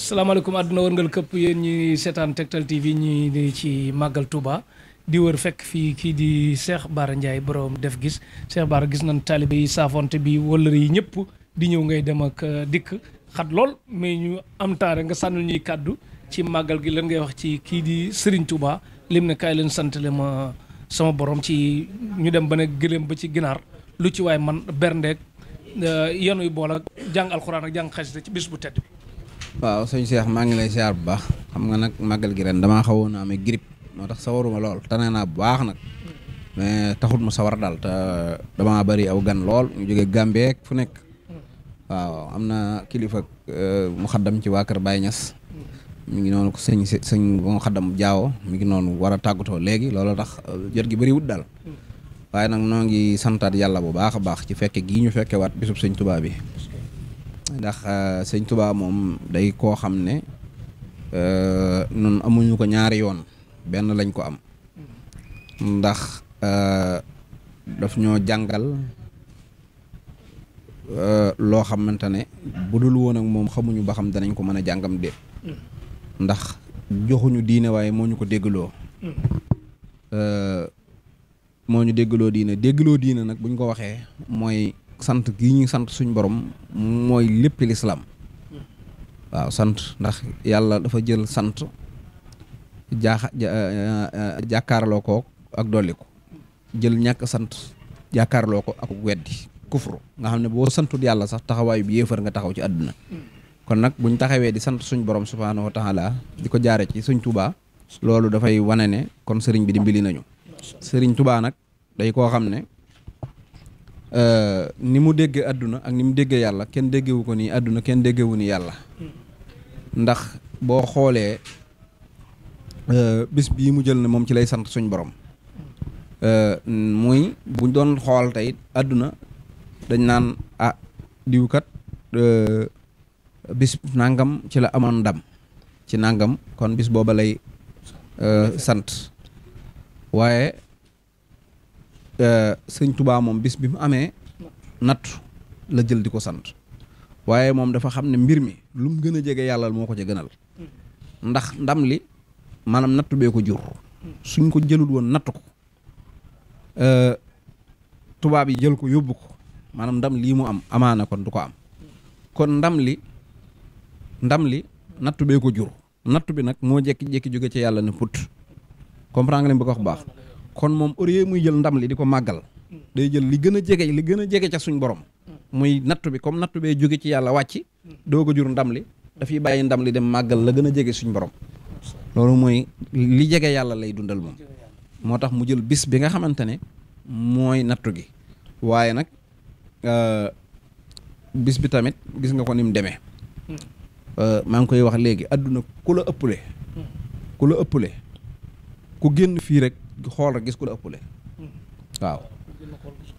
salaamaaleykum àdduna wërngal këpp yéen ñi seetaan Tektal TV ñi ci màggal tubaa di war fekk fii kii di Cheikh Bara Ndiaye boroom def gis Cheikh Bara gis nañ taalibe yi saafonte bi wëllër yi ñëpp di ñëw ngay dem ak euh, dikk xat lool mais ñu am taare nga sànnul ñuy kàddu ci màggal gi lan ngay wax ci kii di Serigne tubaa lim ne kaay leen sant ma sama boroom ci ñu dem ba ne gëléem ba ci ginaar lu ci waaye man berndeek euh, yenu bool ak jàng alxuraan ak jàng xasida ci bis bu tedd bi waaw sëñ Cheikh maa ngi lay siyaar bu baax xam nga nag màggal gi ren damaa xawoon naa amee grip moo tax sawaruma lool tane naa bu baax nag mais taxut ma sawar daal te damaa bari aw gan lool ñu jógee Gambie fu nekk waaw am na kilifa euh, mu xaddam ci waa Kër Baye Niass mi ngi noonu ko sëñ sëñ bu mu xaddam jaawo mi ngi noonu war a tàggatoo léegi loolu tax euh, jot gi bëriwut daal hmm. waaye nag noo ngi santaat yàlla bu baax a baax ci fekke gii ñu fekke waat bisub sëñ Tuubaa bi ndax euh, sëñ tubaa moom day koo xam ne euh, nun amuñu ko ñaari yoon benn lañ ko am ndax euh, daf ñoo jàngal loo xamante ne bu dul woon ak moom xamuñu ba xam danañ ko mën a jàngam de ndax joxuñu diine waaye moo ñu ko déggloo mm. moo ñu déggloo diine déggloo diine nag buñ ko waxee mooy sant gi ñuy sant suñu borom mooy lépp lislaam waaw sant ndax yàlla dafa jël sant jaaxa eh, eh, jàkkaarloo ko ak ko jël ñàkk sant jàkkaarloo ko ak weddi kufru nga xam ne boo santul yàlla sax taxawaayu bi yéefar nga taxaw ci àdduna kon nag buñ taxawee di sant suñ borom subhaanahu wa taala di ko jaare ci suñ tubaa loolu dafay wane ne kon sëriñ bi di mbili nañu sëriñ tubaa nag day koo xam ne Euh, ni mu déggee àdduna ak ni mu déggee yàlla kenn déggewu ko nii àdduna kenn déggewu ni yàlla hmm. ndax boo xoolee euh, bis bii mu jël na moom ci lay sant suñ borom euh, muy buñ doon xool tey àdduna dañ naan ah diwkat bis nangam ci la amoon ndam ci nangam kon bis booba lay sant waaye Euh, sëñ tubaab moom bis bi mu amee natt la jël di ko sant waaye moom dafa xam ne mbir mi lu mu gën a jege yàlla moo ko ca gënal ndax ndam li maanaam nattu bee ko jur suñ ko jëlul woon nattu ko euh, tubaab yi jël ko yóbbu ko maanaam ndam lii mu am amaana kon du ko am kon ndam li ndam li nattu bee ko jur nattu bi nag moo jekki-jekki jóge ci yàlla ne put comprendre nga li mu baax kon moom au lieu muy jël ndam li di ko màggal day jël li gën a jege li gën a jege ca suñ borom muy nattu bi comme nattu bee jóge ci yàlla wàcc doog a jur ndam li dafay bàyyi ndam li dem màggal la gën a jege suñ borom loolu mooy li jege yàlla lay dundal moom moo tax mu jël bis bi nga xamante ne mooy nattu gi waaye nag euh, bis bi tamit gis nga ko ni mu demee euh, maa ngi koy wax léegi àdduna ku la ëppale ku la ëppale ku génn fii rek xool rek gis ku la ëppale hmm. waaw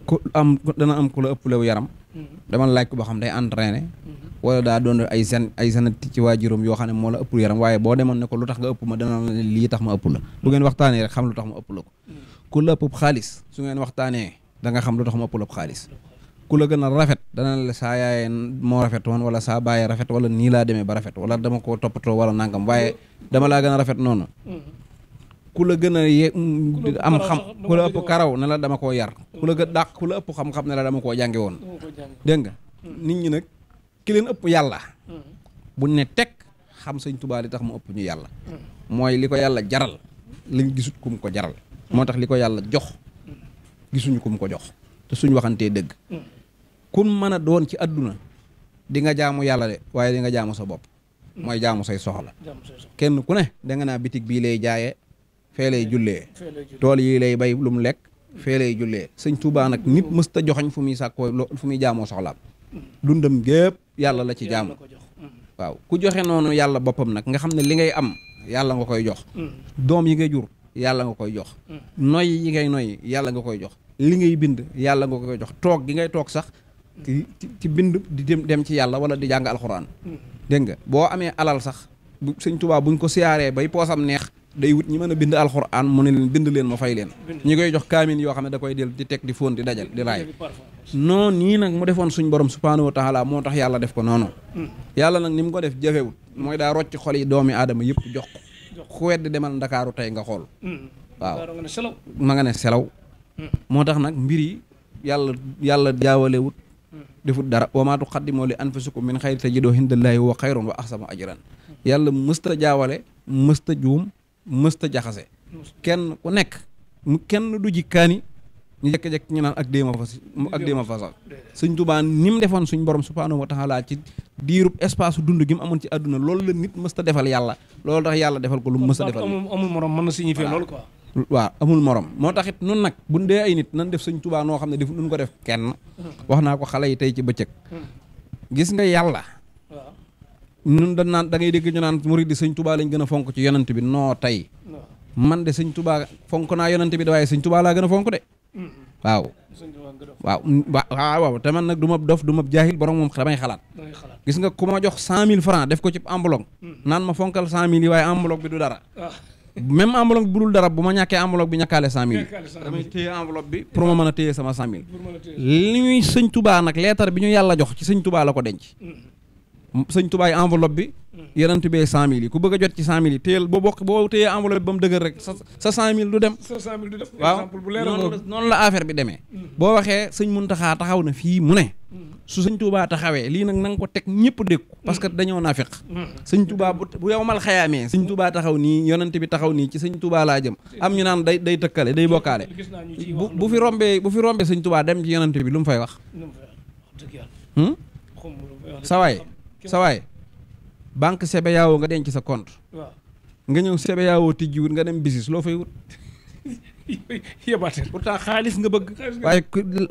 ku am dana am ku la ëppale wu yaram hmm. dama laaj ko ba xam day entraîné hmm. wala daa doon ay seen ay sanati ci waajuram yoo xam ne moo la ëpp yaram waaye boo demoon ne ko lu tax nga ëpp ma dana la lii tax ma ëpp la bu ngeen waxtaanee rek xam lu tax ma ëpp la ko ku la ëpp xaalis su ngeen waxtaanee da xam lu tax ma ëpp la xaalis ku la gën a rafet dana la saa yaayee moo rafet woon wala saa bàyyee rafet wala nii laa demee ba rafet wala dama koo toppatoo wala nangam waaye dama laa a rafet noonu ku la gën a ye am xam ku la ëpp mm, karaw ne la dama koo yar ku la gën dàq ku ëpp xam-xam ne la dama koo jànge woon dégg nga mm. nit ñi nag ki ëpp yàlla mm. bu ne teg xam sañ Tuubaa li tax mu ëpp ñu yàlla mooy li ko yàlla jaral lañ gisut kum ko jaral moo tax li ko yàlla jox gisuñu kum ko jox te suñ waxantee dëgg kun mën a doon ci àdduna di nga jaamu yàlla de waaye di nga jaamu sa bopp mooy jaamu say soxla kenn ku ne da naa bitig bii lay jaayee fee lay jullee tool yi lay bay lu mu lekk fee lay jullee sëñ Touba nag nit mm. mësta joxoñ fu muy sàkkoo fu muy jaamoo soxlaam dundam gépp yàlla la ci jaamu mm. waaw ku joxe noonu yàlla boppam nag nga xam ne li ngay am yàlla nga koy jox mm. doom yi ngay jur yàlla nga koy jox noy yi ngay noy yàlla nga koy jox li ngay bind yàlla nga koy jox toog gi ngay toog sax ci bind di dem dem ci yàlla wala di jàng alxuraan dégg nga boo amee alal sax sëñ Touba buñ ko siyaaree day wut ñi mën a bind alxuraan mu ne leen bind leen ma fay leen ñi koy jox kaamin yoo xam ne da koy del di teg di fóon di dajal di raay non nii nag mu defoon suñ borom subhaanahu wa taala moo tax yàlla def ko noonu hmm. yàlla nag ni mu ko def jafewut mooy daa rocc xol yi doomi aadama yëpp jox ko ku wedd demal ndakaaru tey nga xool hmm. waaw ma nga ne selaw hmm. moo tax nag mbir yi yàlla yàlla jaawalewut defut dara wa maa tuqaddimu li anfusikum min xayrin tajiduhu indallahi wa xayrun wa ahsanu ajran yàlla mësta jaawale mësta juum mësta jaxase kenn ku nekk mu kenn du ji kaani ñu jekk-jekk ñu naan ak déema fa ak déema fa sax sëñ Tuubaa ni mu defoon suñ borom subhaanahu wa taala ci diirub espace dund gi mu amoon ci àdduna lool la nit mësta defal yàlla loolu tax yàlla defal ko lu mu mësta defal amul morom mën na signifier loolu quoi waaw amul morom moo taxit nun nag buñ dee ay nit nan def suñ Tuubaa noo xam ne def duñ ko def kenn hmm. wax naa ko xale yi tey ci bëccëg hmm. gis nga yàlla ñun dañ naan da ngay dégg ñu naan murid di sëñ tubaa lañ gën a fonk ci yonent bi noo tey man de sëñ tubaa fonk naa yonent bi da waaye sëñ tubaa laa gën a fonk de waaw waaw mm, waaw waaw te man nag du mab dof du mab jaahil borom moom damay xalaat gis nga ku ma jox cent mille francs def ko ci enveloppe mm. naan ma fonkal cent mille yi waaye enveloppe bi du dara ah. même enveloppe bi bu dul dara bu ma ñàkkee enveloppe bi ñàkkaale cent mille yi damay téye enveloppe bi pour ma mën a téye sama cent mille li sëñ tubaa nag leetar bi ñu yàlla jox ci sëñ tubaa la ko denc mm. sëñ tubaay enveloppe bi yenant bee cent mille yi ku bëgg a jot ci cent mille yi téyel boo bokk boo téyee enveloppe bi ba mu dëgër rek sa sa cent mille du dem sa cent mille du dem waaw noonu la affaire bi demee boo waxee sëñ Muntaxa taxaw na fii mu ne su sëñ Tuubaa taxawee lii nag na ko teg ñëpp dégg ko parce que dañoo naafiq sëñ Tuubaa bu yow mal xayaamee sëñ Tuubaa taxaw nii yonent bi taxaw nii ci sëñ Tuubaa laa jëm am ñu naan day day tëkkale day bokkaale bu bu fi rombee bu fi rombee sëñ Tuubaa dem ci yonent bi lu mu fay wax hmm? sawaay sa waay banque CBAO nga denc sa compte. waaw nga ñëw CBAO tijjiwut nga dem business loo fay wut. yébaate pourtant xaalis nga bëgg. waaye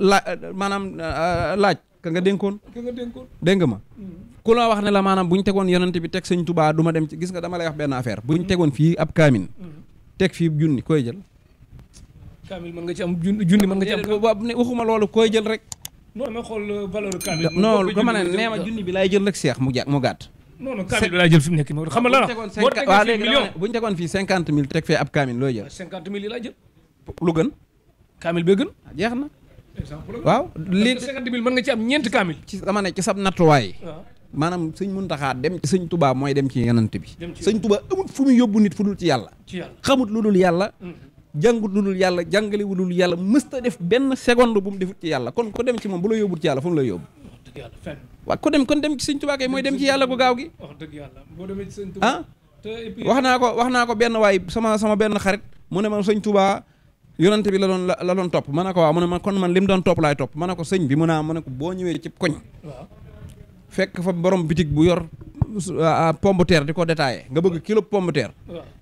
la maanaam euh, laaj. ka nga dénkoon. ka nga dénkoon dégg ma. Mm-hmm. ku la wax ne la maanaam bu ñu tegoon yonent bi teg sëñ tubaa du dem ci gis nga dama lay wax benn affaire. bu ñu mm-hmm. tegoon fii ab kaamin. Mm-hmm. teg fii junni koy jël. kaamil mën nga ci am junni mën nga ci waxuma loolu koy jël rek. noonu damay xool euh, valeur kaamil. bi laay jël rek seex mu ja mu gàtt. non non nekk xam nga lan la. Ah, boo tegoon fii million bu ñu tegoon fii cinquante mille teg fee ab kaamil looy jël. cinquante lu gën. kaamil bee gën. Ah, jeex na. waaw lii cinquante nga ci am ñeenti kaamil. ci dama ne ci sab nattuwaay. Ah. maanaam sëñ dem ci sëñ Tuubaa mooy dem ci yenant bi. sañ Tuubaa amul fu mu yóbbu nit fu dul ci yàlla. xamut lu dul yàlla mm. jàngu dudul yàlla jàngale wudul yàlla mësta def benn seconde bu mu defut ci yàlla kon ko dem ci moom bu la yóbbul ci yàlla fu mu la yóbbu waaw ko dem kon dem ci sañ Tuubaa kay mooy dem ci yàlla gu gaaw gi ah wax naa ko wax naa ko benn waay sama sama benn xarit mu ne ma sëñ Tuubaa yonent bi la doon la doon topp ma ne ko waaw mu ne ma kon man lim doon topp laay topp ma ne ko sañ bi mu naa ma ne ko boo ñëwee ci koñ fekk fa borom bitig bu yor pomme de terre di ko détaillé nga bëgg kilo pomme de terre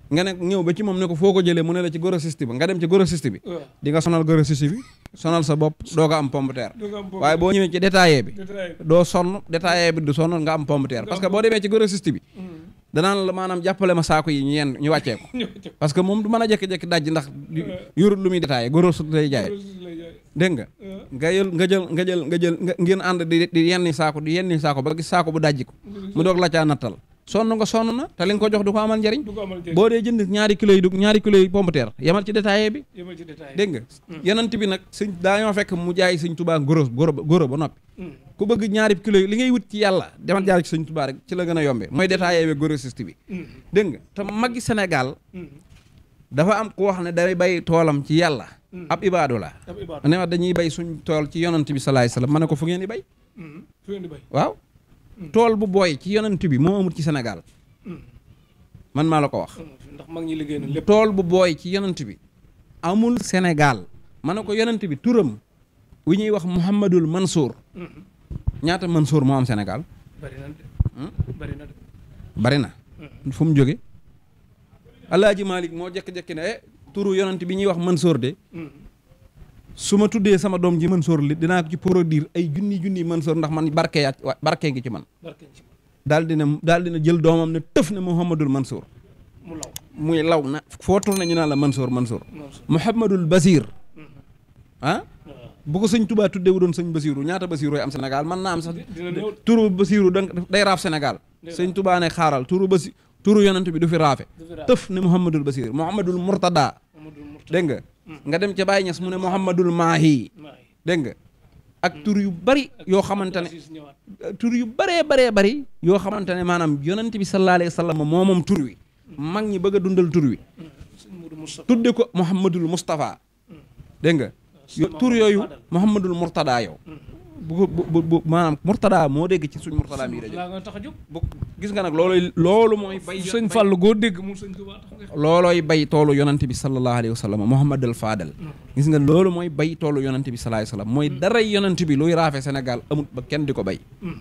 nga ne ñëw ba ci moom ne ko foo ko jëlee mu ne la ci grossiste bi nga dem ci grossiste bi di nga sonal grossiste bi sonal sa bopp doo nga am pomme de terre waaye boo ñëwee ci détaillé bi doo sonn détaillé bi du sonn nga am pomme de terre parce que boo demee ci grossiste bi mm. danaan la maanaam jàppale ma saako yi ñu yenn ñu wàccee parce que moom du man a jékki-jékki daj ndax yorut lu muy détaillé grossiste lay jaay dégg nga. nga jël nga jël nga jël nga jël ngeen ànd di di yenni saako di yenni saako ba gis saako bu dajji ko. mu doog la caa nattal. sonn nga sonn na te li ko jox du ko amal njariñ boo dee jënd ñaari kilo yi du ñaari kilo yi pomme de terre yamal ci détaillé bi dégg nga mm. yenant bi nag sëñ daañoo fekk mu jaay sëñ tubaa góros góro ba noppi mm. ku bëgg ñaari kilo yi li ngay wut ci yàlla demal jaar ci sëñ tubaa rek ci la gën a yombe mooy détaillé bi grossiste bi mm. dégg nga te magi Sénégal dafa am ku wax ne day bay toolam ci yàlla Mm-hmm. ab ibaadu la dañuy bay suñ tool ci yonant bi salaay salaam man ne ko fu ngeen di bay mm-hmm. waaw mm-hmm. tool bu booy ci yonant bi moo amut ci Sénégal man maa la ko wax ndax mag ñi tool bu booy ci yonant bi amul ma ne ko yonant bi turam wi ñuy wax Mouhamadul Mansour ñaata Mansour moo am Sénégal bari na na hmm? bari na fu mu jóge Alaaji Malik moo jekk-jekki ne eh, turu yonent bi ñuy wax Mansoor de su ma tuddee sama doom ji Mansoor li dinaa ko ci produire ay junni junni Mansoor ndax man barke yaa barke ngi ci man daal dina daal dina jël doomam ne tëf na Muhammadul Mansoor muy law na foo nañu naan la Mansoor Mansoor Muhammadul Basiir mm-hmm. ah bu ko sëñ Tuubaa tuddee wu doon sëñ Basiiru ñaata Basiiru am Sénégal man naa am sax turu Basiiru day raaf Sénégal sëñ Tuubaa ne xaaral turu Basiiru turu yonent bi du fi raafe tëf ne Mouhamadul Basir Mouhamadul Mourtada dégg nga mm. nga dem ca Baye Niass mu ne Mouhamadul Maahi dégg nga ak tur yu bari yoo xamante ne euh, tur yu bëree bëree bari yoo xamante ne maanaam yonent bi sallallahu alayhi wa sallam moo moom tur wi mag ñi bëgg a dundal tur wi mm. tudde ko Mouhamadul Moustapha mm. dégg nga tur yooyu Mouhamadul Mourtada yow bu bu bu maanaam murtada moo dégg ci suñ murtada bii rajo laa nga nga nag looloy loolu mooy bay sëñ Fall goo dégg mu loolooy bay toolu yonante bi sallallahu alayhi wa sallam Muhammadul Faadal hmm. gis nga loolu mooy bay toolu bi sallallahu alayhi mooy hmm. dara yonante bi luy raafe Sénégal amut ba kenn di ko bay hmm.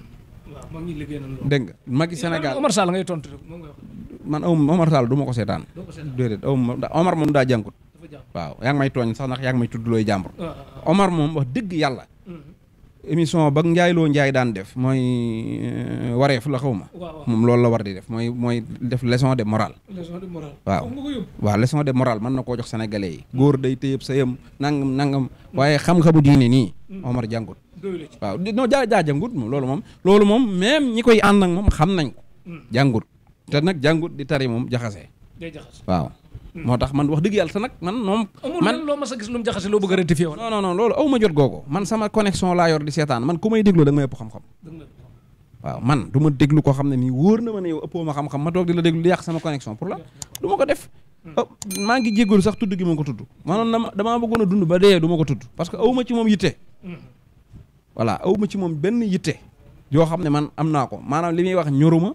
waaw dégg nga magi eh, Sénégal Omar Sall ngay tontu rek man awum Omar Sall du ma ko seetaan déedéet awum Omar moom daa jànkut waaw yaa ngi may tooñ sax ndax yaa may tudd looy jàmbur ah, ah, ah. Omar moom wax dëgg yàlla émission ba Ndiaye loo Ndiaye daan def mooy euh, wareef la xaw ma. moom loolu la war di def mooy mooy def leçon de moral leçon de waaw waaw leçon de moral mën na koo jox senegale yi. góor day téyeb sayam nangam nangam. Mm. waaye xam-xamu diine nii. Mm. Omar jàngut. waaw non jaa jaa jàngut moom loolu moom. loolu moom même ñi koy ànd ak moom xam nañ ko. Mm. jàngut te nag jàngut di tari moom jaxase. day moo tax man wax dëgg yàlla te nag man moom man loo mas a gis lu mu jaxase a loolu aw ma jot googu man sama connexion laa yor di seetaan man ku may déglu da nga ëpp xam-xam ma koo xam ne nii wóor na ma ne yow ëppoo ma ma toog di la déglu di yàq sama connexion pour la du ma ko def oh, maa ngi jéggalu sax tudd gi ma ko tudd maanaam damaa bëggoon a dund ba dee du ma ko tudd parce que awuma ci moom yitte mm. voilà awuma ci moom benn yitte yoo xam ne man am naa ko maanaam li muy wax ñoruma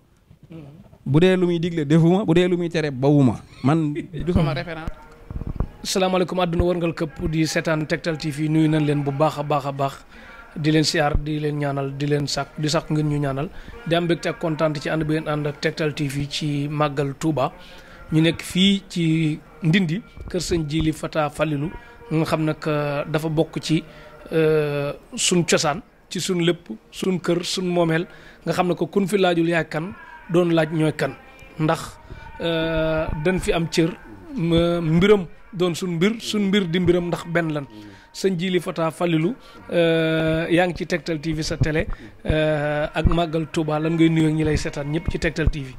mm. bu dee lu muy digle defuma bu dee lu muy tere bawuma man du sama hmm. référence salaamaaleykum àdduna wërngal këpp di seetaan Tektal TV nuyu nañ leen bu baaxa a baax a baax di leen siyaar di leen ñaanal di leen sàkk di sàkk ngeen ñu ñaanal di am mbégte ak kontaan ci ànd bi ngeen ànd ak Tektal TV ci màggal Touba ñu nekk fii ci Ndindi kër sëñ Jili Fata Falilu nga xam nag euh, dafa bokk ci euh, suñ cosaan ci suñ lépp suñ kër suñ moomeel nga xam ne ko kun fi laajul yaay kan doon laaj ñooy kan ndax euh, dañ fi am cër mbiram doon suñ mbir suñ mbir di mbiram ndax benn lan sëñ Jili Fata Falilu euh, yaa ngi ci Tektal TV sa télé euh, ak Màggal Touba lan ngay nuyu ñi lay seetaan ñëpp ci Tektal TV.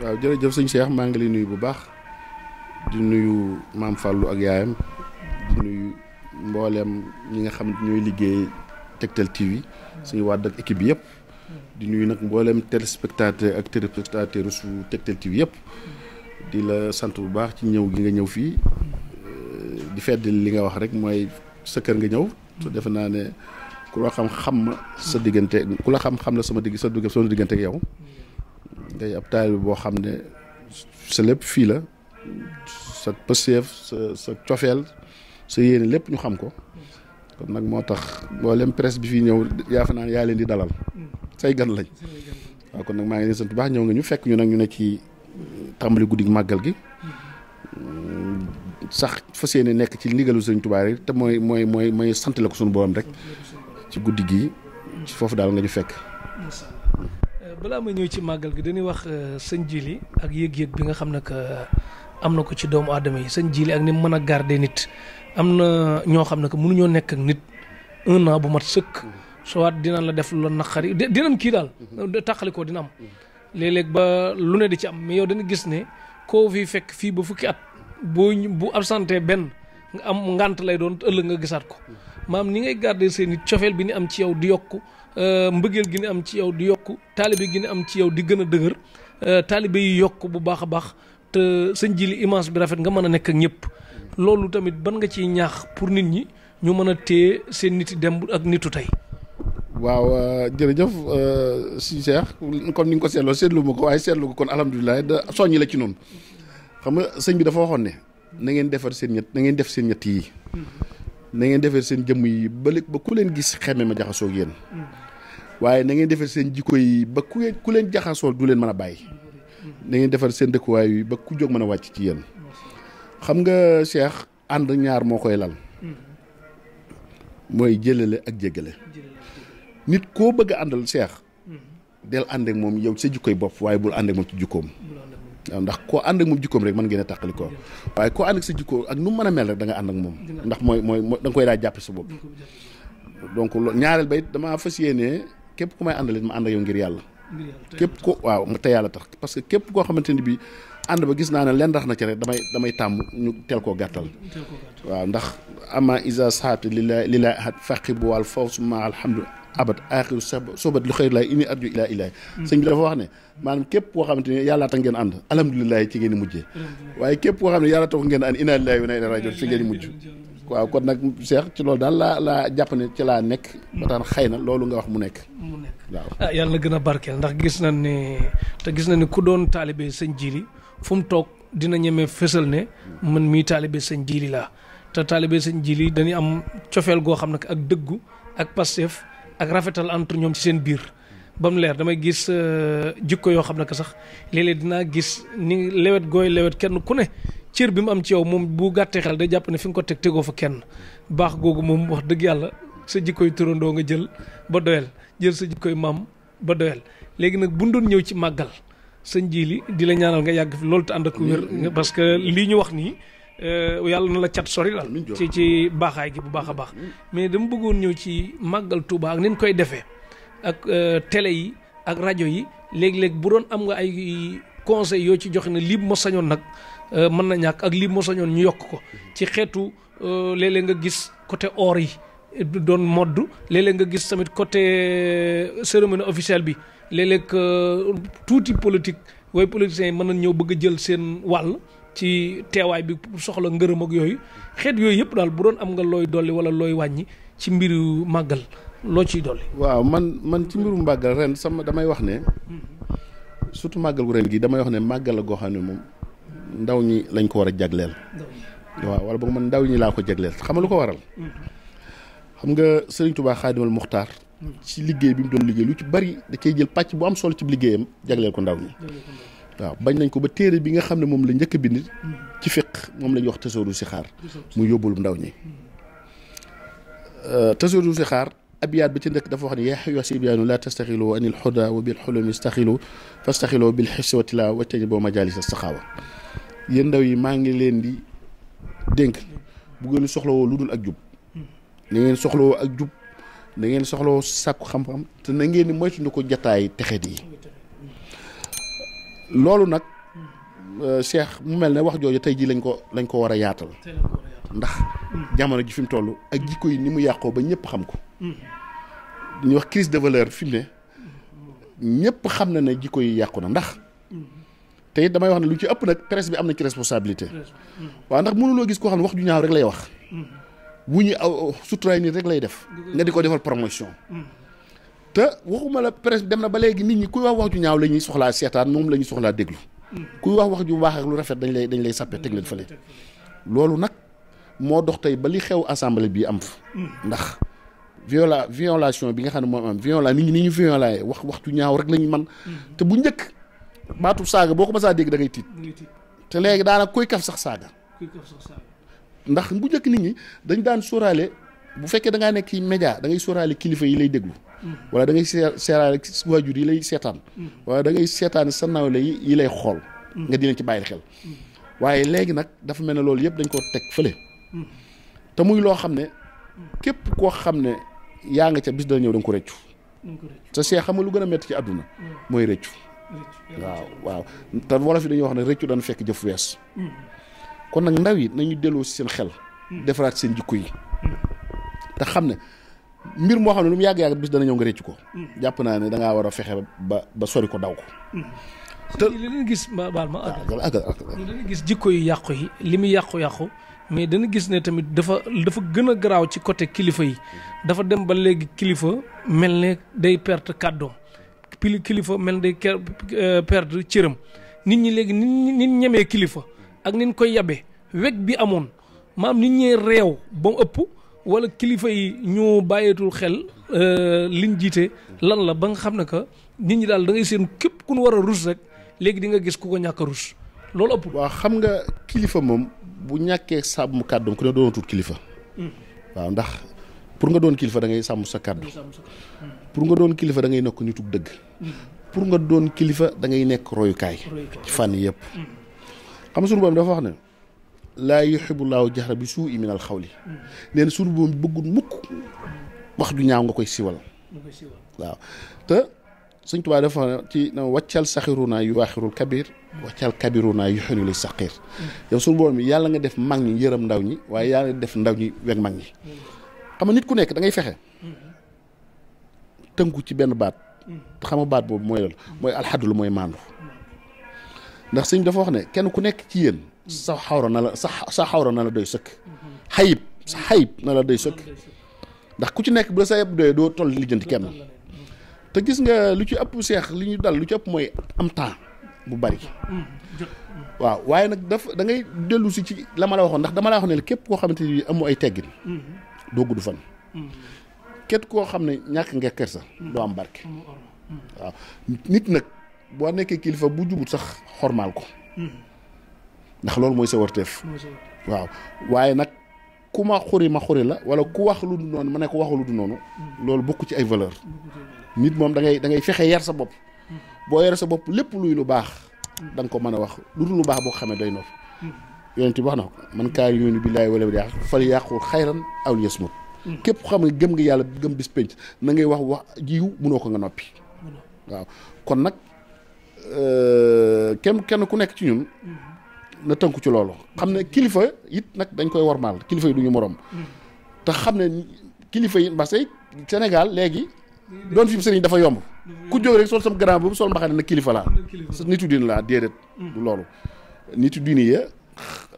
waaw jërëjëf sëñ Cheikh maa ngi lay nuyu bu baax di nuyu maam Fallou ak yaayam di nuyu mbooleem ñi nga xam ne ñooy liggéey Tektal TV suñu wàdd ak équipe bi yëpp. di nuyu nag mboolem téléspectateur ak téléspectateur su Tektal TV yëpp di la sant bu baax ci ñëw gi nga ñëw fii euh, di fedd li nga wax rek mooy sa kër nga ñëw su defe naa ne ku la xam xam ma sa diggante ku la xam xam la sama digg sa digg sama diggante yow ngay ab taal boo xam ne sa lépp fii la sa pëseef sa sa cofeel sa yéene lépp ñu xam ko kon nag moo tax mboolem presse bi fi ñëw yaa fa naan yaa leen di dalal say gan lañ waaw kon nag maa ngi leen sant baax ñëw nga ñu fekk ñu nag ñu ne ci euh, tàmbali guddi màggal gi euh, sax fas yéene nekk ci ndigalu sëñ Tuubaa yi te mooy mooy mooy mooy sant la ko suñu borom rek ci guddi gi foofu daal nga ñu fekk euh, balaa ma ñëw ci màggal gi dañuy wax sañ Jili ak yëg-yëg bi nga xam ne que am na ko ci doomu aadama yi sëñ Jili ak ni mën a garde nit am na ñoo xam ne que mënuñoo nekk nit un bu mat sëkk soit dinañ la def lu la naqari dinañ kii daal tàqalikoo dina am léeg ba lu ne di ci am mais yow dañu gis ne koo fii fekk fii ba fukki at boo bu absenté benn nga am ngant lay doon ëllëg nga gisaat ko maam ni ngay garder seen nit cofeel bi ni am ci yow di yokku euh, mbëggeel gi ni am ci yow di yokku taalibe gi ni am ci yow di gën a dëgër euh, taalibe yi yokk bu baax a baax te sëñ jili image bi rafet nga mën a nekk ak ñëpp loolu tamit ban nga ci ñaax pour nit ñi ñu mën a téye seen niti dem ak nitu tey. waaw euh, jërëjëf euh, si Cheikh comme ni nga ko seetloo seetlu ma ko waaye seetlu ko kon alhamdulilah da soññi la ci noonu xam nga sëñ bi dafa waxoon ne na ngeen defar seen ñett na ngeen def seen ñett yi na ngeen defar seen jëmm yi ba ba ku leen gis xeme ma jaxasoo yéen waaye na ngeen defar seen jikko yi ba ku leen jaxasoo du leen mën a bàyyi na ngeen defar seen dëkkuwaay yi ba ku jóg mën a wàcc ci yéen. xam nga Cheikh ànd ñaar moo koy lal mooy jëlale ak jéggale nit koo bëgg a àndal Cheikh del ànd ak moom yow sa jikkoy bopp waaye bul ànd moom ci jikkoom waaw ndax koo ànd ak moom jikkoom rek man ngeen a waaye koo ànd ak sa jikkoom ak nu man a mel rek da nga ànd moom ndax mooy mooy da nga koy daa jàppe sa bopp donc ñaareel ba it damaa fas yéene képp ku may àndalit ma ànd ak ngir yàlla képp ko waaw te yàlla tax parce que képp koo xamante ni ànd ba gis naa ne leen rax na ci damay damay tàmm ñu teel koo gàttal waaw ndax ama isa saati lila lilaa ahat faqi bu wal faw suma alhamdu abad axiru sobat lu xëy laay ini at ju ilaa ilaay hmm. sëñ bi dafa wax ne maanaam képp koo xamante ne yàllaa tax ngeen ànd alhamdulilah ci ngeen mujjee waaye képp koo xam ne yàlla tax ngeen ànd inna lillahi wa inna ilayhi rajiun ci ngeen mujj waaw kon nag Cheikh ci loolu daal laa laa jàpp ne ci laa nekk. ba tax xëy na loolu nga wax mu nekk. mu nekk waaw ah, yàlla gën a barkeel ndax gis na ni te gis na ni ku doon taalibe sëñ Jili fu mu toog dina ñemee fësal ne man mii taalibe sëñ jiili laa te taalibe sëñ njiili dañuy am cofeel goo xam ne ak dëggu ak Pastef ak rafetal entre ñoom ci seen biir ba mu leer damay gis euh, jikko yoo xam ne que sax léeg-léeg dinaa gis ni lewet gooy lewet kenn ku ne cër bi mu am ci yow moom bu gàttee xel day jàpp ne fi nga ko teg tegoo fa kenn baax googu moom wax dëgg yàlla sa jikkoy turandoo nga jël ba doyal jël sa jikkoy maam ba doyal léegi nag bu doon ñëw ci màggal sëñ Jili di la ñaanal nga yàgg fi loolu te ànd ak wér parce que lii ñu wax nii euh, yàlla na la cat sori daal ci ci baaxaay gi bu baax a baax mais dama bëggoon ñëw ci màggal Touba ak ni koy defee ak euh, télé yi ak rajo yi léegi léeg bu doon am nga ay conseil yoo ci joxe ne lii moo sañoon nag euh, mën na ñàkk ak lii moo sañoon ñu yokk ko ci xeetu léeg-léeg nga gis côté or yi doon modd léeg-léeg nga gis tamit côté euh, cérémonie officielle bi léeg-léeg euh, tuuti politique waaye politiciens yi mën nañ ñëw bëgg a jël seen wàll ci teewaay bi soxla ngërëm ak yooyu xeet yooyu yëpp daal bu doon am nga looy dolli wala looy wàññi ci mbiru màggal loo ciy dolli. waaw man man ci mbiru màggal ren sama damay wax ne surtout màggal gu ren gi damay wax ne màggal la goo xam ne moom ndaw ñi lañ ko war a jagleel. waaw wala boog man ndaw ñi laa ko jagleel xam nga lu ko waral. Mm-hmm. xam nga Serigne Touba Xaadimal Muxtaar ci liggéey bi mu doon liggéey lu ci bari da cay jël pàcc bu am solo ci liggéeyam jagleel ko ndaw ñi waaw bañ nañ ko ba téere bi nga xam ne moom la njëkk a bind ci fiq moom la ñuy wax tasooru si xaar mu yóbbul ndaw ñi euh, tasooru si xaar abiyaat bi ci ndëkk dafa wax ne yaa yo sibyaanu laa tastaxiloo anil xuda wa bil xulumi staxilu fastaxiloo bil xiswatila wactañi boo majalis saxaawa yéen ndaw yi maa ngi leen di dénk bu soxlawoo lu dul ak jub na ngeen soxlawoo ak jub na ngeen soxlawoo sàkku xam-xam te na ngeen di moytuñu ko jataay texet yi loolu nag euh, Cheikh mu mel ne wax jooju tey jii lañ ko lañ ko war a yaatal ndax jamono ji fi mu toll ak jikko yi ni mu yàqoo ba ñëpp xam ko dañuy mm-hmm. wax crise de valeur fi mu ne ñëpp xam na ne jikko yi yàqu na ndax mm-hmm. te it damay wax ne lu ci ëpp nag presse bi am na ci responsabilité mm-hmm. waaw ndax mënuloo gis koo xam ne wax ju ñaaw rek lay wax wu ñu aw suturaay nit rek lay def. nga di ko defal promotion. Hmm. te waxuma la presse dem na ba léegi nit ñi kuy wax wax ju ñaaw la ñuy soxlaa seetaan moom la ñuy soxlaa déglu. Hmm. kuy wax wax ju baax lu rafet dañ lay dañ lay sàppe teg leen fële. loolu nag moo dox tey ba li xew assemblée bi am fa. Hmm. ndax viola violation bi nga xam ne moom am viola nit ñi ni ñu violé wax wax ju ñaaw rek la ñu man te bu njëkk baatu saaga boo ko mësaa dégg dangay ngay tiit. te léegi daanaka ko kaf sax saaga. ndax bu njëkk nit ñi dañ daan sóoraale bu fekkee dangaa nekk ci média da ngay sóoraale kilifa yi lay déglu. Mm-hmm. wala da ngay seeraale waajur yi lay seetaan. Mm-hmm. wala da ngay seetaan sa nawle yi yi lay xool. Mm-hmm. nga di leen ci bàyyi xel. waaye léegi nag dafa mel ne loolu yëpp dañ ko teg fële. te muy loo xam ne. képp koo xam ne yaa nga ca bis dana ñëw dañ nga ko rëccu. sa see xam nga lu gën a métti ci àdduna. Mm. mooy rëccu. waaw waaw te wolof yi dañuy wax ne rëccu dana fekk jëf wees. Mm. kon nag ndaw yi nañu delloo si seen xel. Hmm. defaraat seen jikko yi. Hmm. te xam ne mbir moo xam ne lu mu yàgg-yàgg bis dana ñëw nga réccu ko. Hmm. jàpp naa ne da ngaa war a fexe ba ba sori ko daw ko. te li leen gis ma ah, ma dañu gis jikko yu yàqu yi li muy yàqu-yàqu. mais dana gis ne tamit dafa dafa gën a garaaw ci côté kilifa yi dafa dem ba léegi kilifa mel ne day perte kàddoom pili kilifa mel ne day euh, perte cëram nit ñi léegi nit ñi ñemee kilifa. ak nin koy yabe weg bi amoon maam nit ñi réew ba ëpp wala kilifa yi ñoo bàyyeetul xel euh, liñ jiite lan la ba nga xam ne que nit ñi daal da ngay seen képp ku ne war a rus rek léegi di nga gis ku ko ñàkk a rus loolu ëpp. waaw xam nga kilifa moom bu ñàkkee sàmm kàddu ku ne doonatul kilifa. Hmm. waaw ndax pour nga doon kilifa da ngay sàmm sa kàddu. Hmm. pour nga doon kilifa da ngay nekk nitug dëgg. Hmm. pour nga doon kilifa da ngay nekk royukaay. ci fànn xam suñu dafa wax ne laa yuhibullaahu jahra bi suu i minal xawli nee na suñu boom mukk wax ju ñaaw nga koy siwal waaw te Sëñ Tuubaa dafa ci wàccal saxiru naa yu waaxirul kabir wàccal kabiru naa yu xinu li yow suñu borom yàlla nga def mag ñi yërëm ndaw ñi waaye yàlla nga def ndaw ñi weg mag ñi xam nga nit ku nekk da ngay fexe tënku ci benn baat mm-hmm. xam nga baat boobu mooy loolu mooy alxadul mooy maandu ndax sëñ dafa wax ne kenn ku nekk ci yéen sa xawra na la sa sa xawra na la doy sëkk xayib sa xayib na la doy sëkk ndax ku ci nekk bu la sa yeb doy doo toll lijjanti kenn te gis nga lu ci ëpp seex li ñu dal lu ci ëpp mooy am temps bu bari waaw waaye nag daf da ngay dellu si ci la ma la waxoon ndax dama la waxoon ne képp koo xamante ni amu ay teggin doo gudd fan képp koo xam ne ñàkk nga kersa doo am barke waaw nit nag boo nekkee kilifa bu jubut sax xormaal ko. ndax loolu mooy sa warteef. waaw waaye nag ku ma xuri ma xuri la wala ku wax lu du noonu ma ne ko wax lu du noonu. Hmm. loolu bokk ci ay valeur nit moom da ngay da ngay fexe yar sa bopp. Hmm. boo yar sa bopp lépp luy lu baax. Hmm. da nga ko mën a wax lu dul lu baax boo xamee doy noonu. yonent bi wax na ko man kaa yu'minu billaahi wal yawmil aaxir falyaqul xayran aw liyasmut. képp xam ne gëm nga yàlla gëm bis pénc na ngay wax wax jiw munoo ko nga noppi. waaw kon nag. Euh, kenn kenn ku nekk ci ñun na tënku ci loolu xam ne kilifa it nag dañ koy wormaal kilifa yi du ñu morom te xam ne kilifa yi parce que Sénégal léegi doon fi sëriñ dafa yomb ku jóg rek sol boobu sol mbaxane na kilifa laa sa nitu diin laa déedéet mm. du loolu nitu diin ya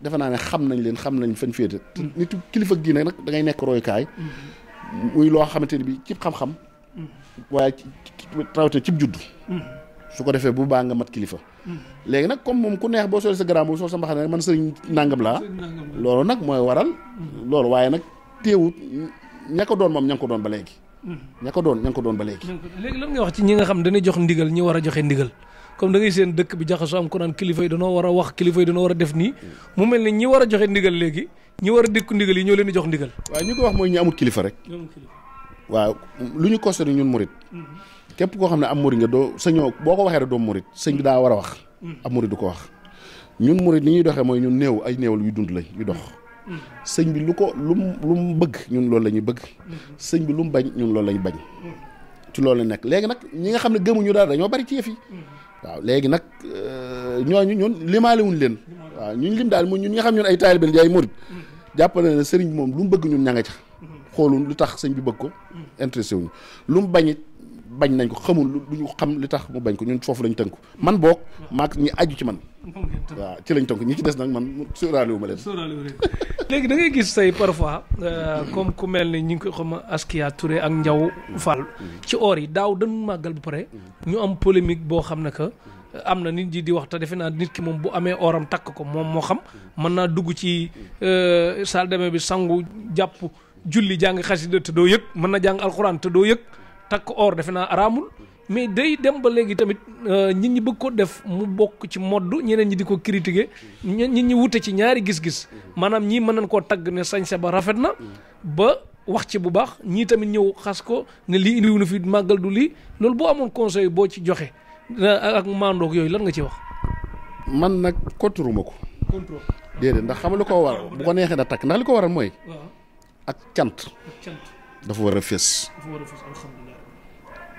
defe naa ne xam nañ leen xam nañ fañ féete mm. nitu kilifa gii nag da ngay nekk royukaay mm. muy loo xamante ni bi ci xam-xam waaye rawatina cib judd su ko defee bu baax nga mat kilifa. léegi nag comme moom ku neex boo solee sa garaam bu sol sa mbaxane man sëriñ nangam laa. loolu nag mooy waral. loolu waaye nag teewut ña ko doon moom ña ko doon ba léegi. ña ko doon ña ko doon ba léegi. léegi lan wax ci ñi nga xam dañuy jox ndigal ñi war a joxe ndigal comme da ngay seen dëkk bi jaxasoo am ku naan kilifa yi dañoo war a wax kilifa yi dañoo war a def nii. mu mel ni ñi war a joxe ndigal léegi ñi war a dékku ndigal yi ñoo leen di jox ndigal. waaw ñu ko wax mooy ñi amul kilifa rek. lu ñu constaté ñun murit mm-hmm. képp koo xam ne am murit nga doo sañoo boo ko waxee rek doo murit sëñ bi daa war a wax am mm. murit du ko wax ñun murit ni ñuy doxee mooy ñun néew ay néewal yu dund lañ dox mm. sëñ bi lu ko lu lu mu bëgg ñun loolu la ñuy bëgg mm-hmm. sëñ bi lu mu bañ ñun loolu lañ bañ mm. ci loolu la nekk léegi nag ñi nga xam ne gëmuñu dara dañoo bari ci yëf yi mm-hmm. waaw léegi nag euh, ñooñu ñun limaalewuñ leen mm-hmm. waaw ñun lim daal mooy ñun ñi nga xam ñun ay taalibe di ay murit jàpp na sëriñ moom lu mu bëgg ñun ña nga ca xoolun lu tax sëñ bi bëgg ko intéressé lu mu bañit bañ nañ ko xamul lu ñu xam li tax mu bañ ko ñun foofu lañ tënku man boog maak ñi aju ci man waaw ci lañ tënku ñi ci des nag man sóoraale wu ma leen léegi da ngay gis say parfois euh, comme ku mel ni ñu ngi koy xam Askia Touré ak Ndiaw Fall ci or yi daaw dañu màggal ba pare ñu am polémique boo xam ne que am na nit ji di wax te defe naa nit ki moom bu amee oram takk ko moom moo xam mën naa dugg ci euh, salle de bain bi sangu jàpp julli jàng xasida te doo yëg mën na jàng alxuraan te doo yëg takk or defe naa araamul mais day dem ba léegi tamit euh, nit ñi bëgg ko def mu bokk ci modd ñeneen ñi di ko critiquer nit ñi wute ci ñaari gis-gis maanaam ñii mën na koo tagg ne sañse ba rafet na ba wax ci bu baax ñii tamit ñëw xas ko ne lii indiwu na fi màggal du lii loolu boo amoon conseil boo ci joxee ak maandoog yooyu lan nga ci wax man nag konturuma ko déedéet ndax xam lu ko waral bu ko neexee da takk ndax li ko waral mooy ak cant dafa war a fees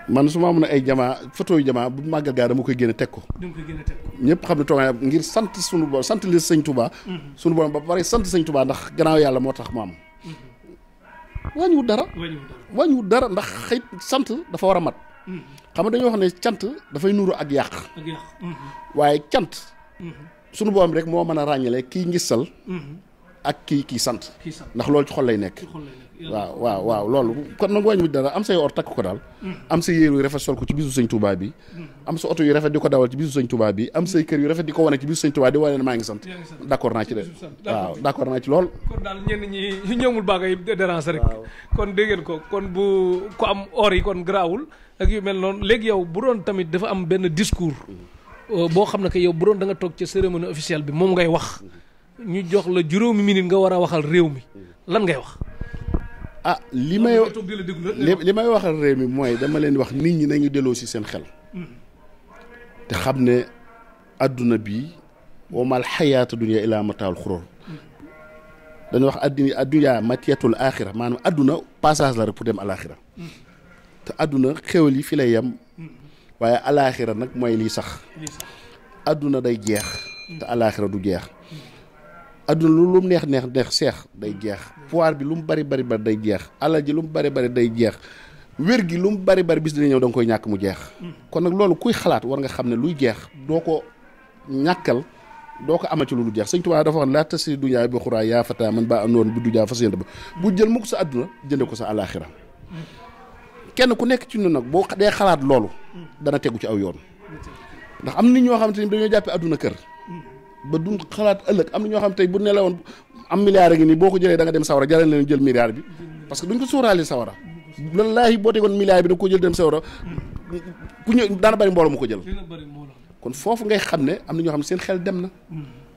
man su ma amoon ay jamaa photo yu jamaa bu màggal gaa dama koy génne teg ko. dama koy ñëpp xam ne toogaay ngir sant sunu borom sant li sëñ Touba. Mm-hmm. sunu borom ba pare sant sañ tubaa ndax gannaaw yàlla moo tax mu am. Mm-hmm. wàññiwut dara. wàññiwut dara ndax xëy sant dafa war a mat. Mm-hmm. xam nga dañoo wax ne cant dafay nuuru ak yàq. waaye cant. sunu borom rek moo mën a ràññale kiy ngisal. ak kii kii sant ndax loolu ci xol lay nekk waaw waaw waaw loolu kon nag wàññi dara am say or takk ko daal mm. am sa yéer yu rafet sol ko ci bisu sëñ Touba bi mm. am sa oto yu rafet di ko dawal ci bisu sëñ Touba bi am say kër yu rafet di ko wane ci bisu sëñ Touba di wane ne maa ngi naa ci waaw lool kon daal ñenn ñi ñu ñëwul baaga yi dérange ko kon bu am or yi kon garaawul ak yu mel noonu léegi yow bu doon tamit dafa am benn discours mm. euh, boo xam ne que yow bu doon da nga toog ci cérémonie officielle bi moom ngay wax mm-hmm. ñu jox la juróomi minute nga war a waxal réew mi lan ngay wax. ah li may li may waxal réew mi mooy dama leen wax nit ñi nañu delloo ci seen xel. Mm-hmm. te xam ne àdduna bi wamal xayaata dunya ilaa mataal xuróor. Mm-hmm. dañu wax adduna adduna matiyatul axira maanaam adduna passage la rek pour dem alaxira mm-hmm. te adduna xéwal yi fi lay yem. waaye alaxira nag mooy lii sax. adduna day jeex. te alaxira du jeex. adduna lu neex neex neex seex day jeex pouvoir bi lu mu bari bari bari day jeex alal ji lu mu bari bari day jeex wér gi lu mu bari bari bis dina ñëw da koy ñàkk mu jeex kon nag loolu kuy xalaat war nga xam ne luy jeex doo ko ñàkkal doo ko amal ci lu jeex sëñ Tuubaa dafa wax laa tasi duñaa bi xuraa yaa fataa man baa andoon bi dujaa fas yéene ba bu jël mukk sa adduna jënde ko sa alaxira kenn ku nekk ci nu nag boo dee xalaat loolu dana tegu ci aw yoon ndax am na ñoo xamante ni dañoo jàppee àdduna kër ba duñ xalaat ëllëg am na ñoo xam tey bu ne la woon am milliard ngi nii boo ko jëlee da nga dem sawara jaral leen jël milliard bi parce que duñ ko sóoraale sawara wallaahi boo tegoon milliard bi da ko jël dem sawara ku ñëw daana bari mbooloo mu ko jël kon foofu ngay xam ne am na ñoo xam ne seen xel dem na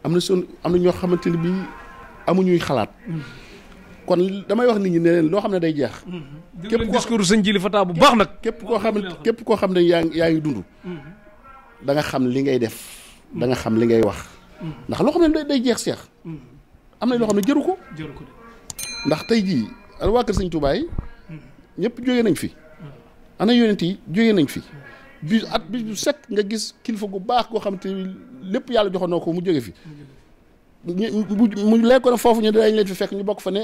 am na seen am na ñoo xamante ni bii amuñuy xalaat kon damay wax nit ñi ne leen loo xam ne day jeex. képp discours sëñ Jili Fata bu baax nag. képp koo xam ne képp koo xam ne yaa yaa ngi dund. da nga xam li ngay def. da nga xam li ngay wax. ndax loo xam ne day jeex seex. am na loo xam ne jëru ko. jëru ko ndax tey jii waa Kër Sëñ Touba yi. ñëpp jógee nañ fi. ana yonent yi jógee nañ fi. bi at bi bu set nga gis kilifa gu baax goo xam te lépp yàlla joxo na ko mu jóge fi. mu lekkoon foofu ñu dañ leen fi fekk ñu bokk fa ne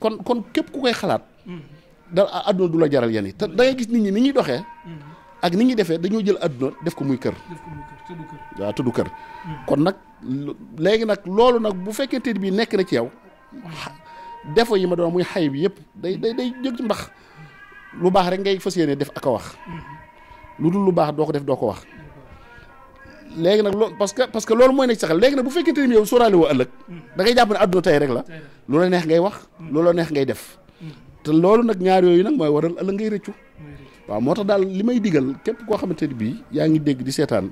kon kon képp ku koy xalaat. dara àdduna du la jaral yenn yi te da ngay gis nit ñi ni ñuy doxee. ak ni ñuy defee dañoo jël adduna def ko muy kër. def ko muy kër tudd kër. waaw tudd hmm. kon nag léegi nag loolu nag bu fekkee ni bii nekk na ci yow. defo yi ma doon muy xay bi yëpp day day day jóg mbax lu baax rek ngay fas yéene def ak a wax. Hmm. lu dul lu baax doo ko def doo ko wax. léegi nag loolu parce que parce que loolu mooy nekk saxal léegi nag bu fekkente ni yow sóoraale woo ëllëg. Hmm. da ngay jàpp ne adduna la. lu neex ngay wax. lu la neex ngay def. te loolu nag ñaar yooyu nag mooy waral ëllëg ngay rëccu. waaw moo tax daal li may digal képp koo xamante ni bii yaa ngi dégg di seetaan.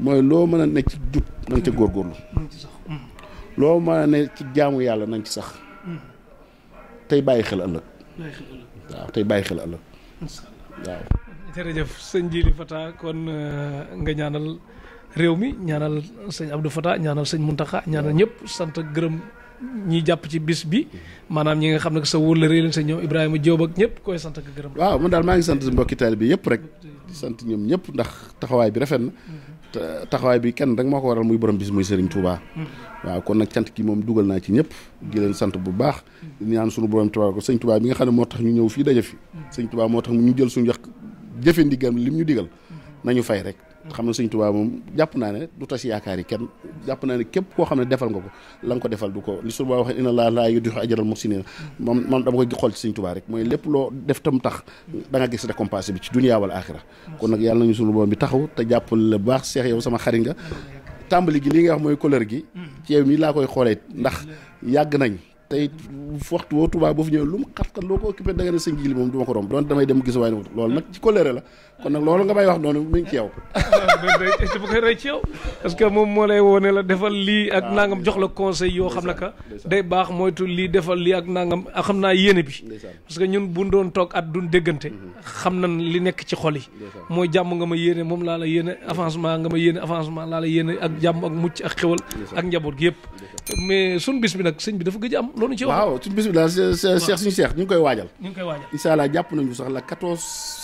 mooy loo mën a ne ci jub nañ ca góorgóorlu. Mm. loo mën a ne ci jaamu yàlla nañ ci sax. Mm. tey bàyyi xel ëllëg. waaw tey bàyyi xel ëllëg. waaw. jërëjëf sëñ Djily Fata kon euh, nga ñaanal réew mi ñaanal sëñ Abdou Fata ñaanal sëñ Mountakha ñaanal ñëpp sant gërëm. ñi jàpp ci bis bi maanaam ñi nga xam ne sa wóor la réew sa ñoom Ibrahima Diop ak ñëpp koy sant ak gërëm. waaw man daal maa ngi sant mbokki taalibe bi yëpp rek di sant ñëpp ndax taxawaay bi rafet na. Mm-hmm. taxawaay bi kenn rek moo ko waral muy borom bi bis muy Serigne Touba. Mm-hmm. waaw kon nag cant ki moom dugal naa ci ñëpp. di leen sant bu baax. di ñaan sunu borom Touba ko sëñ Touba bi nga xam ne moo tax ñu ñëw fii daje fi. Mm-hmm. sëñ Touba moo tax ñu jël suñu yàq jëfe ndigam li ñu digal nañu fay rek. xam ne sëñ Tuubaa moom jàpp naa ne du tas yaakaar yi kenn jàpp naa ne képp koo xam ne defal nga ko la ko defal du ko suñu baa waxee inna lépp loo def tam tax da nga gis récompense bi ci dunya wal aaxira kon nag yàlla nañu suñu borom bi taxaw te jàppal la baax seex yow sama xarit nga tàmbali gi li nga wax mooy couleur gi mm. ci yow mi laa koy xoolee ndax yàgg nañ tey waxtu woo Touba boo fi ñëwee lu mu xat xat loo ko occupé da sëñ ji moom du ko romb doon damay dem gis waaye loolu nag ci colère la kon nag loolu nga may wax noonu mu ngi parce que moom moo lay woone la defal lii ak ah, nangam jox la conseil yoo xam ne ka day baax moytu lii defal lii ak nangam a ah, xam naa yéene bi parce que ñun bu doon toog at duñ déggante mm-hmm. xam nañ li nekk ci xol yi mooy jàmm nga ma yéene moom laa la yéene avancement nga ma yéene avancement laa la yéene ak jàmm ak mucc ak xewal ak njaboot gi yëpp mais suñ bi nag sëñ bi dafa loolu waaw suñu bis bi daal seex suñu seex ñu ngi koy waajal. ñu jàpp nañu sax la 14.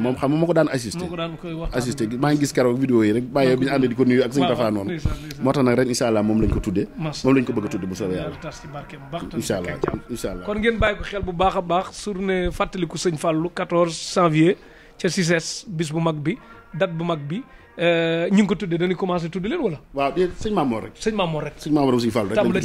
moom xam moo ko daan assisté assisté maa ngi gis keroog vidéo yi rek bàyyi bi ñu ànd di ko nuyu ak sëñ Tafa noonu moo tax nag ren incha allah moom lañ ko tuddee moom lañ ko bëgg a tudde bu soobee yàlla incha allah incha allah kon ngeen bàyyi ko xel bu baax a baax journée fàttaliku sëñ Fàllu 14 janvier ca Cissesse bis bu mag bi date bu mag bi euh, ñu ngi ko tuddee dañuy commencé tudd leen wala waaw sëñ Mamoor rek sëñ Mamoor rek sëñ Mamoor sëñ Fàllu ah. rek tàmbale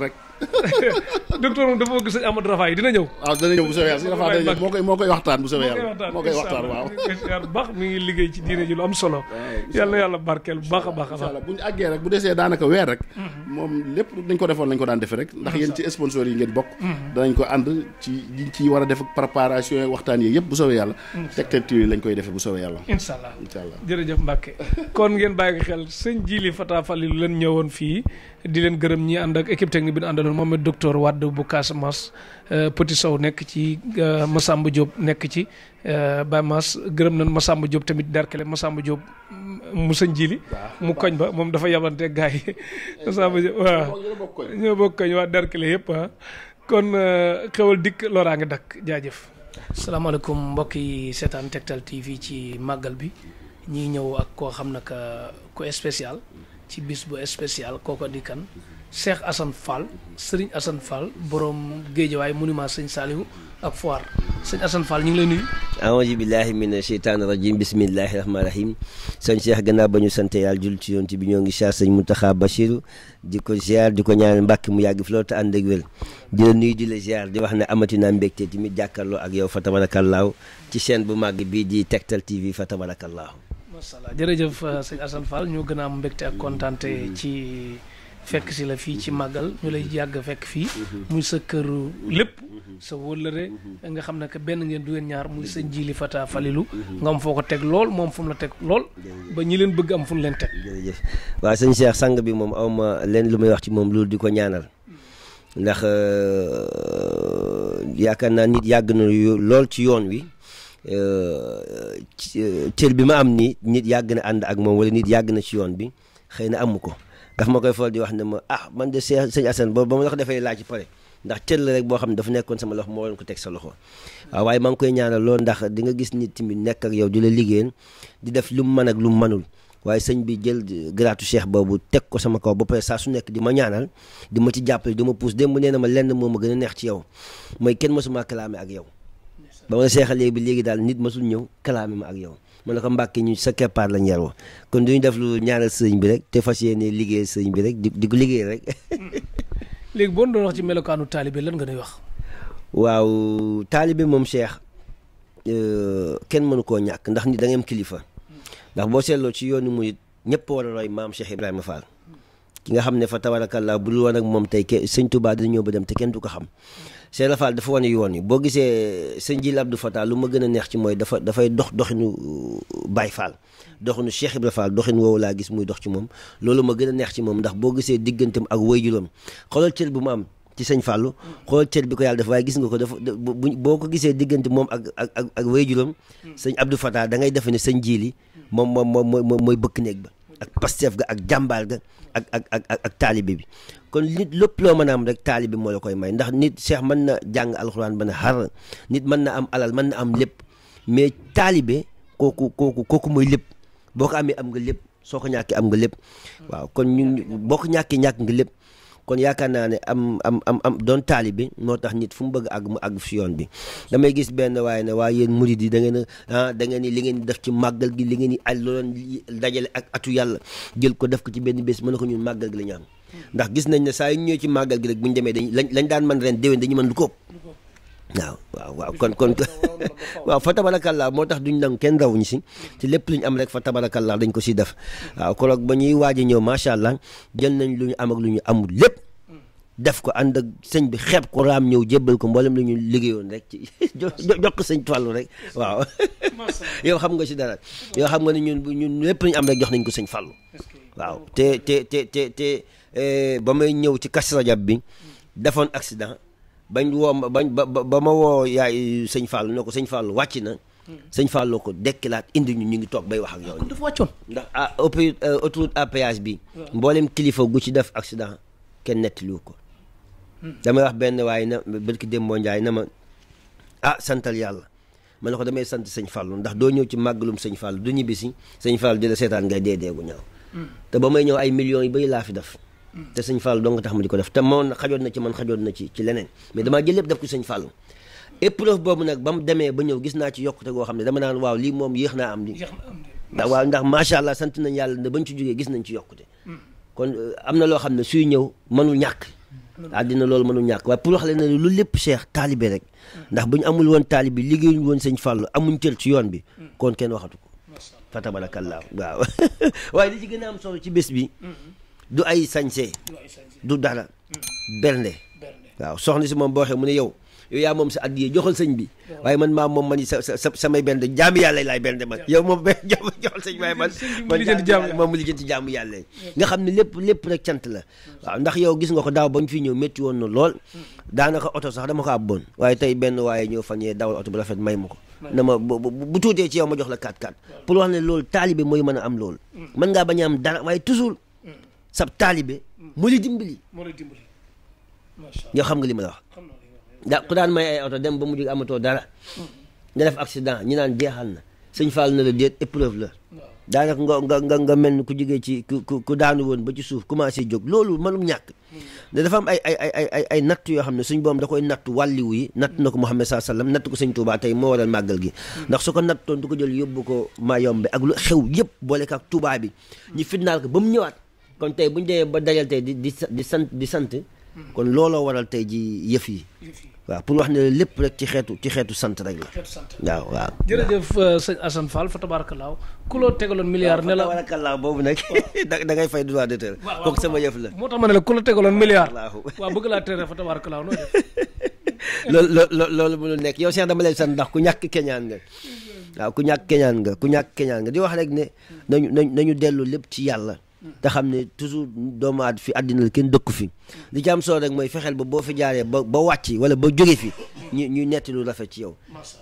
rek docteur moom dafa bëgg sëñ Amadou Rafaay dina ñëw. waaw ah, dina ñëw bu soobee yàlla Rafaay dina ñëw moo koy moo koy waxtaan bu soobee yàlla moo koy waxtaan waaw. baax mi ngi liggéey ci diine ji lu am solo. yàlla yàlla barkeel bu a baax. incha allah mhm. ngeen bokk. Mhm. ko a xel sëñ Jili Fata leen ñëwoon fii di leen gërëm ñi ànd ak équipe technique bi ñu àndaloon moom it docteur Wade bu Casamance euh, Petit Sow nekk ci euh, masamba Diop nekk ci euh, ba mas gërëm na masamba Diop tamit Derkele Massamba Diop mm, mu sëñ jili mu koñ ba moom dafa yabante gars yi Massamba Diop waaw bokk koñ waa Derkele yëpp ah kon xewal dikk loraa dakk jaajëf salaamaaleykum mbokk yi seetaan Tektal TV ci màggal bi ñiy ñëw ak koo xam naka ku spécial ci bis bu spécial kooko di kan Cheikh Assane Fall Serigne Assane Fall borom géejawaay monument sëñ Saliou ak foire sëñ Assane Fall ñu ngi lay nuyu. aawuzu billaahi mina sheytaani rajiim bismillaahi rahmaani rahiim ba ñu sant yàlla jul ci yonent bi ñoo ngi saa sëñ Mountakha Bachir di ko ziar di ko ñaan mbàkk mu yàgg fi loolu te di la nuyu di wax ne amati naa mbégte mi jàkkaarloo ak yow fa tabarakallaahu ci chaîne bu màgg bii di Tektal TV fa tabarakallaahu wasalaam jërëjëf euh, sëñ Assane Fall ñoo gën a am mbégte ak kontaante mm-hmm. ci fekk si la fii ci màggal mm-hmm. ñu lay mm-hmm. yàgg fekk fii muy sa kër lépp sa wóllëre nga xam ne que benn ngeen du ngeen ñaar muy sa njiili fata falilu nga am foo ko teg lool moom fu la teg lool ba ñi leen bëgg am fu leen teg jërëjëf waaw sëñ Cheikh sang bi moom awma leen lu may wax ci moom loolu di ko ñaanal ndax euh, yaakaar naa nit yàgg na lool ci yoon wi Euh, euh, cër bi ma am nii nit yàgg na ànd ak moom wala nit yàgg na ci yoon bi xëy na amu ko daf ma koy faral di wax ne ma ah man de Seex sëñ Assane boobu ba ma la defee laaj ci pare ndax cër la rek boo xam ne dafa nekkoon sama loxo moo leen ko teg sa loxo waaye maa ngi koy ñaanal lool ndax di nga gis nit tamit nekk ak yow di la liggéeyal di def lu mu mën ak lu mu mënul waaye sëñ bi jël garaatu cheikh boobu teg ko sama kaw ba pare saa su nekk di ma ñaanal di ma ci jàppale di ma pousse démb nee na ma lenn moo ma gën a neex ci yow mooy kenn mosuma kalaame ak yow ba ma la léegi bi léegi daal nit masul ñëw kalaame ma ak yow ma ne ko mbàkke ñu sa keppaar lañ yaroo kon duñu def lu ñaanal sëñ bi rek te fas yéene liggéey sëñ bi rek di di ko liggéey rek léegi boo doon wax ci melokaanu taalibe lan nga nuy wax waaw taalibe moom cheikh euh, kenn mënu koo ñàkk ndax nit da nga kilifa hmm. ndax boo seetloo ci yoonu murit ñëpp war a roy maam Cheikh Ibrahima ki nga xam ne fa tabarakallaa bu dul woon ak moom tey sëñ Touba dina ñëw ba dem te kenn du ko xam Cheikh Rafal dafa wane yoon yi boo gisee sëñ Jil Abdou Fatah lu ma gën a neex ci mooy dafa dafay dox doxinu Baye Fall doxinu Cheikh Ibra Fall doxin woowu laa gis muy dox ci moom loolu ma gën a neex ci moom ndax boo gisee digganteem ak waajuram xoolal cër bu mu am ci sëñ Fallu xoolal cër bi ko yàlla def waaye gis nga ko dafa boo ko gisee diggante moom ak ak ak ak waajuram hmm. sëñ Abdou Fatah da ngay defe ne sëñ Jili moom moom moom mooy bëkk néeg ba ak Pastef ga ak jàmbaar ga ak ak ak taalibe bi kon nit lépp loo mën a am rek taalibe moo la koy may ndax nit Cheikh man na jàng alxuraan ba ne xar nit man na am alal man na am lépp mais taalibe kooku kooku kooku mooy lépp boo ko amee am nga lépp soo ko ñàkkee am nga lépp waaw kon ñu boo ko ñàkkee ñàkk nga lépp kon yaakaar naa ne am am am am doon taalibe moo tax nit fu mu bëgg ak mu àgg si yoon bi damay gis benn waaye ne waa yéen murid yi da ngeen a ah, dangeen ngeen ni li ngeen def ci màggal gi li ngeen di ay looloon dajale ak atu yàlla jël ko def ko ci benn bés mën na ko ñun màggal gi la ñu ndax gis nañ ne saa yu ñëwee ci màggal gi rek bu ñu demee dañ lañ daan man ren déwén dañu mën lu ko waaw waaw waaw kon kon waaw fa tabarakallaa moo tax duñ nangu kenn rawuñu si te lépp lu ñu am rek fa tabarakallaa dañ ko si def waaw koroog ba ñuy waaj ñëw macha allah jël nañ lu ñu am ak lu ñu amul lépp def ko ànd ak sëñ bi xeeb ko raam ñëw jébbal ko mboolem lu ñu liggéeyoon rek ci jox ko sëñ Fallou rek waaw yow xam nga si dara yow xam nga ne ñun ñun lépp lu am rek jox nañ ko sëñ Fallou waaw te te te te te eh, ba may ñëw ci Kazu Rajab bi defoon accident bañ woo bañ ba ba ma woo yaay sëñ Fall ne ko sëñ Fall wàcc na. Hmm. sëñ Fall ko dekkilaat indi ñu ñu ngi toog bay wax ak yow. dafa ndax ah euh, autoroute à bi. Hmm. mboolem kilifa gu ci def accident kenn nettaliwu ko. Hmm. damay wax benn waaye na barki Demba Ndiaye na ma ah santal yàlla ma ne ko damay sant sëñ Fallu ndax doo ñëw ci màggalum sëñ Fallu du ñibbisi sëñ Fallu di la seetaan ngay dee dee gu ñaaw. te ba may ñëw ay millions yi bay laa fi def. te sëñ Fall dong nga tax ma di ko def te moon xajoon na ci man xajoon na ci ci leneen mais damaa jël lépp def ko sëñ Fall épreuve boobu nag ba mu demee ba ñëw gis naa ci yokkute goo xam ne dama naan waaw lii moom yéex naa am li ndax waaw ndax macha allah sant nañ yàlla ne bañ ci jógee gis nañ ci yokkute kon euh, am na loo xam ne suy ñëw mënul ñàkk àddina loolu mënul ñàkk waaye pour wax leen ne lu lépp cheikh taalibe rek ndax bu ñu amul woon taalibe liggéeyuñu woon sëñ Fall amuñ cër ci yoon bi mm. kon kenn waxatu ko li ci gën a am solo ci bés bi mm-hmm. du ay sañse du dara mm-hmm. bernde waaw soxna si moom boo waxee mu ne yaw yow yaa moom sa addiye joxal sëñ bi waaye man maa moom man sa sa samay bernde jaamu yàlla laay bernde man yow moom joxal sëñ waaye man man moom mu lijjanti jaamu yàlla nga xam ne lépp lépp rek cant la mm-hmm. waaw ndax gis nga ko daaw bañ fi ñëw métti woon na lool mm-hmm. daanaka oto sax dama ko abboon waaye tey benn waaye ñëw fañee dawal oto bu rafet may ma ko na ma bu tuutee ci yow ma jox la 4-4 pour wax ne loolu taalibe a am mm. ngaa bañ am dara waaye toujours sab taalibe mu li dimbali. moo lay dimbali macha xam nga li ma la wax. da ku daan may ay oto dem ba mu jóg amatoo dara. Mm-hmm. nga def accident ñu naan jeexal na sëñ faal na la déet épreuve la. daanaka nga nga nga nga mel ni ku jógee ci ku ku daanu woon ba ci suuf commencé jóg loolu mënum ñàkk. Mm-hmm. da dafa am ay ay ay ay ay natt yoo xam ne suñ boom da koy natt wàlliwu yi natt na ko Muhammad saa sallam natt ko sëñ Touba tey moo waral màggal gi. Mm-hmm. ndax su ko nattoon du ko jël yóbbu ko Mayombe ak lu xew yëpp boole ak Touba bi. ñu fitnaal ko ba mu ñëwaat. kon tey bu ñu demee ba dajal tey di di di sant di sant kon looloo waral tey ji yëf yi waaw pour wax ne lépp rek ci xeetu ci xeetu sant rek la waaw waaw jërëjëf euh, sëñ Assane Fall fa tabaarakalaaw ku loo tegaloon milliard ne la tabaarakalaaw boobu nag da da ngay fay droit d'auteur kooku sama yëf la moo tax ma ne la ku la tegaloon milliard waaw bëgg laa tere fa tabaarakalaaw noo def loolu loolu loolu nekk yow Cheikh dama lay sant ndax ku ñàkk keñaan nga waaw ku ñàkk keñaan nga ku ñàkk keñaan nga di wax rek ne nañu ñu dellu lépp ci yàlla te xam ne toujours doomu aad fi àddina la kenn dëkku fi li ci am solo rek mooy fexeel ba boo fi jaaree ba ba wàcc wala ba jóge fi ñu ñu netti lu rafet ci yow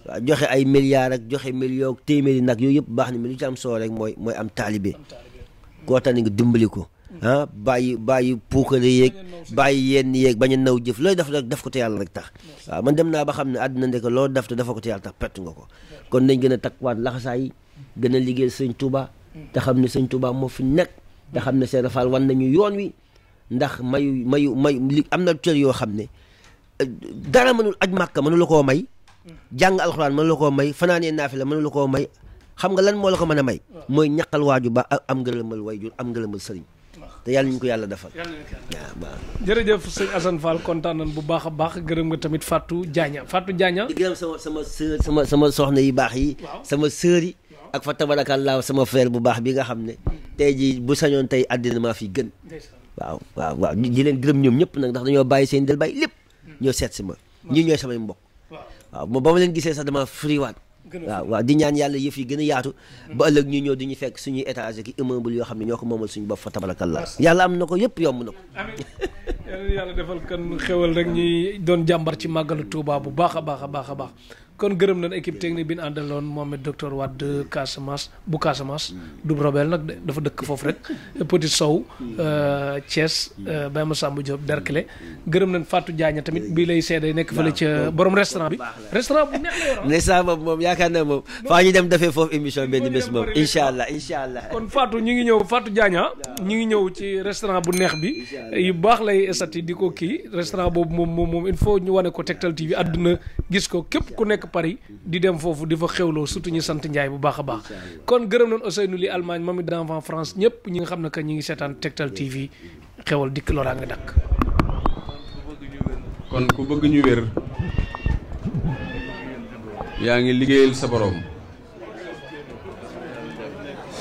waaw joxe ay milliards ak joxe millions téeméeri nag yooyu yëpp baax na mais li ci am solo rek mooy mooy am taalibe koo tani nga dimbali ko ah bàyyi bàyyi puukare yeeg bàyyi yenn yeeg bañ naw jëf looy def rek def ko te yàlla rek tax waaw man naa ba xam ne àddina ndeke loo def te dafa te yàlla tax nga ko kon nañ gën a takkuwaat laxasaa yi gën a liggéeyal sëñ Touba te xam ne sëñ Touba moo fi nekk te xam ne Cheikh Ibra Fall wan nañu yoon wi ndax mayu mayu may li am na cër yoo xam ne euh, dara mënul aj màkka mënu la koo may jàng alxuraan mënu la koo may fanaanee naafila mënu la koo may xam nga lan moo la ko mën a may mooy ñaqal waaju ba am ngërëmal wayjur am ngërëmal sëriñ te yàlla ñu ko yàlla defal waaw jërëjëf sëñ kontaan nañ bu baax a baax gërëm nga tamit Fatou Diagne Fatou Diagne di sama sama sama soxna yi baax yi sama sœur yi ak fa tabarakallaa sama frère bu baax bi nga xam ne tey jii bu sañoon tey àddina maa fi gën waaw waaw waaw ji leen gërëm ñoom ñëpp nag ndax dañoo bàyyi seen del bàyyi lépp hmm. ñoo seet si ma ñii ñooy samay mbokk waaw moom ba ma leen gisee sax dama friwaat waaw waaw di ñaan yàlla yëf fi gën a yaatu hmm. ba ëllëg ñu ñëw di ñu fekk suñu étage ki immeuble yoo xam ne ñoo ko moomal suñu bopp fa tabarakallah yàlla am na ko yëpp yomb na ko yàlla defal kan doon jàmbar ci màggalu Tuubaa bu baax a baax a baax a baax kon gërëm nañ équipe technique bi ñu àndaloon moom it docteur Wade Casamance bu Casamance. Mm. du Robel nag dafa dëkk foofu rek mm. Petit Sow. Mm. Euh, Thiès euh, Baye Massamba Diop Derklé gërëm nañ Fatou Diagne tamit bii lay seede nekk fële ca borom restaurant bi. restaurant bu neex la moom yaakaar naa moom faa dem defee foofu émission benn bés moom incha allah incha allah. kon Fatou ñu ngi ñëw Fatou Diagne ah ñu ngi ñëw ci restaurant bu neex bi yu baax lay esati di ko kii restaurant boobu moom moom moom foo ñu wane ko Tektal TV àdduna gis ko képp ku nekk Paris di dem foofu di fa xewloo surtout ñu sant njaay bu baax a baax kon gërëm nañ Ousseynou li Allemagne Mamy d'Enfants France ñëpp ñi nga xam ne que ñi ngi seetaan Tektal TV xewal dikk loraa nga dakk kon ku bëgg ñu wér yaa ngi liggéeyal sa borom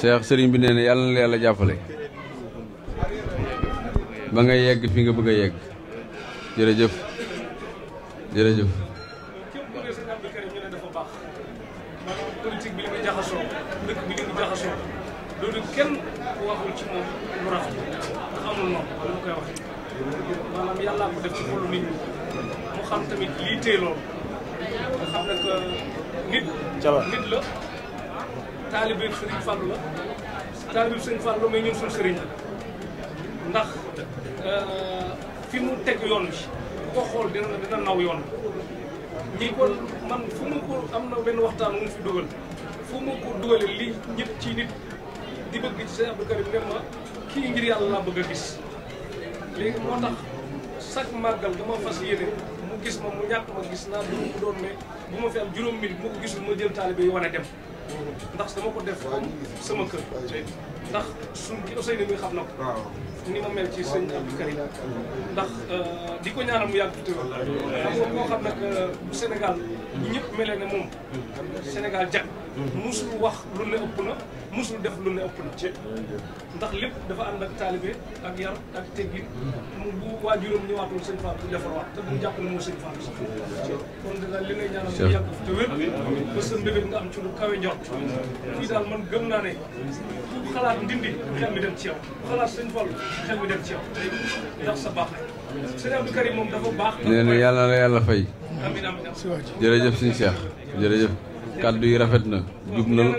Cheikh Serigne bi nee yàlla na la yàlla jàppale ba nga yegg fi nga bëgg a yegg jërëjëf jërëjëf yàllaa ko def ci xolu nit mu xam tamit lii téye loolu nga xam ne que nit nit la taalibe Sëriñ Fallu la taalibe Sëriñ Fallu mais ñun suñu sëriñ ndax euh, fi mu teg yoon bi ko xool dina dina naw yoon ñi kon man fu mu ko am na benn waxtaan mu fi dugal fu mu ko dugale li ñëpp ci nit di bëgg ci Sëriñ Abdou Karim ne ma kii ngir yàlla laa bëgg a gis léegi moo tax chaque màggal dama fas yéene mu gis ma mu ñàkk ma gis naa dugg doon ne bu ma fi am juróom mil bu ma ko gisul ma jël taalibe yi wane dem ndax sama ko def comme sama kër ndax suñ ki Ousseynou mi xam na ko ni ma mel ci sëñ Abdou Karim ndax euh, di ko ñaanal mu yàgg tuuti woon xam nga koo xam nag bu Sénégal ñëpp mel ne moom Sénégal jag wax lu ne ëpp na musul def lu na ndax lépp dafa ànd ak ak yar ak teggin mu bu bu defarwaat te bu jàpp ne moo sëñ Fall sax kon daal li ngay ñaanal mu yàgg te wér ba am ci lu kawe njort fii daal man gëm naa ne xalaat ndindi xel mi dem ci yow xalaat sëñ Fall xel mi nee na yàlla na yàlla fay. jërëjëf suñu Cheikh jërëjëf. kàddu yi rafet na jub na lu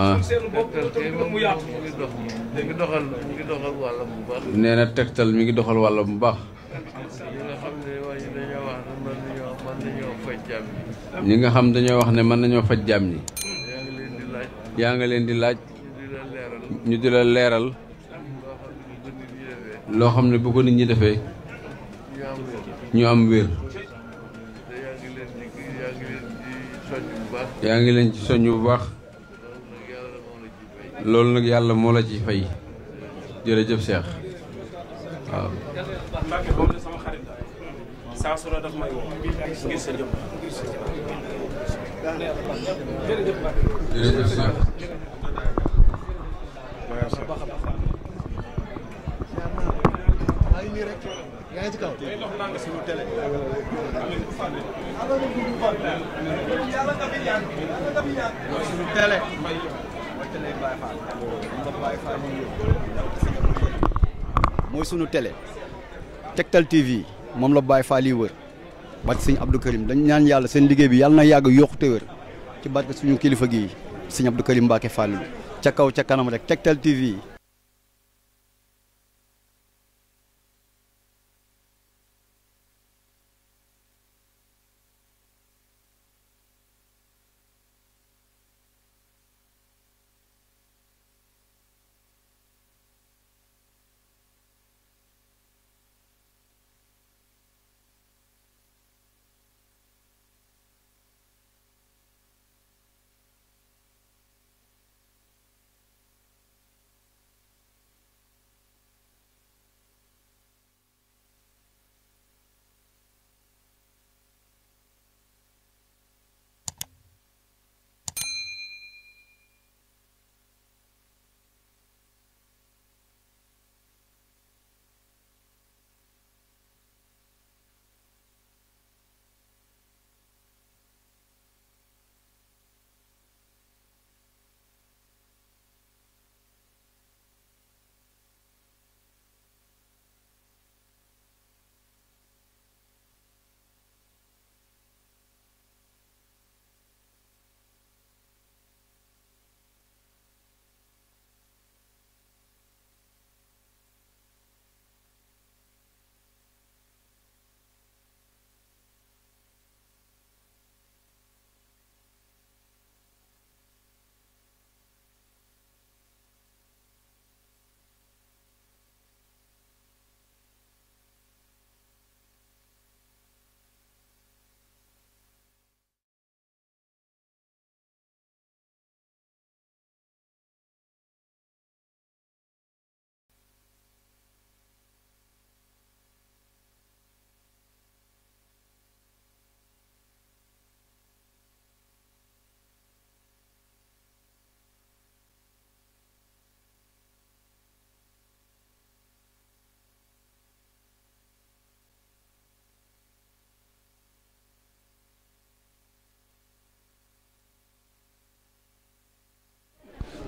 ah nee na tegtal mi ngi doxal wàlla bu baax. ñi nga xam dañoo wax ne mën nañoo faj jaam ñi. yaa nga leen di laaj. ñu di la leeral. loo xam ne bu ko nit ñi defee ñu am wér yaa ngi leen ci soññ bu baax loolu nag yàlla moo la ci fay jërëjëf Cheikh waaw. saa su la mooy sunu télé Tektal TV moom la Baye Fall lii wër barke siñ Abdou Karim dañ ñaan yàlla seen liggéey bi yàlla na yàgg yokku te wër ci barke suñu kilifa gi sëñ Abdou Karim Mbacke Fall ca kaw ca kanam rek Tektal TV.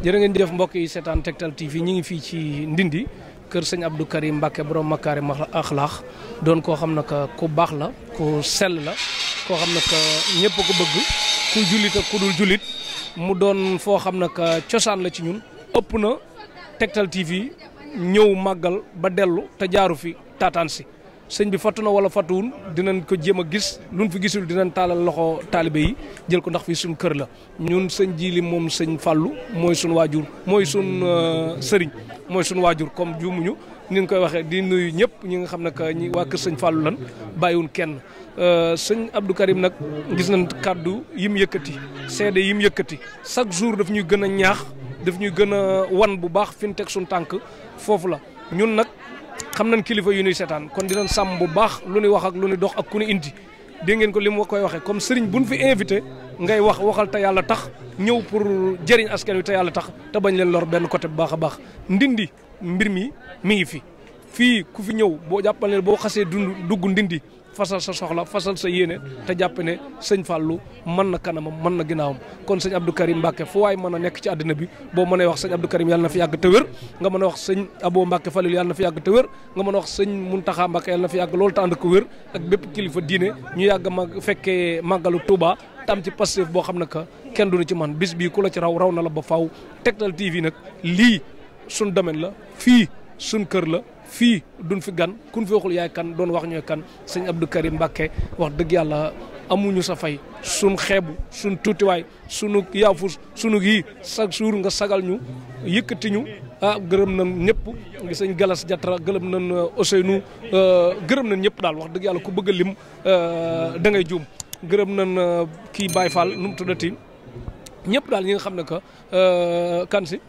jërë ngeen jëf mbokk yi seetaan Tektal TV ñi ngi fii ci Ndindi kër sëñ Abdou Karim Mbacke borom makaari axlaax doon koo xam na que ku baax la ku sel la koo xam ne que ñëpp ko bëgg ku jullit ak ku dul jullit mu doon foo xam ne que cosaan la ci ñun ëpp na Tektal TV ñëw màggal ba dellu te jaaru fi taataan si. sëñ bi fattu na wala fattuwul dinañ ko jéem a gis lu luñ fi gisul dinañ taalal loxo taalibe yi jël ko ndax fii suñ kër la ñun sëñ Jili moom sëñ Fàllu mooy suñ waajur mooy suñ euh, sëriñ mooy suñ waajur comme juumuñu ni nga koy waxee di nuyu ñëpp ñi nga xam ne que ñu waa kër sëñ Fàllu lan bàyyiwun kenn euh, sëñ Abdou Karim nag gis nañ kàddu yi mu yëkkati seede yi mu yëkkati chaque jour daf ñuy gën a ñaax daf ñuy gën a wan bu baax fi ñu teg suñ tànk foofu la ñun nag xam nañ kilifa yu ñuy seetaan kon dinañ sàmm bu baax lu ñuy wax ak lu ñuy dox ak ku ñu indi dégg ngeen ko li mu koy waxee comme sëriñ buñ fi invité ngay wax waxal te yàlla tax ñëw pour jëriñ askan wi te yàlla tax te bañ leen lor benn côté bu baax a baax ndindi mbir mi mi ngi fi fii ku fi ñëw boo jàppal ne boo xasee dund dugg ndindi fasal sa soxla fasal sa yéene te jàpp ne sëñ Fallou mën na kanamam mën na ginnaawam kon sëñ Abdou Karim Mbacke fu waay mën a nekk ci àddina bi boo mënee wax sëñ Abdou Karim yàlla na fi yàgg te wér nga mën a wax sëñ Abo Mbacke Falil yàlla na fi yàgg te wér nga mën a wax sëñ Muntaxa Mbacke fi yàgg loolu te ànd ko wér ak bépp kilifa diine ñu yàgg mag fekkee màggalu Touba tam ci Pastef boo xam ne que kenn du ci man bis bii ku la ci raw raw na la ba faw Tektal TV nag lii suñ domaine la fii suñ kër la fii duñ fi gan kun fi waxul yaay kan doon wax ñooy kan sëñ Abdou Karim wax dëgg yàlla amuñu sa fay sun xeebu sun tuutiwaay sunu yaafus sunu yii chaque jour nga sagal ñu yëkkati ñu ah gërëm nañ ñëpp ngi sëñ Galas Jatra gërëm nañ euh, Ousseynou euh, gërëm nañ ñëpp daal wax dëgg yàlla ku bëgg a lim euh, da ngay juum gërëm nañ kii Baye Fall nu mu tuddati ñëpp daal ñi nga xam ne que kan si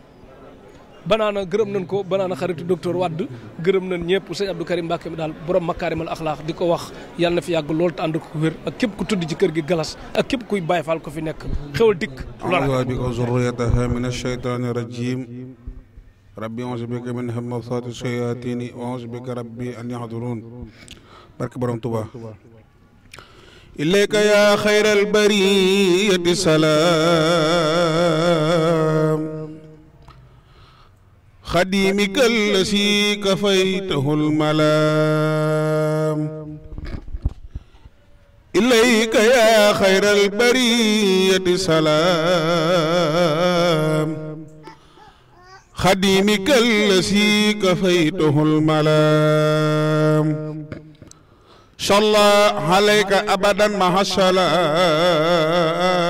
banaana gërëm nañ ko banaana xaritu docteur Wade gërëm nañ ñëpp sëñ Abdou Karim Mbacke mi daal borom makaarimal axlaax di ko wax yàlla fi yàgg lool ta ànd ko wér ak képp ku tudd ci kër gi galas ak képp kuy Baay Faal ko fi nekk xewal dikk lolaa bika zurriyataha min ashaytaani rajim rabbi auzu bika min hamazaati shayaatiin wa auzu bika rabbi an yahduruun barke borom Tuubaa ilayka yaa xayral bariyati salaam خديمك الذي كفيته الملام إليك يا خير البرية سلام خديمك الذي كفيته الملام صلى عليك أبدا مع السلام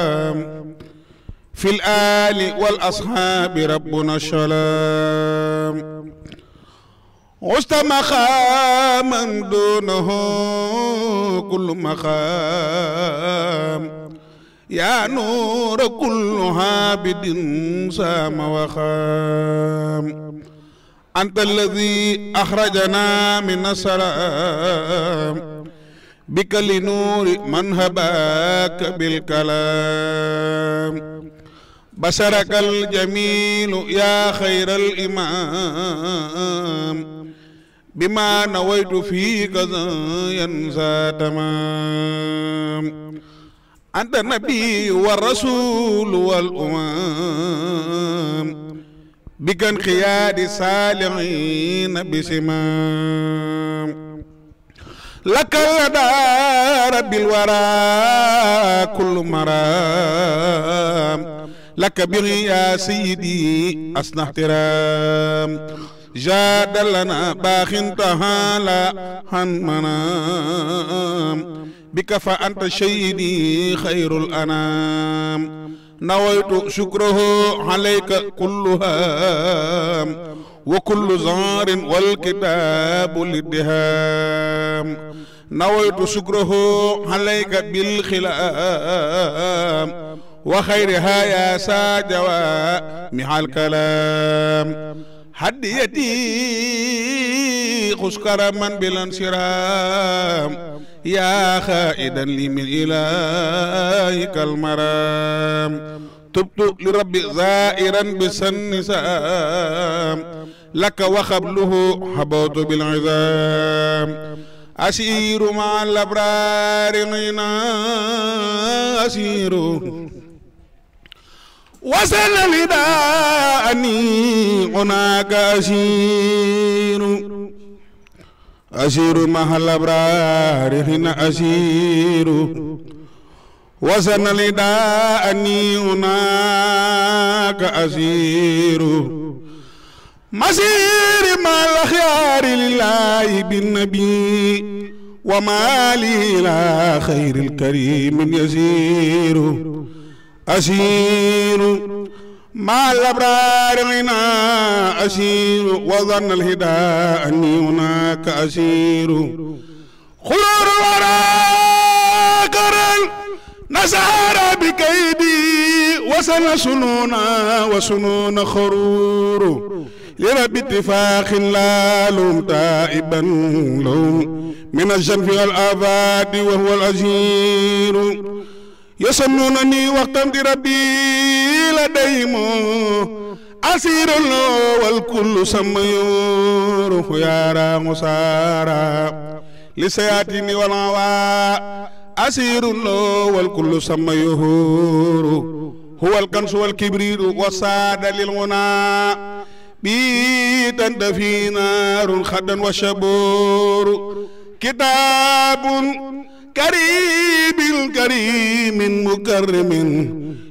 fi alaali wal asxaabi rabbuna salaam xusta maqaaman duunahu kullu maqaam yaa nuura kullu xaabidin saama waxaam anta alladi axrajana min asalaam bika li nuuri man habaaka bilkalaam بشرك الجميل يا خير الإمام بما نويت فيك ينسى تمام أنت النبي والرسول والأمام بك انقياد صالحين بسمام لك لدى رب الورى كل مرام لك بغي يا سيدي أصنع احترام جاد لنا باخ تعالى عن منام بك فأنت شيدي خير الأنام نويت شكره عليك كلها وكل زار والكتاب للدهام نويت شكره عليك بالخلام وخيرها يا ساجوا مع الكلام هديتي خش كرما بالانسرام يا خائدا لي من إلهك المرام تبت لرب زائرا بسن سام لك وخبله حبوت بالعظام أسير مع الأبرار غنى أسير wasala li daani hunaaka asiiru asiiru mahal abraari hina asiiru wasana li daani hunaaka asiiru masiiri mahal axyaari lillaahi binnabi wa maali ilaa xayril kariim yasiiru أسير مع الأبرار غنى أسير وظن الهدى أني هناك أسير خلور وراك نسار بكيدي وسن سنونا وسنون خرور لرب اتفاق لا لوم تائبا لوم من الجنف والآباد وهو الأزير يصنونني وقتا بربي لديهم أسير والكل سميور خيارا مسارا لسياتيني والعواء أسير والكل سميور هو الكنس والكبرير والسعادة للغناء بيتا في نار خدا وشبور كتاب كريم كريم مكرم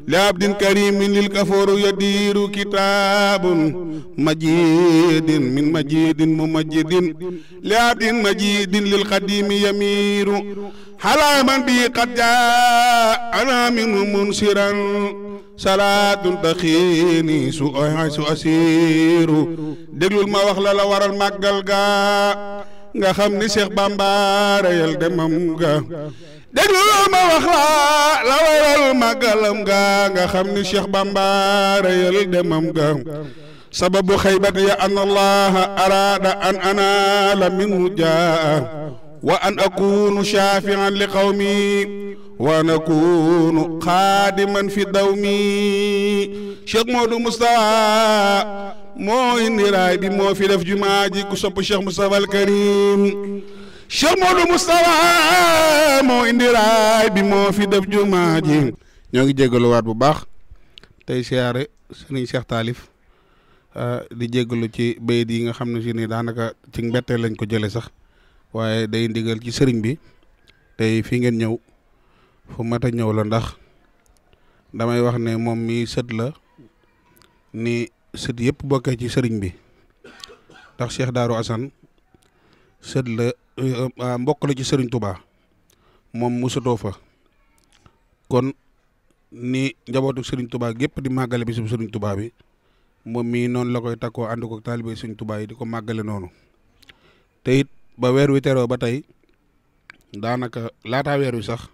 لعبد كريم للكفور يدير كتاب مجيد من مجيد ممجد لعبد مجيد للقديم يمير على من بي قد جاء أنا منه منصرا salaatun taxiini su su asiiru déglul ma wax la la waral màggal ga nga xam ni Cheikh Bamba rayal demam ga déglul ma wax la la waral màggalam ga nga xam ni Cheikh Bamba rayal demam ga sababu xaybat ya an allaha arada an anala minhu jaa waa an akunu shafian li qawmi wa an akunu xaadiman fi dawmi Cheikh Modou Moustapha moo indi raay bi moo fi def jumaa ji ku sopp Cheikh Moustapha al Karim Cheikh Modou Moustapha moo indi raay bi moo fi def jumaa ñoo ngi jégaluwaat bu baax tey siyaare Serigne Cheikh Taalif ah, di jégalu ci bayit yi nga xam ne si daanaka ci mbetteel lañ ko jële sax waaye day ndigal ci sëriñ bi tey fi ngeen ñëw fu mat a ñëw la ndax damay wax ne moom mi sët la ni sët yëpp bokkee ci sëriñ bi ndax Cheikh Darou Assane sët la euh, euh, mbokk la ci sëriñ tubaa moom mu sëtoo fa kon ni njabootu sëriñ Touba gépp di màggale bi su sëriñ Touba bi moom mii noonu la koy takkoo ànd ko taalibe sëriñ Touba yi di ko màggale noonu te ba weer wi teroo ba tey daanaka laataa weer wi sax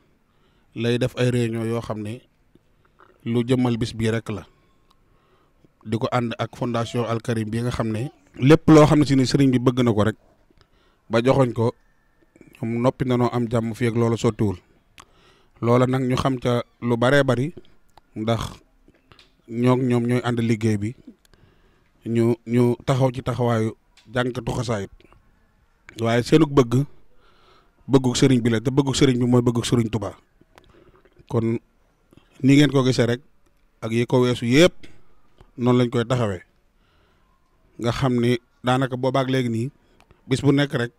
lay def ay réunion yoo xam ne lu jëmmal bis bii rek la di ko ànd ak fondation Al Karim bi nga xam ne. lépp loo xam ne si ni sëriñ bi bëgg na ko rek ba joxoñ ko ñoom noppi na noo am jàmm fii ak loola sottiwul loola nag ñu xam ca lu baree bari ndax ñoog ñoom ñooy ànd liggéey bi ñu ñu taxaw ci taxawaayu jànkatu xasaayit waaye seenug bëgg bëggug sëriñ bi la te bëggug sëriñ bi mooy bëggug sëriñ Tuubaa kon ni ngeen ko gisee rek ak yi ko weesu yëpp noonu lañ koy taxawee nga xam ni daanaka boobaak léegi nii bis bu nekk rek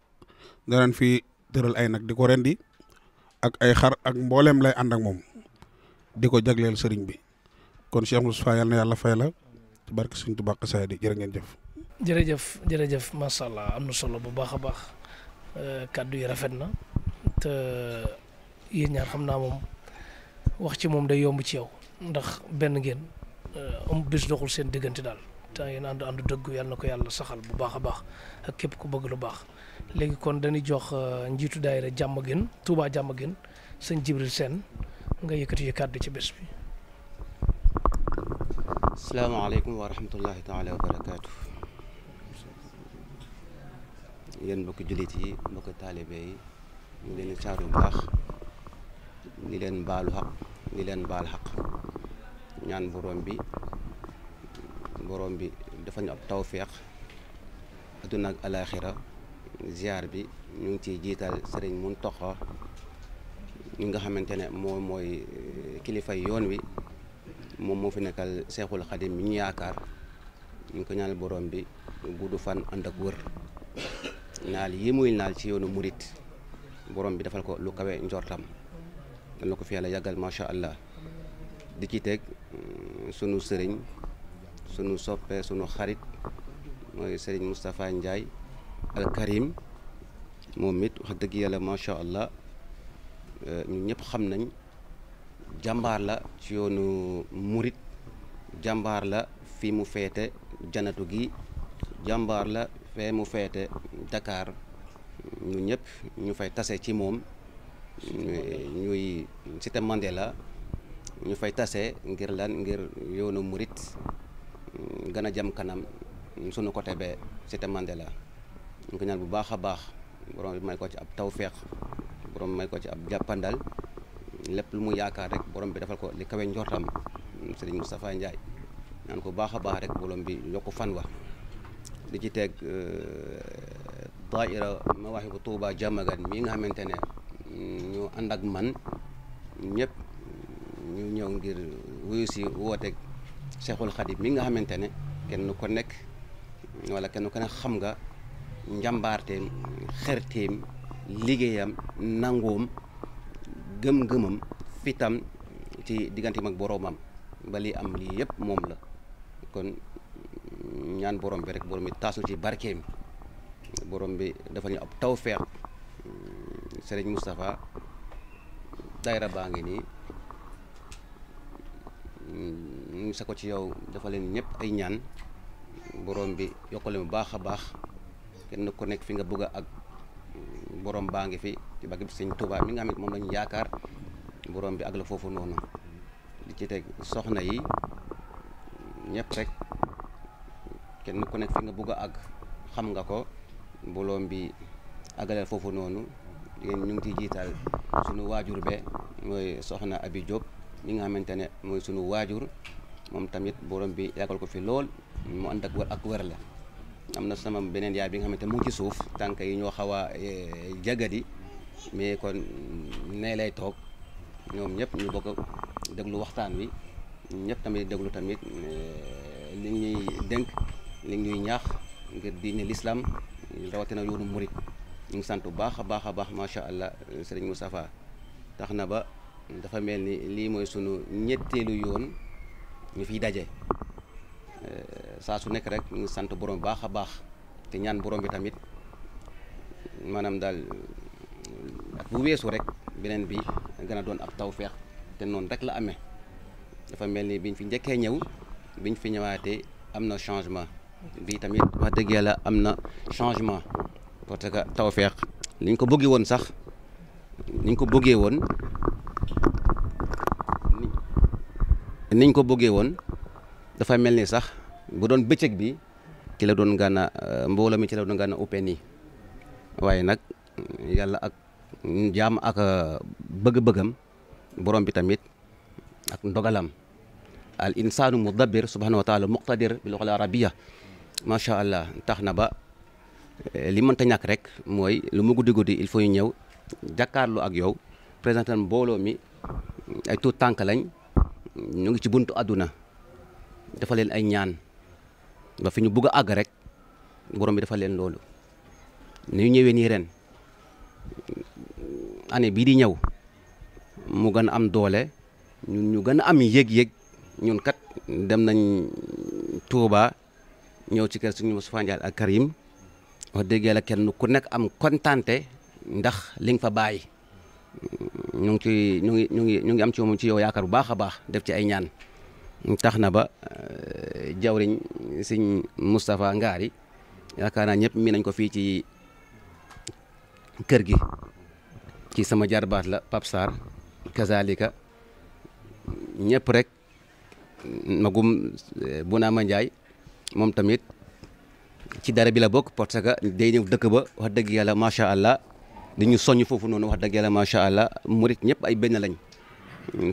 danañ fi tëral ay nag di ko rendi ak ay xar ak mbooleem lay ànd ak moom di ko jagleel sëriñ bi kon Cheikh Moustapha yal na yàlla fay la ci barke Sëriñ Tuubaa xasaay di jërë ngeen jëf jërëjëf jërëjëf macha am na solo bu baax a baax euh, kàddu yi rafet na te yéen ñaar xam naa moom wax ci moom day yomb ci yow ndax benn ngeen euh, am bis doxul seen diggante daal te ngeen ànd ànd dëgg yàlla na ko yàlla saxal bu baax a baax ak képp ku bëgg lu baax léegi kon dañuy jox euh, njiitu daayira jàmm gën Touba jàmm gën sëñ Jibril seen nga yëkkati yu kàddu ci bés bi. asalaamaaleykum wa rahmatullahi taala yéen mbokki jullit yi mbokki taalibe yi ñu leen di saaru baax ni leen baalu xaq leen baal xaq ñaan borom bi borom bi dafa ñu ab tawféex adduna ak alaaxira ziar bi ñu ngi ciy jiital sëriñ Muntaxa ñu nga xamante ne moom mooy eh, kilifa yoon wi moom moo fi nekkal seexul xadim mi ñu yaakaar ñu ko ñaanal borom bi gudd fan ànd ak wër naal yii muy naal ci yoonu murit borom bi defal ko lu kawe njortam dal ko fi yàlla yàggal macha allah di ci teg mm, sunu sëriñ sunu soppe sunu xarit mooy sëriñ Moustapha Ndiaye al Karim moom it wax dëgg yàlla macha allah euh, ñun ñëpp xam nañ jàmbaar la ci yoonu murit jàmbaar la fi mu feete janatu gi jàmbaar la fee mu feete dakaar ñu ñëpp ñu fay tase ci moom ñuy cité Mandela ñu fay tase ngir lan ngir yoonu murit gën a jëm kanam sunu côté be cité Mandela ñu ko ñaan bu baax a baax borom bi may ko ci ab tawféex borom may ko ci ab jàppandal lépp lu mu yaakaar rek borom bi defal ko li kawe njortam Serigne Moustapha Ndiaye ñaan ko baax a baax rek borom bi yokku fan wa li ci teg euh, daaira Mawaahibu Tuuba Jamagan mii nga xamante ne ñu ànd ak man ñëpp ñu ñëw ngir wuyu si wooteeg Cheikhul Khadim mi nga xamante ne kenn ko nekk walla kenn ko nekk xam nga njàmbaarteem xerteem liggéeyam nangoom gëm-gëmam fitam ci diggante mag boroomam ba am lii yëpp moom la kon ñaan boroom bi rek borom bi taas na ci barkeem boroom bi dafa ñu ab tawfeex sëriñ Moustapha daayira baa ngi nii mu ngi sa ko ci yow dafa leen ñëpp ay ñaan boroom bi yokkale bu baax a baax kenn ku nekk fi nga bëgg ak boroom baa ngi fi ci bàkki bi sëñ Touba mi nga xam ne moom lañu yaakaar boroom bi ak la foofu noonu li ci teg soxna yi ñëpp rek. kenn ku nekk fi nga bugg a àgg xam nga ko mbooloom bi àggaleel foofu noonu ñu ngi ciy jiital suñu waajur be mooy soxna Abi Diop mi nga xamante ne mooy sunu waajur moom tamit borom bi yàggal ko fi lool mu ànd ak am na sama beneen yaay bi nga xamante mu ngi ci suuf tànk yi ñoo xaw a eh, jagadi mais kon nee lay toog ñoom ñëpp ñu bokk déglu waxtaan wi ñëpp tamit déglu tamit eh, li ñuy dënk li ñuy ñaax ngir diine lislaam rawatina yoonu murit ñu ngi sant bu baax a baax a baax macha allah sëriñ Moustapha tax na ba dafa mel ni lii mooy sunu ñetteelu yoon ñu fi daje euh, saa su nekk rek ñu ngi sant borom baax a baax te ñaan boroom bi tamit maanaam daal bu weesu rek beneen bi gën a doon ab tawfeex te noonu rek la amee dafa mel ni biñ fi njëkkee ñëw biñ fi ñëwaatee am na changement. bi tamit wax dëgg yàlla am na changement parce que tawfeex liñ ko bëggee woon sax niñ ko bëggee woon niñ ko bëggee woon mel ni sax bu doon bëccëg bi ci la doon gànna euh, mbooloo mi ci la doon gànna uppee nii waaye nag yàlla ak jaam ak euh, bëgg-bëggam borom bi tamit ak ndogalam al insaanu mudabbir subhanahu wa taala muqtadir bil lughal macha allah tax na ba eh, li mënta ñàkk rek mooy lu mu guddi guddi il faut ñu ñëw jàkkaarlu ak yow présenté mbooloo mi ay tuut tànk lañ ñu ngi ci buntu àdduna dafa leen ay ñaan ba fi ñu bugg a àgg rek borom bi dafa leen loolu ni ñu ñëwee nii ren année bii di ñëw mu gën a am doole ñun ñu gën a am yéeg-yéeg ñun kat dem nañ Touba ñëw ci kër suñu Moustapha Ndiaye ak Karim wax dëgg la kenn ku nekk am kontante ndax li nga fa bàyyi mm, ñu ngi ci ñu ngi ñu ngi ñu ngi am ci wom ci yow yaakaar bu baax a baax def ci ay ñaan tax na ba euh, jawriñ sëñ Moustapha Ngaari yaakaar naa ñëpp mi nañ ko fii ci kër gi ci sama jarbaat la Pape Sarr kazalika ñëpp rek magum euh, Bounama Ndiaye moom tamit ci dara bi la bokk parce que day ñëw dëkk ba wax dëgg yàlla macha allah di ñu soññ foofu noonu wax dëgg yàlla macha allah murit ñëpp ay benn lañ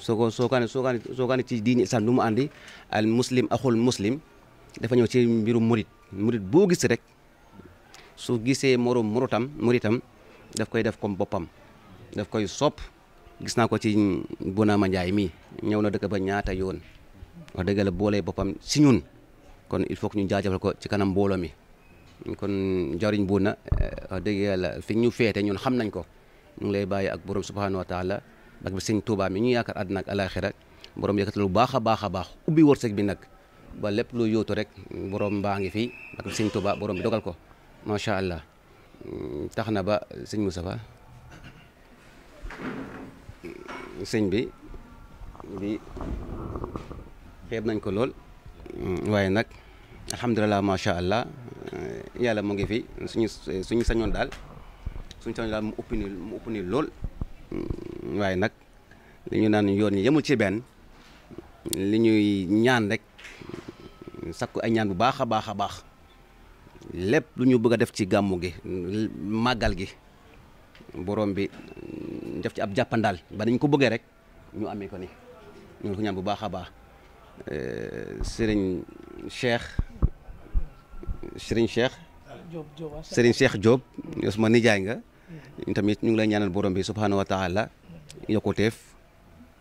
soo ko soo kaane soo kaane soo kaane ci diini islam lu mu àndi al muslim axul muslim dafa ñëw ci mbirum murit murit boo gis rek su gisee morom morotam muritam daf koy def comme boppam daf koy sopp gis naa ko ci Bonaama Njaay mii ñëw na dëkk ba ñaata yoon wax dëgg la boolee boppam si ñun kon il faut que ñu jaajëfal ko ci kanam mbooloo kon jariñ bu na eh, wax dëgg yàlla fi ñu feete ñun xam nañ ko ñu lay bàyyi ak borom subhaanahu wa taala ak bi sëñ Tuubaa mi ñu yaakaar àddina ak alaaxira borom yëkkati lu baax a baax a baax ubbi wërsëg bi nag ba lépp lu yóotu rek boroom mbaa ngi fi ak bi sëñ Tuubaa borom bi dogal ko macha allah mm, tax na ba sëñ Moustapha sëñ bi bi xeeb nañ ko lool. Mm, waaye nag alhamdulilah macha allah eh, yàlla mu ngi fi suñ eh, suñu sañoon daal suñ sañoon daal mu ëpp ni lool mm, waaye nag li ñu naan yoon yi yemul ci benn li ñuy ñaan rek sakku ay ñaan bu baax a baax a baax lépp lu ñu bëgg a def ci gàmmu gi màggal gi borom bi mm, def ci ab jàppandaal ba nañ ko bëggee rek ñu amee ko ni ñu ko ñaan bu baax a baax. Euh, sëriñ Cheikh sëriñ Cheikh. sëriñ Cheikh Diop. yow suma mm. nijaay nga. ñu tamit ñu ngi lay ñaanal borom bi subhaanahu yokkuteef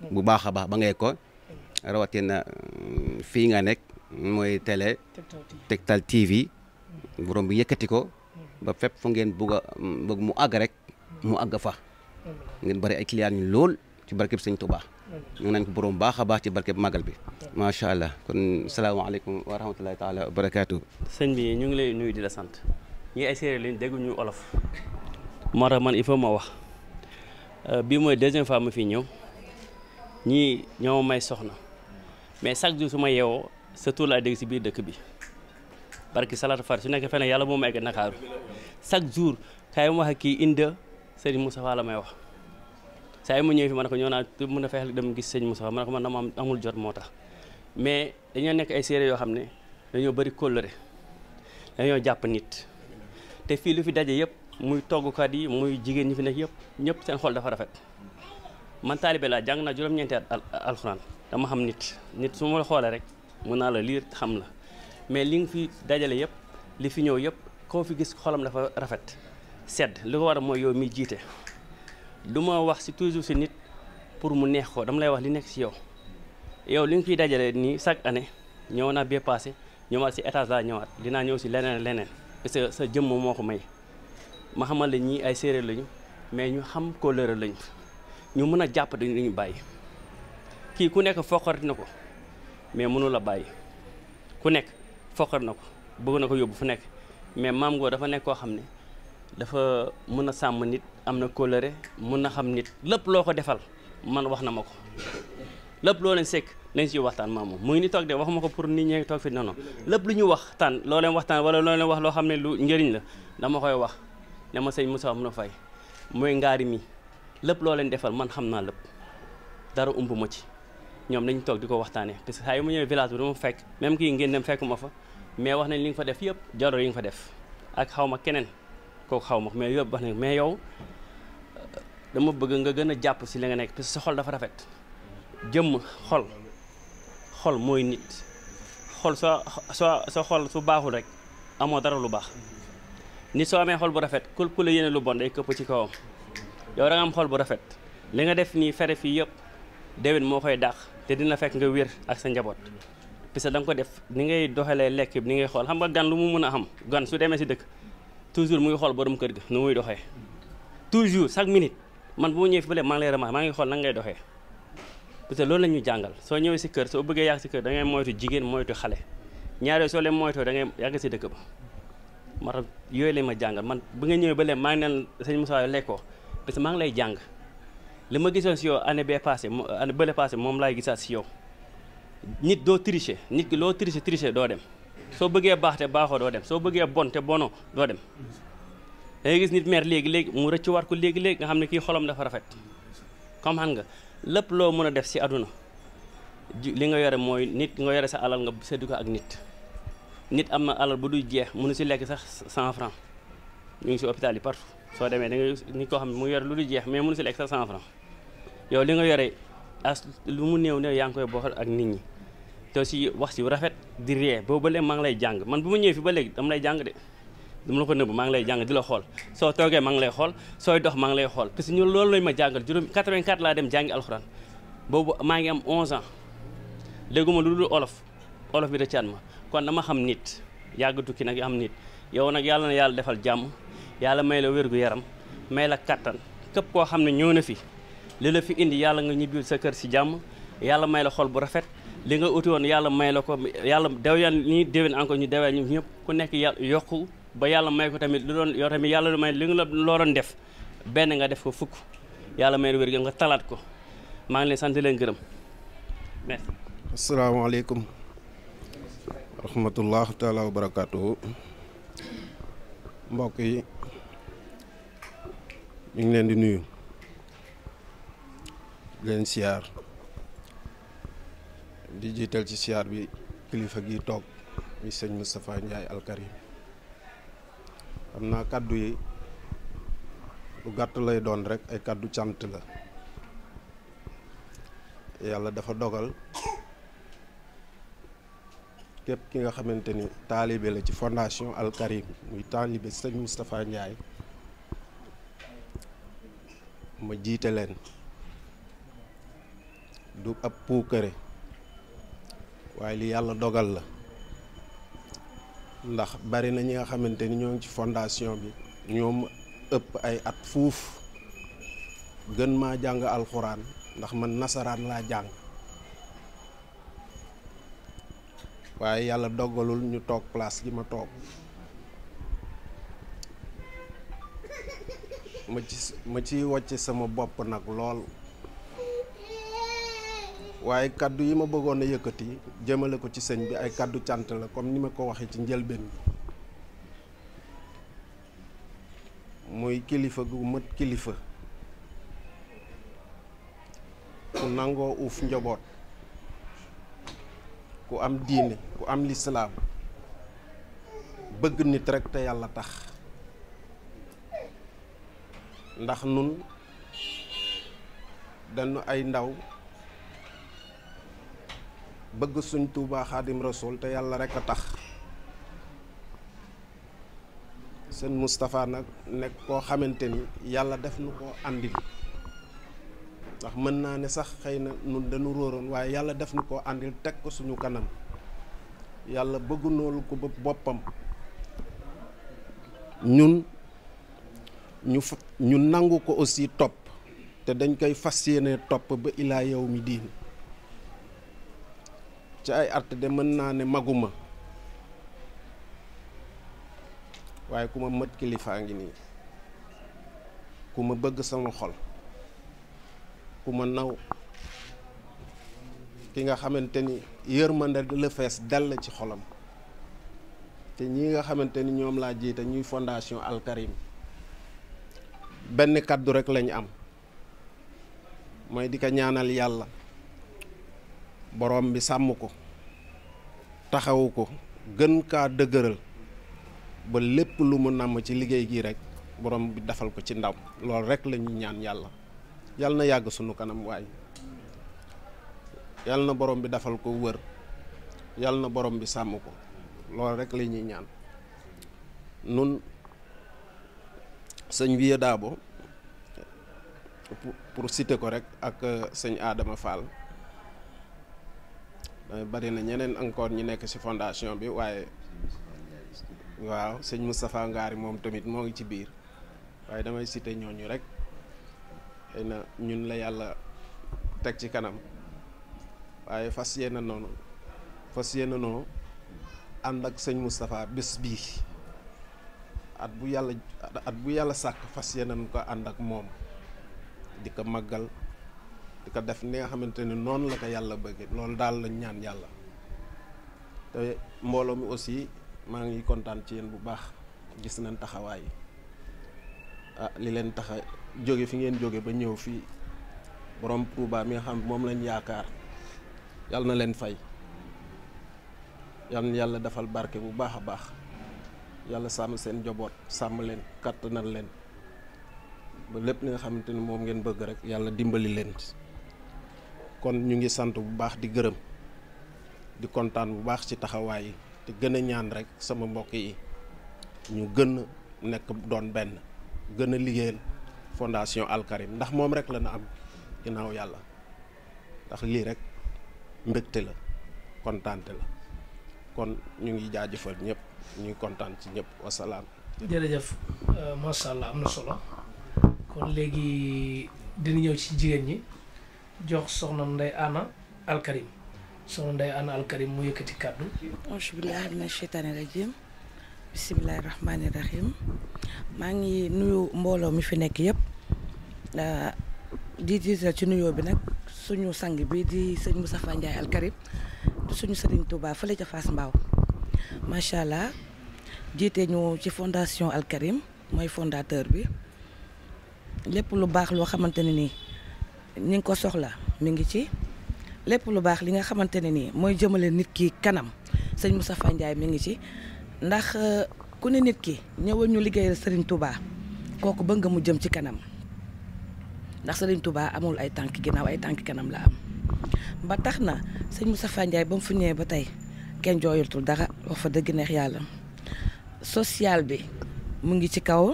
mm. bu baax a baax ba ngay ko mm. fii nga nekk mooy télé Tektal TV borom bi yëkkati ko ba fépp fu ngeen bugg mu àgg rek mu àgg fa ngeen bari ay clients ñu lool ci barkeb Sëñ Tuubaa ñu nañ ko borom baax a baax ci barke màggal bi macha allah kon salaamaaleykum wa rahmatulahi taala barakaatu. sëñ bi ñu ngi lay nuyu di la sant ñi ay séeréer lañ dégg ñu olof moo tax man il faut ma wax euh, bii mooy deuxième fois mu fi ñëw ñii ñoo may soxna mais chaque jour su ma yeewoo sa tur laa dégg si biir dëkk bi barki salaatu far su nekk feneen yàlla moo ma egg Ndakaaru chaque jour kaay ma wax ak la may wax. saa yi mu ñëw fi ma ne ko ñëw naa mën a fexeel dem gis sëñ Moussa ma ne ko man dama amul jot moo tax mais dañoo nekk ay séeréer yoo xam ne dañoo bëri kóllëre dañoo jàpp nit te fii lu fi daje yëpp muy toggkat yi muy jigéen ñi fi nekk yëpp ñëpp seen xol dafa rafet man taalibe laa jàng naa juróom-ñeenti at dama xam nit nit su ma xoolee rek mën naa la liir xam la mais li nga fi dajale yëpp li fi ñëw yëpp koo fi gis xolam dafa rafet sedd li ko war mooy yow miy jiite du ma wax si toujours si nit pour mu neex ko dama lay wax li nekk si yow yow li nga fiy dajale nii chaque année ñëw naa bee passé ñëwaat si étage laa ñëwaat dinaa ñëw si leneen leneen parce que sa jëmm moo ko may ma xamal la ñii ay séeréer lañu mais ñu xam kóllëre lañu ñu mën a jàpp dañu ñu bàyyi kii ku nekk foqar na ko mais mënu la bàyyi ku nekk foqar na ko bëgg na ko yóbbu fu nekk mais maam Ngor dafa nekk koo xam ne dafa mën a sàmm nit. am na kóllëre mun na xam nit lépp loo ko defal man wax na ma ko lépp loo leen sekk lañ ciy waxtaan maam moom mu ngi ni toog de waxuma ko pour nit ñee toog fi non non lépp lu ñu waxtaan loo leen waxtaan wala loo leen wax loo xam ne lu njëriñ la dama koy wax ne ma sëñ Moussa mun a fay mooy ngaari mi lépp loo leen defal man xam naa lépp dara umb ma ci ñoom dañu toog di ko waxtaanee parce que saa yi mu ñëwee village bi dama fekk même kii ngeen dem fekkuma fa mais wax nañ li nga fa def yëpp jarul yi nga fa def ak xaw ma keneen kooku xaw ma mais yëpp wax nañ mais yow dama bëgg nga gën a jàpp si li nga nekk parce que sa xol dafa rafet jëmm xol xol mooy nit xol sa soo sa xol su baaxul rek amoo dara lu baax nit soo amee xol bu rafet ku ku yéene lu bon day këpp ci kawam yow da am xol bu rafet li nga def nii fere fii yëpp dewin moo koy dàq te dina fekk nga wér ak sa njaboot parce que da nga ko def ni ngay doxalee lekk ni ngay xool xam nga gan lu mu mën a am gan su demee si dëkk toujours muy xool borom kër ga nu muy doxee man bu ma ñëwee fi bële maa ngi lay remarqué maa ngi xool nan ngay doxee parce que loolu la ñu jàngal soo ñëwee si kër soo bëggee yàgg si kër da ngay moytu jigéen moytu xale ñaare soo leen moytoo da ngay yàgg si dëkk ba ma tax yooyu lañ ma jàngal man bu nga ñëwee ba léegi maa ngi naan sëñ lekkoo parce que maa ngi lay jàng li ma gisoon si yow année bee passé année bële passé moom laay gisaat si yow nit doo tricher nit ki loo tricher tricher doo dem soo bëggee baax te baaxoo doo dem soo bëggee bon te bono dem da ngay gis nit mer léegi léegi mu rëcc war ko léegi léegi nga xam ne kii xolam dafa rafet comme xam nga lépp loo mën a def si aduna li nga yore mooy nit nga yore sa alal nga séddu ko ak nit nit am na alal bu du jeex mënu si lekk sax cent franc ñu ngi si hôpital yi partout soo demee da nga nit koo xam ne mu yore lu du jeex mais mënu si lekk sax cent franc yow li nga yore as lu mu néew néew yaa ngi koy bokkal ak nit ñi te aussi wax si rafet di ree boobu ba léegi lay jàng man bu ma ñëwee ba léegi dama lay jàng dama la ko nëbb maa ngi lay jàng di la xool soo toogee maa ngi lay xool sooy dox maa ngi lay xool parce que ñu loolu lañ ma jàngal juróom 84 laa dem jàngi alxuraan boobu maa ngi am 11 ans dégguma lu dul olof olof bi da caat ma kon dama xam nit yàgg tukki nag am nit yow nag yàlla na yàlla defal jàmm yàlla may la wér-gu-yaram may la kattan képp koo xam ne ñëw na fi li la fi indi yàlla nga ñibbil sa kër si jàmm yàlla may la xool bu rafet li nga uti woon yàlla may la ko yàlla dew yan nii déwén encore ñu dewee ñu ñëpp ku nekk yàlla yokku ba yàlla may ko tamit lu doon yow yàlla lu may li nga la loo doon def benn nga def ko fukk yàlla may wér gi nga talaat ko maa ngi leen sant leen gërëm merci. asalaamaaleykum wa rahmatulah taalaa wa barakaatu mbokk yi ñu ngi leen di nuyu leen siyaar di jiital ci siyaar bi kilifa gi toog mi sëñ Moustapha Ndiaye alkarim xam naa kàddu yi lu gàtt lay doon rekk ay kàddu cant la yàlla dafa dogal képp ki nga xamante ni taalibe la ci fondation Al muy taalibe sëñ Moustapha Ndiaye ma jiite leen du ab puukare waaye li yàlla dogal la ndax bari na ñi nga xamante ni ñoo ngi ci fondation bi ñoom ëpp ay at fuuf gën maa jàng alxuraan ndax man nasaraan laa jàng waaye yàlla dogalul ñu toog place gi ma toog ma ci ma ci wàcc sama bopp nag lool waaye kàddu yi ma bëggoon a yëkkati jëmale ko ci sëñ bi ay kàddu cant la comme ni ma ko waxee ci njëlbeen bi muy kilifa gu mët kilifa ku nangoo uuf njaboot ku am diine ku am lislaam bëgg nit rekk te yàlla tax ndax nun dañu ay ndaw bëgg suñ Tuubaa xaadim rasul te yàlla rekk a tax seen Moustapha nag nekk koo xamante ni yàlla def nu ko àndil ndax mën naa ne sax xëy na nun dañu róoroon waaye yàlla def nu koo àndil teg ko suñu kanam yàlla bëggu noolu ko boppam ñun ñu fa ñu nangu ko aussi topp te dañ koy fas yéene topp ba ilaa yow mi diin ci ay at de mën naa ne maguma waaye ku ma mët kilifaa ngi nii ku ma bëgg sama xol ku ma naw ki nga xamante ni yërmande la fees dell ci xolam te ñi nga xamante ni ñoom laa jiite ñuy fondation Al benn kàddu rek lañu am mooy di ko ñaanal yàlla boroom bi sàmm ko taxawu ko gën kaa dëgëral ba lépp lu mu nàmm ci liggéey gii rek borom bi dafal ko ci ndaw loolu rek la ñaan yàlla yàlla na yàgg sunu kanam waay yàlla na borom bi dafal ko wër yàlla na borom bi sàmm ko loolu rek la ñuy ñaan nun sëñ Vieux Dabo pour citer ko rekk ak sëñ aadama Fall Euh, bari na ñeneen encore ñu nekk ci fondation bi waaye waaw sëñ Moustapha Ngaari moom tamit moo ngi ci biir waaye damay site ñooñu rek xëy na ñun la yàlla teg ci kanam waaye fas yéene noonu fas yéene noo ànd ak sëñ Moustapha bés bii at bu yàlla at bu yàlla sàkk fas yéene ko ànd ak moom di ko màggal ka def ni nga xamante ni noonu la ko yàlla bëgg loolu daal lañ ñaan yàlla te mbooloo mi aussi maa ngi kontaan ci yéen bu baax gis nañ taxawaay ah li leen taxa jóge fi ngeen jóge ba ñëw fii borom Touba mi nga xam moom lañ yaakaar yal na leen fay yal yàlla defal barke bu baax a baax yàlla sàmm seen joboot sàmm leen na leen ba lépp li nga xamante ni moom ngeen bëgg rek yàlla dimbali leen. kon ñu ngi sant bu baax di gërëm di kontaan bu baax ci taxawaay yi te gën a ñaan rek sama mbokk yi ñu gën nekk doon benn gën a liggéeyal fondation Al ndax moom rek la na am ginnaaw yàlla ndax lii rek mbëgte la kontaante la kon ñu ngi jaajëfal ñëpp ñu kontaan ci ñëpp wasalaam. jërëjëf euh, macha am na solo kon léegi dina ñëw ci jigéen ñi. jox soxna Ndeye Anna Alkarim soxna Ndeye Anna Alkarim mu yëkkati kàddu. auzu billaahi mina sheytaani rajiim bismillaahi rahmaani maa ngi nuyu mbooloo mi fi nekk yëpp di diisal ci nuyoo bi nag suñu sang bi di sëñ Moustapha Ndiaye Alkarim suñu sëriñ Touba fële ca Fass Mbao macha allah jiite ñu ci fondation Alkarim mooy fondateur bi lépp lu baax loo xamante ne nii. ñi ngi ko soxla mi ngi ci lépp lu baax li nga xamante ne nii mooy jëmale nit ki kanam sëñ Moustapha Ndiaye mi ngi ci ndax euh, ku ne nit ki ñëwal ñu liggéeyal Serigne Touba kooku bëgg mu jëm ci kanam ndax sëriñ Touba amul ay tànk ginnaaw ay tànk kanam la am ba tax na sëñ mu Ndiaye ba mu fu ñëwee ba tey kenn jooyatul dara wax fa dëgg neex yàlla social bi mu ngi ci kaw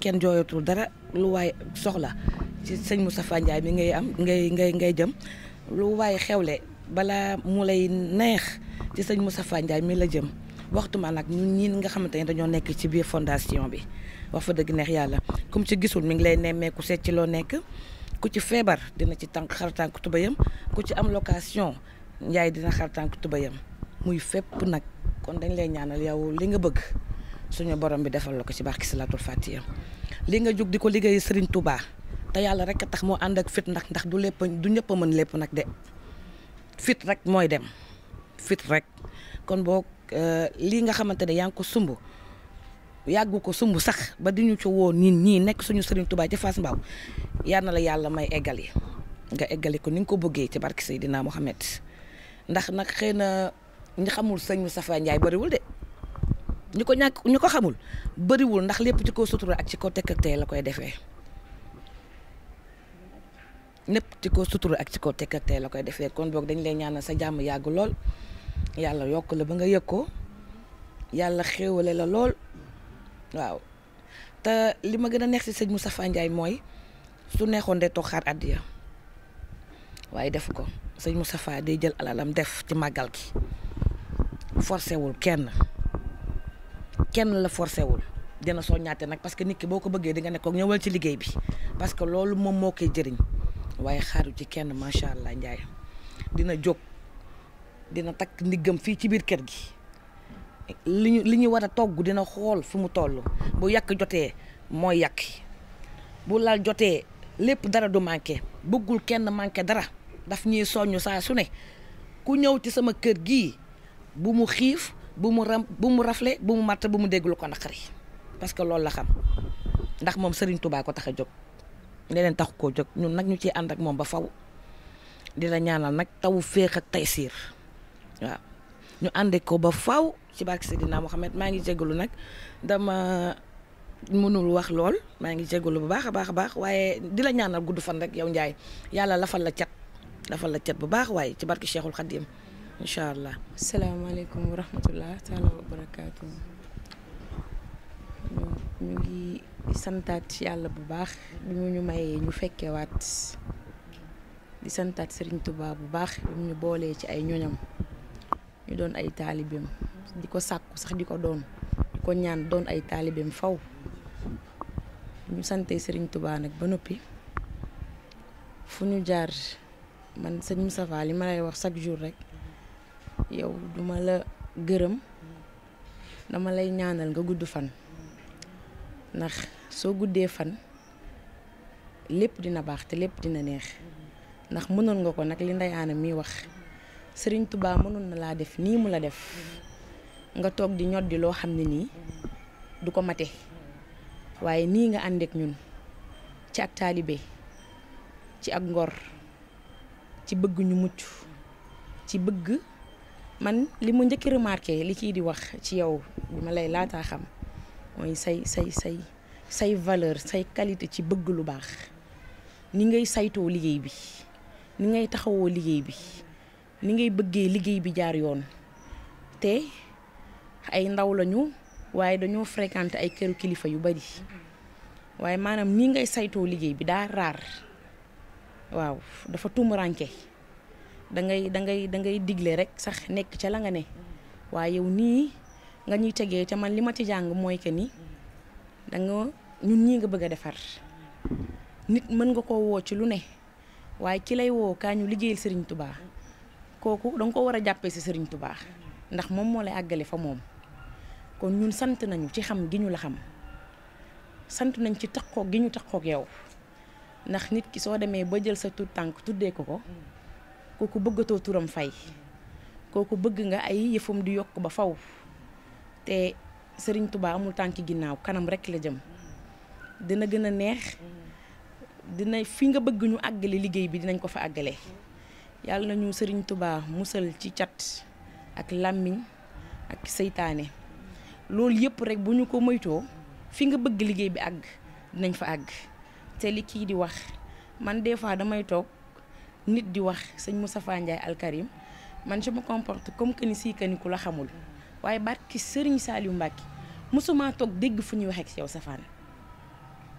kenn jooyatul dara lu waaye soxla ci sëñ Moustapha Ndiaye mi ngay am ngay ngay ngay jëm lu waaye xewle balaa mu lay neex ci sëñ Moustapha Ndiaye mi la jëm waxtu waxtuma nag ñu ñii nga xamante ne dañoo nekk ci biir fondation bi wax fa dëgg neex yàlla comme ci gisul mi ngi lay nemmeeku seet ci loo nekk ku ci feebar dina ci tànk xar tànk tubayam ku ci am location Ndiaye dina xar tànk tubayam muy fépp nag kon dañ lay ñaanal yow li nga bëgg suñu borom bi defal la ko ci barke Salaatul Fatiha li nga jug te yàlla rek a tax moo ànd ak fit ndax ndax du lépp du ñëpp mën lépp nag de fit rek mooy dem fit rek kon boo euh, lii nga xamante ne yaa ngi ko sumb yàggu ko sumb sax ba di ñu ci woo nii ñii nekk suñu Serigne Touba ci Fass Mbao na la yàlla may eggali nga eggali ko ni nga ko bëggee ci barke Seydina Mohamed ndax nag xëy na ñu xamul sëñ Moustapha Ndiaye bëriwul de ñu ko ñàkk ñu ko xamul bariwul ndax lépp ci koo sutura ak ci ko tekk ak la koy defee. népp ci ko sutura ak ci ko teg ak la koy defee kon boog dañ lay ñaanal sa jàmm yàgg lool yàlla yokk la ba nga yëg ko yàlla xéewale la lool waaw te li ma gën a neex ci sëñ Moustapha Ndiaye mooy su neexoon de toog xaar àddiya waaye def ko sëñ Moustapha day jël alalam def ci màggal gi forcé wul kenn kenn la forcé wul dina soo ñaate nag parce que nit ki boo ko bëggee dinga nga ne ñëwal ci liggéey bi parce que loolu moom moo koy jëriñ waaye xaaru ci kenn macha allah Ndiaye dina jóg dina takk ndiggam fii ci biir kër gi li ñu li ñu war a togg dina xool fu mu toll bu yàq jotee mooy yàq bu lal jotee lépp dara du manqué bëggul kenn manqué dara daf ñuy soññ saa su ne ku ñëw ci sama kër gi bu mu xiif bu mu ram bu mu rafle bu mu matt bu mu déglu ko naqari parce que loolu la xam ndax moom Serigne Touba ko tax a jóg. leneen taxu koo jóg ñun nag ñu ci ànd ak moom ba faw di la ñaanal nag tawu féex ak taysiir waaw ñu àndee ko ba faw ci barke Seydina Mohamed maa ngi jégalu nag dama mënul wax lool maa ngi jégalu bu baax a baax a baax waaye di la ñaanal gudd fan rek yow Ndiaye yàlla lafal la cat lafal la cat bu baax waaye ci barke Cheikhul Khadim incha allah. salaamaaleykum wa rahmatulah taala wa barakaatu. ñu ngi santaat yàlla bu baax bi mu ñu mayee ñu fekkewaat di santaat sëriñ Touba bu baax bi mu ñu boolee ci ay ñoñam ñu doon ay taalibeem di ko sàkku sax di ko doon di ko ñaan doon ay taalibeem faw ñu sante sëriñ tubaa nag ba noppi fu ñu jaar man sëñ Moustapha li ma lay wax chaque jour rek yow duma la gërëm dama lay ñaanal nga gudd fan ndax soo guddee fan lépp dina baax te lépp dina neex ndax mënoon nga ko nag li ndeyaana mi wax sëriñ tubaa mënoon na laa def nii mu la def nga toog di ñoddi loo xam ne nii du ko mate waaye nii nga àndeek ñun ci ak taalibe ci ak ngor ci bëgg ñu mucc ci bëgg man li mu njëkki remarqué li kii di wax ci yow bi ma lay laataa xam mooy say say say say valeur say qualité ci bëgg lu baax ni ngay saytoo liggéey bi ni ngay taxawoo liggéey bi ni ngay bëggee liggéey bi jaar yoon te ay ndaw lañu waaye dañoo fréquenter ay këru kilifa yu bari waaye maanaam ni ngay saytoo liggéey bi daa raar waaw dafa tumuranke da ngay digle rek sax nekk ca la nga ne waaye yow nii nga ñuy tegee ca man li ma ci jàng mooy que ni da ñun ñii nga bëgg a defar nit mën nga koo woo ci lu ne waaye ki lay woo kaa ñu liggéeyal Serigne Touba kooku danga nga ko war a jàppee si Serigne Touba ndax moom moo lay àggale fa moom kon ñun sant nañu ci xam gi ñu la xam sant nañ ci taxoo gi ñu taxoo yow ndax nit ki soo demee ba jël sa tur tànk tuddee ko ko kooku bëggatoo turam fay kooku bëgg nga ay yëfam di yokk ba faw te Serigne Touba amul tànki ginnaaw kanam rekk la jëm dina gën a neex dina fi nga bëgg ñu àggale liggéey bi dinañ ko fa àggale yàlla ñu sëriñ Touba musal ci cat ak làmmiñ ak seytaane loolu yëpp rek bu ñu ko moytoo fi nga bëgg liggéey bi àgg dinañ fa àgg te li kii di wax man des fois damay toog nit di wax sëñ mu Ndiaye Al Karim man je me comporte comme que ni la xamul. waaye barki Serigne Saliou Mbacke mosuma toog dégg fu ñuy waxee ak yow safaan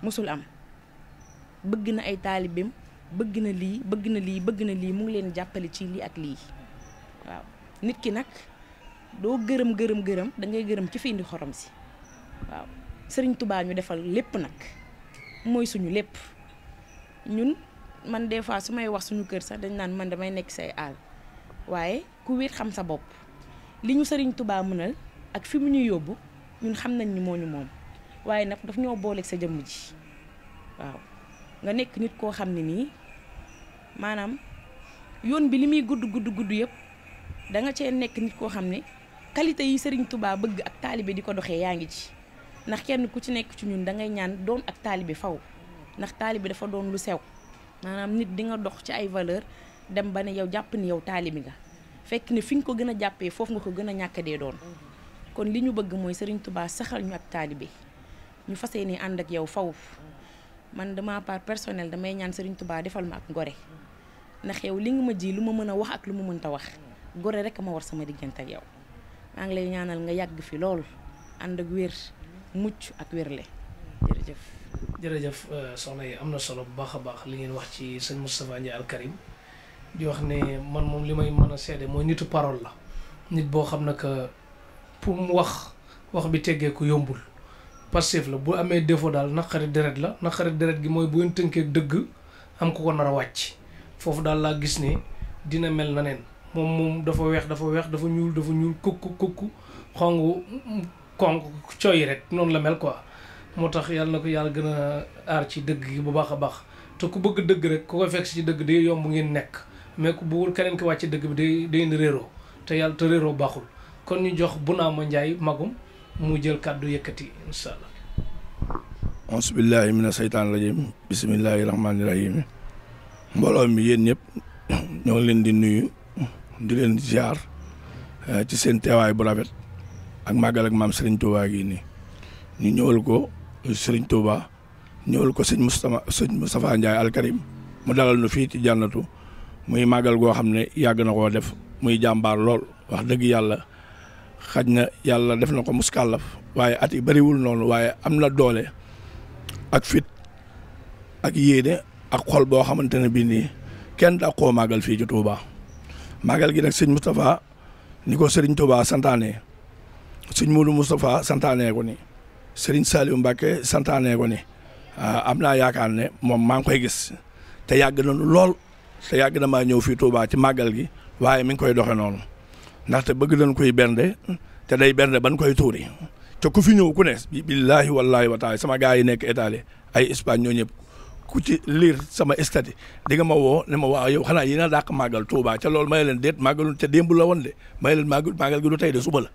mosul am bëgg na ay taalibeem bëgg na lii bëgg na lii bëgg na lii mu ngi leen jàppale ci lii ak lii waaw nit ki nag doo gërëm gërëm gërëm dangay gërëm ci fi indi xorom si waaw Serigne Touba ñu defal lépp nag mooy suñu lépp ñun man des fois su may wax suñu kër sax dañ naan man damay nekk say àll waaye ku wéet xam sa bopp. li ñu sëriñ tubaa mënal ak fi mu ñu yóbbu ñun xam nañ ni moo ñu moom waaye nag daf ñoo booleeg sa jëmm ji waaw nga nekk nit koo xam ne nii maanaam yoon bi li muy gudd gudd gudd yëpp danga nga cee nekk nit koo xam ne qualité yi sëriñ tubaa bëgg ak taalibe di ko doxee yaa ngi ci ndax kenn ku ci nekk ci ñun da ngay ñaan doon ak taalibe faw ndax taalibe dafa doon lu sew maanaam nit di nga dox ci ay valeur dem ba ne yow jàpp ni yow taalibe nga fekk ni fi nga ko gën a jàppee foofu nga ko gën a ñàkk doon kon li ñu bëgg mooy Serigne Touba saxal ñu ak taalibe ñu fas yéene ànd ak yow faw man dama part personnel damay ñaan Serigne tubaa defal ma ak ngore ndax yow li nga ma ji lu ma mën a wax ak lu ma a wax gore rek ma war sama diggante ak yow maa ngi lay ñaanal nga yàgg fi lool ànd ak wér mucc ak wérle jërëjëf. jërëjëf euh, soxna yi am na solo bu baax a baax li ngeen wax ci sëñ Moustapha Ndiaye Al Karim di wax ne man moom li may mën a seede mooy nitu parole la nit boo xam ne que pour mu wax wax bi teggee ko yombul passif la bu amee défaut daal naqari deret la naqari deret gi mooy bu ngeen tënkee dëgg am ko ko nar a wàcc foofu daal laa gis ne dina mel na neen moom moom dafa weex dafa weex dafa ñuul dafa ñuul kukku kukku xong konk cooy rek noonu la mel quoi moo tax yàlla na ko yàlla gën a aar ci dëgg gi bu baax a baax te ku bëgg dëgg rek ku ko fekk ci dëgg day yomb ngeen nekk mais ku bëggul keneen ki wàcc dëgg bi day day ni réeroo te yàlla te réeroo baaxul kon ñu jox bu Bunaama Njaay magum mu jël kàddu yëkkati incha allah auzu billaahi seytaan rajim bismillaahi rahmaani rahim mbooloo mi yéen ñëpp ñoo leen di nuyu di leen ziar eh, ci seen teewaay bu rafet ak màggal ak maam Serigne Touba gi nii ñu ñëwal ko Serigne Touba ñëwal ko sëñ Moustapha sëñ Moustapha Ndiaye alkarim mu dalal nu fii ci jànnatu muy màggal goo xam ne yàgg na koo def muy jàmbaar lool wax dëgg yàlla xaj na yàlla def na ko muskàllaf waaye at yi bëriwul noonu waaye am na doole ak fit ak yéene ak xol boo xamante ne bii nii kenn daa koo màggal fii ci Touba màggal gi nag sëñ Moustapha ni ko sëriñ Touba santaane sëñ Moudou Moustapha santaane ko ni sëriñ Saliou Mbacke santaane ko ni ah, am naa yaakaar ne moom maa ngi koy gis te yàgg na lool. te yàgg na maa ñëw fii Touba ci màggal gi waaye mi ngi koy doxe noonu ndaxte bëgg nañ koy bernde te day bernde ban koy tuuri te ku fi ñëw ku ne billaahi wallaahi wa taala sama gars yi nekk Italie ay Espagne ñoo ñëpp ku ci liir sama statut di nga ma woo ne ma waaw yow xanaa yéen a dàq màggal Touba ca lool ma leen déet màggalu te démb la woon de may leen màggal màggal gi du tey de suba la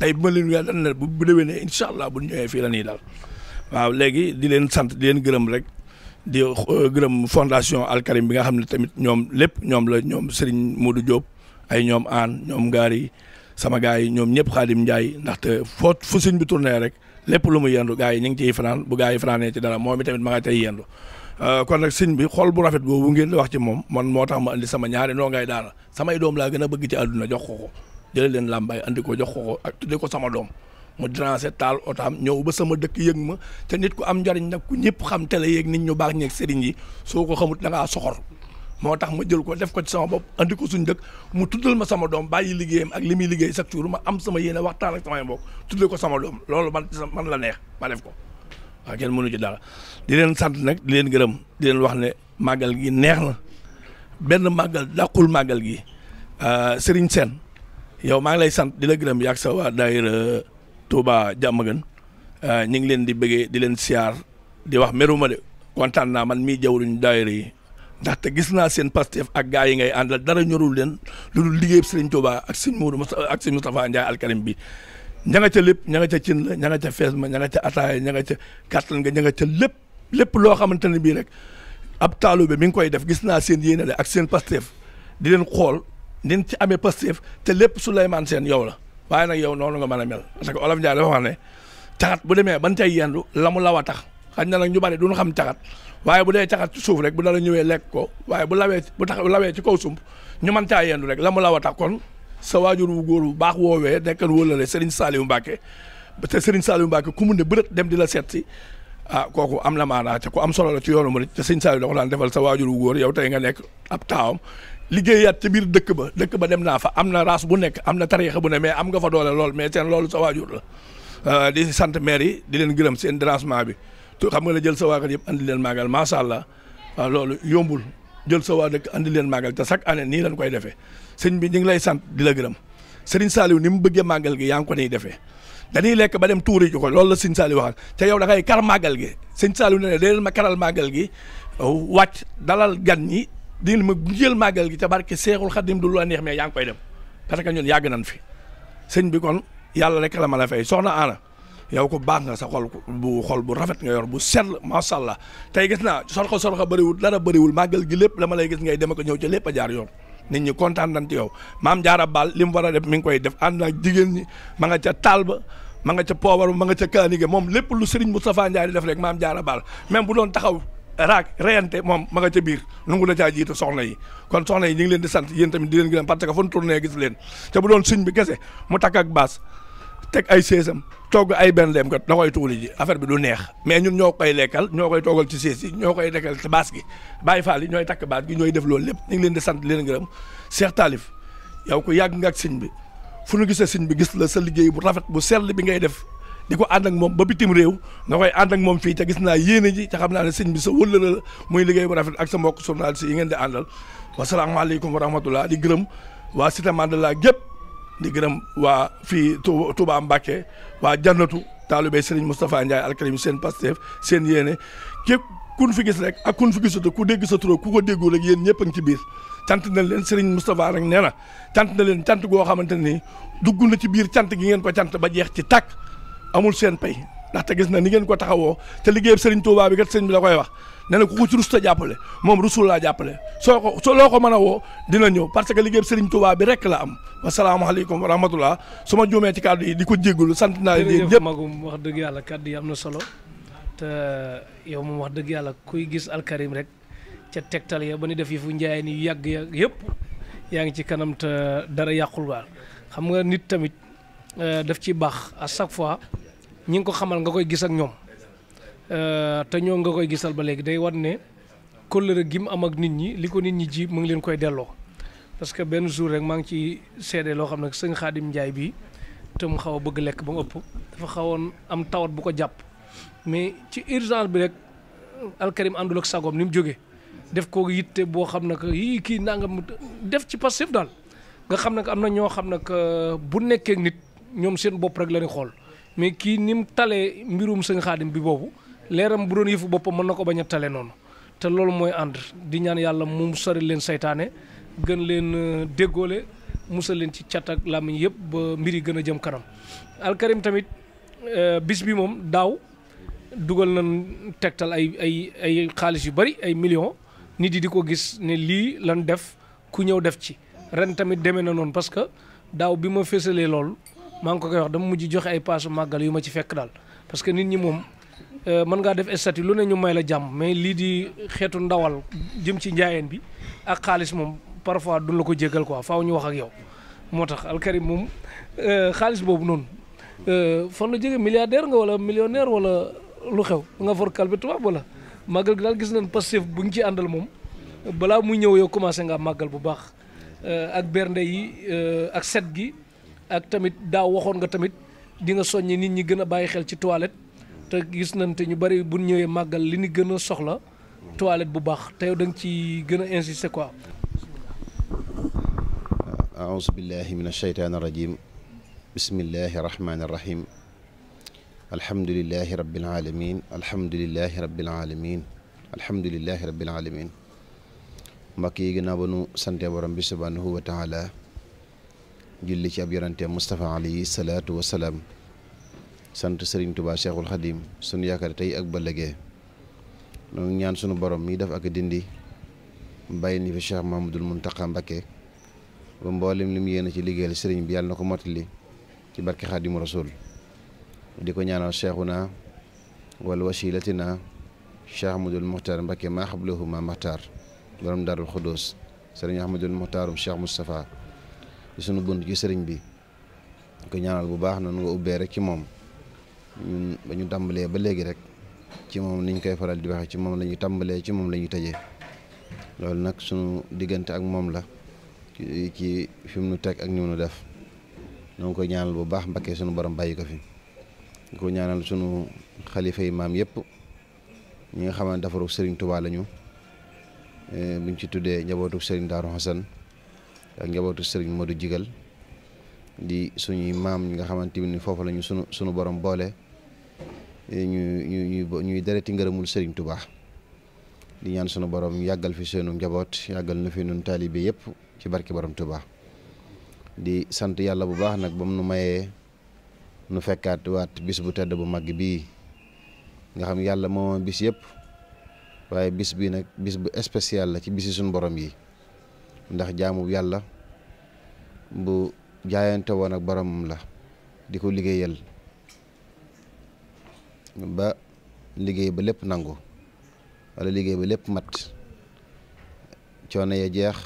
tey bu ma leen yaa dan ne bu déwénee incha allah bu ñëwee fii la nii daal waaw léegi di leen sant di leen gërëm rek di euh, gërëm fondation Alkarim bi nga xam ne tamit ñoom lépp ñoom la ñoom Serigne Modou Diop ay ñoom aan ñoom ngaar yi sama gars yi ñoom ñëpp Xaadim njaay ndaxte foo fu suñ bi tourné rek lépp lu mu yendu gars yi ñu ngi ciy fanaan bu gars yi fanaanee ci dara moom itamit ma nga tey yendu euh, kon nag sëñ bi xol bu rafet boobu ngeen wax ci moom man moo tax ma andi sama ñaari ndongaay daara samay doom laa gën a bëgg ci àdduna jox ko ko jëlee leen làmbaay indi ko jox ko ko ak tuddee ko sama doom mu drancé taal oto am ñëw ba sama dëkk yëg ma te nit ku am njariñ nag ku ñëpp xam tele la yéeg nit ñu baax ñeeg sëriñ yi soo ko xamut da ngaa soxor moo tax ma jël ko def ko ci sama bopp andi ko suñ dëkk mu tuddal ma sama doom bàyyi liggéeyam ak li muy liggéey chaque jour ma am sama yéene waxtaan ak samay mbokk tuddal ko sama doom loolu man man la neex ma def ko waaw kenn mënu ci dara di leen sant nag di leen gërëm di wax ne màggal gi neex na benn màggal dàqul màggal gi Serigne Sène yow maa ngi lay sant di la gërëm yaag sa Touba Diamaguène euh, ñu ngi leen di bëggee di leen siyaar di wax meruma de kontaan naa man mii jawriñ daayira yi ndaxte gis naa seen Pastef ak gaa yi ngay àndal dara ñorul leen lu dul liggéey Serigne Touba ak Serigne Modou ak Serigne Moustapha Ndiaye alkarim bi ña nga ca lépp ña nga ca cin la ña nga ca fees ma ña nga ca ataaya ña nga ca kàttan nga ña nga ca lépp lépp loo xamante ne bii rek ab taalibe mi ngi koy def gis naa seen yéene de ak seen Pastef di leen xool nin ci amee Pastef ca lépp Souleymane Sène yow la waaye nag yow noonu nga mën a mel parce que olof Ndiaye dafa wax ne caxat bu demee ban cay yendu la mu law a tax xañ na nag ñu bari duñu xam caxat waaye bu dee caxat ci suuf rek bu dara ñëwee lekk ko waaye bu lawee bu tax lawee ci kaw sum ñu mën caa yendu rek la mu law a tax kon sa waajur wu góor bu baax woowee nekkan wóolale Serigne Saliou Mbacke te Serigne Saliou Mbacke ku mun ne bërët dem di la seet si ah kooku am na maanaa te ku am solo la ci yoonu murid te Serigne Saliou da ko daan defal sa waajur góor yow tey nga nekk ab taawam liggéeyaat ci biir dëkk ba dëkk ba dem naa fa am na race bu nekk am na tariixa bu ne mais am nga fa doole lool mais seen loolu sa waajur la euh, di sant maire yi di leen gërëm seen dérangement bi tu xam nga la jël sa waa yëpp andi leen màggal macha allah loolu yombul jël sa waa dëkk andi leen màggal te chaque année nii lañ koy defee sëñ bi ñu ngi lay sant di la gërëm Serigne Saliou ni mu bëggee màggal gi yaa ngi ko niy defee dañuy lekk ba dem tuuri ji ko loolu la sëñ Saliou waxal te yow da ngay kar màggal gi sëñ Saliou ne ne dee leen ma karal màggal gi wàcc dalal gan ñi di ma jël màggal gi ca barke Seexul Xadim du lu la neex mais yaa ngi koy dem parce que ñun yàgg nañ fi sëñ bi kon yàlla rek la ma la fay soxna Ana yow ko baax nga sa xol bu xol bu rafet nga yor bu sell macha allah tey gis naa sorxo sorxo bëriwul dara bëriwul màggal gi lépp dama lay gis ngay dem ak ñëw ca lépp jaar yoon. nit ñi kontaan nañ ci yow maam jaara baal li mu war a def mi ngi koy def ànd ak jigéen ñi ma nga ca taal ba ma nga ca poobar ma nga ca kaanige moom lépp lu Serigne Moustapha Ndiaye di def rek maam jaara baal même bu doon taxaw. raak reyante moom ma nga ca biir nangu la caa jiitu soxna yi kon soxna yi ñu leen di sant yéen tamit di leen gërëm parce que fu ñu tourné gis leen te bu doon sëñ bi kese mu takk baas teg ay seesam togg ay benn leem kat da koy tuuli ji affaire bi du neex mais ñun ñoo koy lekkal ñoo koy toogal ci sees yi ñoo koy lekkal ci baas gi bàyyi faal yi ñooy takk baas gi ñooy def loolu lépp ñu ngi leen di sant di leen gërëm Cheikh Talif yow ko yàgg nga ak sëñ bi fu ñu gisee sëñ bi gis la sa liggéey bu rafet bu sell bi ngay def di ko ànd ak moom ba bitim réew nga koy ànd ak moom fii te gis naa yéene ji ca xam naa ne sëñ bi sa wëllëla la muy liggéey bu rafet ak sa mbokk journaliste yi ngeen di àndal wasalaamaaleykum wa rahmatullah di gërëm waa Cité Mandela gépp di gërëm waa fii Touba Mbacké waa jannatu taalibé Serigne Moustapha Ndiaye alkarim seen Pastef seen yéene képp kun fi gis rek ak kun fi gisatu ku dégg sa turó ku ko déggul rek yéen ñëpp a ci biir cant na leen Serigne Moustapha rek nee na cant na leen cant goo xamante nii dugg na ci biir cant gi ngeen ko cant ba jeex ci tàkk amul seen pay ndaxte gis na ni ngeen ko taxawoo te liggéeyam sëriñ Touba bi kat sëriñ bi la koy wax ne na ku ko ci rusta jàppale moom rusul laa jàppale soo ko soo loo ko mën a woo dina ñëw parce que liggéeyam sëriñ Touba bi rek la am wasalaamaaleykum wa rahmatullah su ma juumee ci kàddu yi di ko jéggulu sant naa leen yëpp magum wax dëgg yàlla kàddu yi am na solo te yow moom wax dëgg yàlla kuy gis alkarim rek ca tegtal ya ba ni def yi fu njaay ni yàgg yàgg yëpp yaa ngi ci kanam te dara yàqul waar xam nga nit tamit euh, def ci baax à chaque fois ñi ngi ko xamal nga koy gis ak ñoom euh, te ñoom nga koy gisal ba léegi day wan ne kóllëre gi mu am ak nit ñi li ko nit ñi ji mu ngi leen koy delloo parce que benn jour rek maa ngi ci seede loo xam ne sëñ Xaadim Njaay bii te mu xaw a bëgg lekk ba mu ëpp dafa xawoon am tawat bu ko jàpp mais ci urgence bi rek alkarim àndul ak sagoom ni mu jóge def ko yitte boo xam ne que yii kii nangam def ci passif daal nga xam ne que am na ñoo xam ne que bu nekkee nit ñoom seen bopp rek la ñu xool mais kii ni talee mbirum sëñ xaadim bi boobu leeram bu doon yëfu boppam mën na ko bañ a tale noonu te loolu mooy ànd di ñaan yàlla mu sori leen seytaane gën leen euh, déggoole musal leen ci cat ak làmmiñ yëpp ba mbir yi gën a jëm kanam alkarim tamit euh, bis bi moom daaw dugal nañ tegtal ay ay ay xaalis yu bari ay millions nit yi di ko gis ne lii lan def ku ñëw def ci ren tamit demee na noonu parce que daaw bi ma fésalee loolu maa ngi ko koy wax dama mujj joxe ay paasu màggal yu ma ci fekk daal parce que nit ñi moom euh, mën ngaa def statut lu ne ñu may la jàmm mais lii di xeetu ndawal jëm ci njaayeen bi ak xaalis moom parfois duñ la ko jégal quoi faw ñu wax ak yow moo tax alkarim moom euh, xaalis boobu noonu euh, fan la jege milliardaire nga wala millionnaire wala lu xew nga for kalbe tubaab wala màggal gi daal gis nañ Pastef bu ngi ci àndal moom balaa muy ñëw yow commencé nga màggal bu baax ak bernde yi ak set gi ak tamit daaw waxoon nga tamit dinga nga soññi nit ñi gën a bàyyi xel ci toilette te gis nañ ñu bari bu ñëwee màggal li ni gën a soxla toilette bu baax te yow ci gën a insister quoi aousu ah, billahi min alsheytaan irrajim bismillahi irrahmani irrahim alhamdulilahi rabbil alamin alhamdulilahi rabbil alamin alhamdulilahi yi gannaaw ba nu sante bi subhanahu wa julli ci ab yonante Moustapha alayhi salaatu wa salaam sant Serigne Touba Cheikhul Khadim sunu yaakaar tey ak bëllëgee noonu ñaan sunu borom mi def ak dindi bàyyi ni fi Cheikh Mahmadul Muntaqa Mbakke ba mboolem li mu yéene ci liggéeyal Serigne bi yàlla na ko mottali ci barke Xaadimu Rasul di ko ñaanal Cheikhuna wal wasilatina Cheikh Ahmadul Muxtaar Mbakke maa xablahu ma Muxtaar sunu bunt ci sëriñ bi ko ñaanal bu baax noonu nga ubbee rek ci moom ñun ba ñu tàmbalee ba léegi rek ci moom niñ koy faral di waxee ci moom la ñuy tàmbalee ci moom la ñuy tëjee loolu nag sunu diggante ak moom la ci fi mu nu teg ak ñu nu def ñoo ngi koy ñaanal bu baax mbakkee sunu borom bàyyi ko fi nga ko ñaanal sunu xalifa yi maam yëpp ñu nga xam ne defaru Serigne Touba lañu eh, buñ ci tuddee njabootu Serigne Darou Hassan. ak njabootu sëriñ Modou Jigal di suñuy maam ñi nga xamante ni foofu la ñu sunu suñu borom boole eh, ñu ñu ñuy dereti ngërëmul sëriñ Touba di ñaan sunu borom yàggal fi seenu njaboot yàggal na fi nun taalibe yëpp ci barki borom Touba di sant yàlla bu baax nag bam nu mayee nu fekkaat waat bis bu tedd bu mag bii nga xam yàlla moom bis yëpp waaye bis bii nag bis bu spécial la ci bisi sunu borom yi ndax jaamu yàlla bu jaayante woon ak boromam la di ko liggéeyal ba liggéey ba lépp nangu walla liggéey ba lépp mat coono ya jeex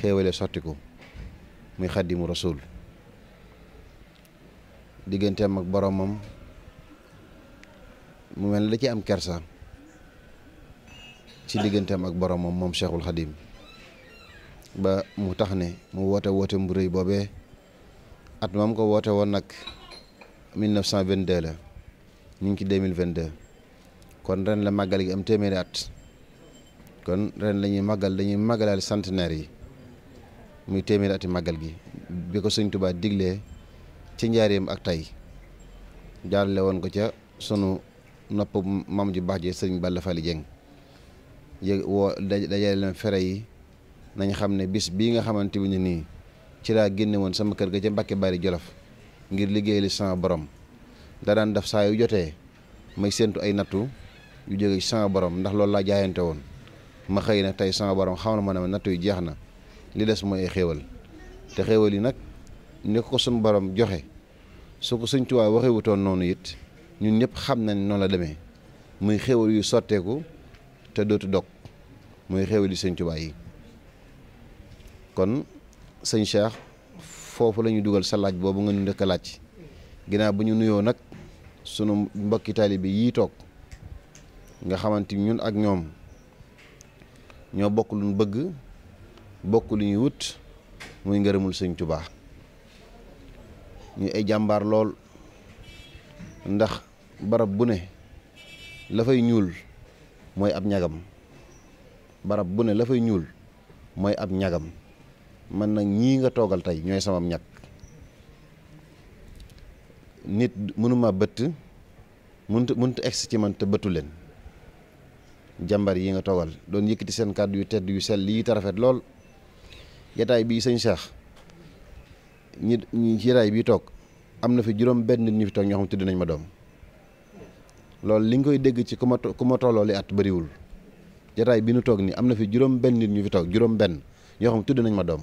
xéewale sottiku muy xaddimu rasul digganteem ak boromam mu mel ne da ci am kersa ci digganteem ak boromam moom cheikhul xadim ba mu tax ne mu woote woote mu rëy boobee at moom ko woote woon nag 1922 la ñu ngi ci 2022 kon ren la màggal gi am téeméeri at kon ren la ñuy màggal dañuy màggalaal centenaire yi muy téeméeri ati màggal gi bi ko sëñ Tuubaa diglee ci njaareem ak tey jaarale woon ko ca sunu nopp mam ju baax ji sëriñ Balla Fally Dieng yëg woo dajale leen fere yi nañ xam ne bis bii nga xamante ne nii ci laa génne woon sama kër ga ca Mbàkke Bari Jolof ngir liggéey li sama borom da daan def saa yu jotee may séntu ay nattu yu jóge ci sama borom ndax loolu laa jaayante woon ma xëy na tey sama borom xam na ma ne ma nattu yu jeex na li des mooy ay xéewal te xéewal yi nag ni ko suñu borom joxe su ko Sëñ Tuubaa noonu it ñun ñëpp xam nañ noonu la demee muy xéewal yu sotteeku te dootu dog muy xéewal yu Sëñ Tuubaa yi kon sëñ Cheikh foofu la ñuy dugal sa laaj boobu nga ñu njëkk a laaj ginnaaw bu ñu nuyoo nag sunu mbokki taalibe yii toog nga xamante ñun ak ñoom ñoo bokk lu bëgg bokk lu ñuy wut muy ngërëmul sëñ Tuubaa ñu ay jàmbaar lool ndax barab bu ne la fay ñuul mooy ab ñagam barab bu ne la fay ñuul mooy ab ñagam man na ñii nga toogal tey ñooy samam ñàkk nit mënuma bëtt mënut mënut egg ci man te bëttu leen jàmbar yi nga toogal doon yëkkati seen kàddu yu tedd yu sell yi te rafet lool jataay bii sëñ Cheikh ñi ñi jataay bii toog am na fi juróom benn nit ñu fi toog ñoo xam tudd nañ ma doom loolu li nga koy dégg ci ku ma ku at bëriwul jataay bi nu toog nii am na fi juróom ñu fi toog juróom benn ñoo xam tudd nañ ma doom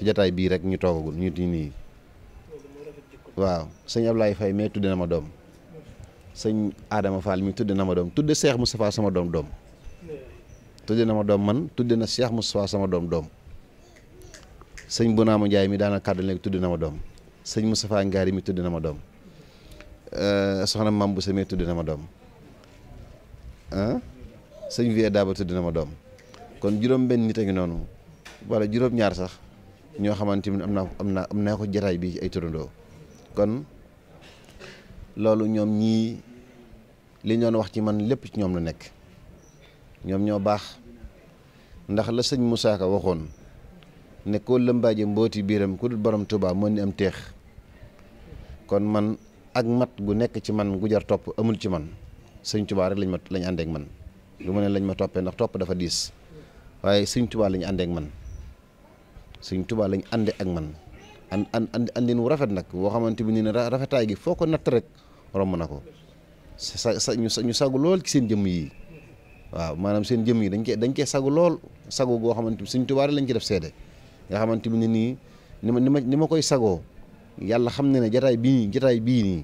ci jataay bii rek ñu toogagul ñu nii waaw sëñ laay fay mais tudd na ma doom sëñ Adama Fall mi tudde na ma doom tudd Cheikh Moustapha sama doom doom tudde na ma doom man tudde na Cheikh Moustapha sama doom doom sëñ mu Ndiaye mi daana kàddu léegi tudde na ma doom sëñ Moustapha Ngari mi tudde na ma doom euh, soxna Mam Bousse mi tudde na ma doom sëñ Vieux Daba tudde na ma doom kon juróom benn nit a ngi noonu wala juróom ñaar sax ñoo xamante ni am naa am naa am naa ko jataay bi ci ay turandoo kon loolu ñoom ñii li ñu doon wax ci man lépp ci ñoom la nekk ñoom ñoo baax ndax la sëñ Moussa waxoon nekkoo koo lëmbaaje mbooti biiram ku dul borom tubaab moo ni am teex kon man ak mat gu nekk ci man gu jar topp amul ci man sëñ Tuubaa rek lañ ma lañ àndeek man lu ma ne lañ ma toppee ndax topp dafa diis waaye sëñ Tuubaa lañ àndeek man suñ Tuubaa lañu ànde ak man an an andin wu rafet nag woo xamante bi nii ne rafetaay gi foo ko natt rek romb na ko sa sa ñu sagu lool ci seen jëmm yi waaw maanaam seen jëmm yi dañ cee dañ cee sagu lool sagu goo xamante Sëriñ Tuubaa lañ ci def seede nga xamante bi nii nii ni ma ni ma ni ma koy sagoo yàlla xam na ne jataay bii nii jataay bii nii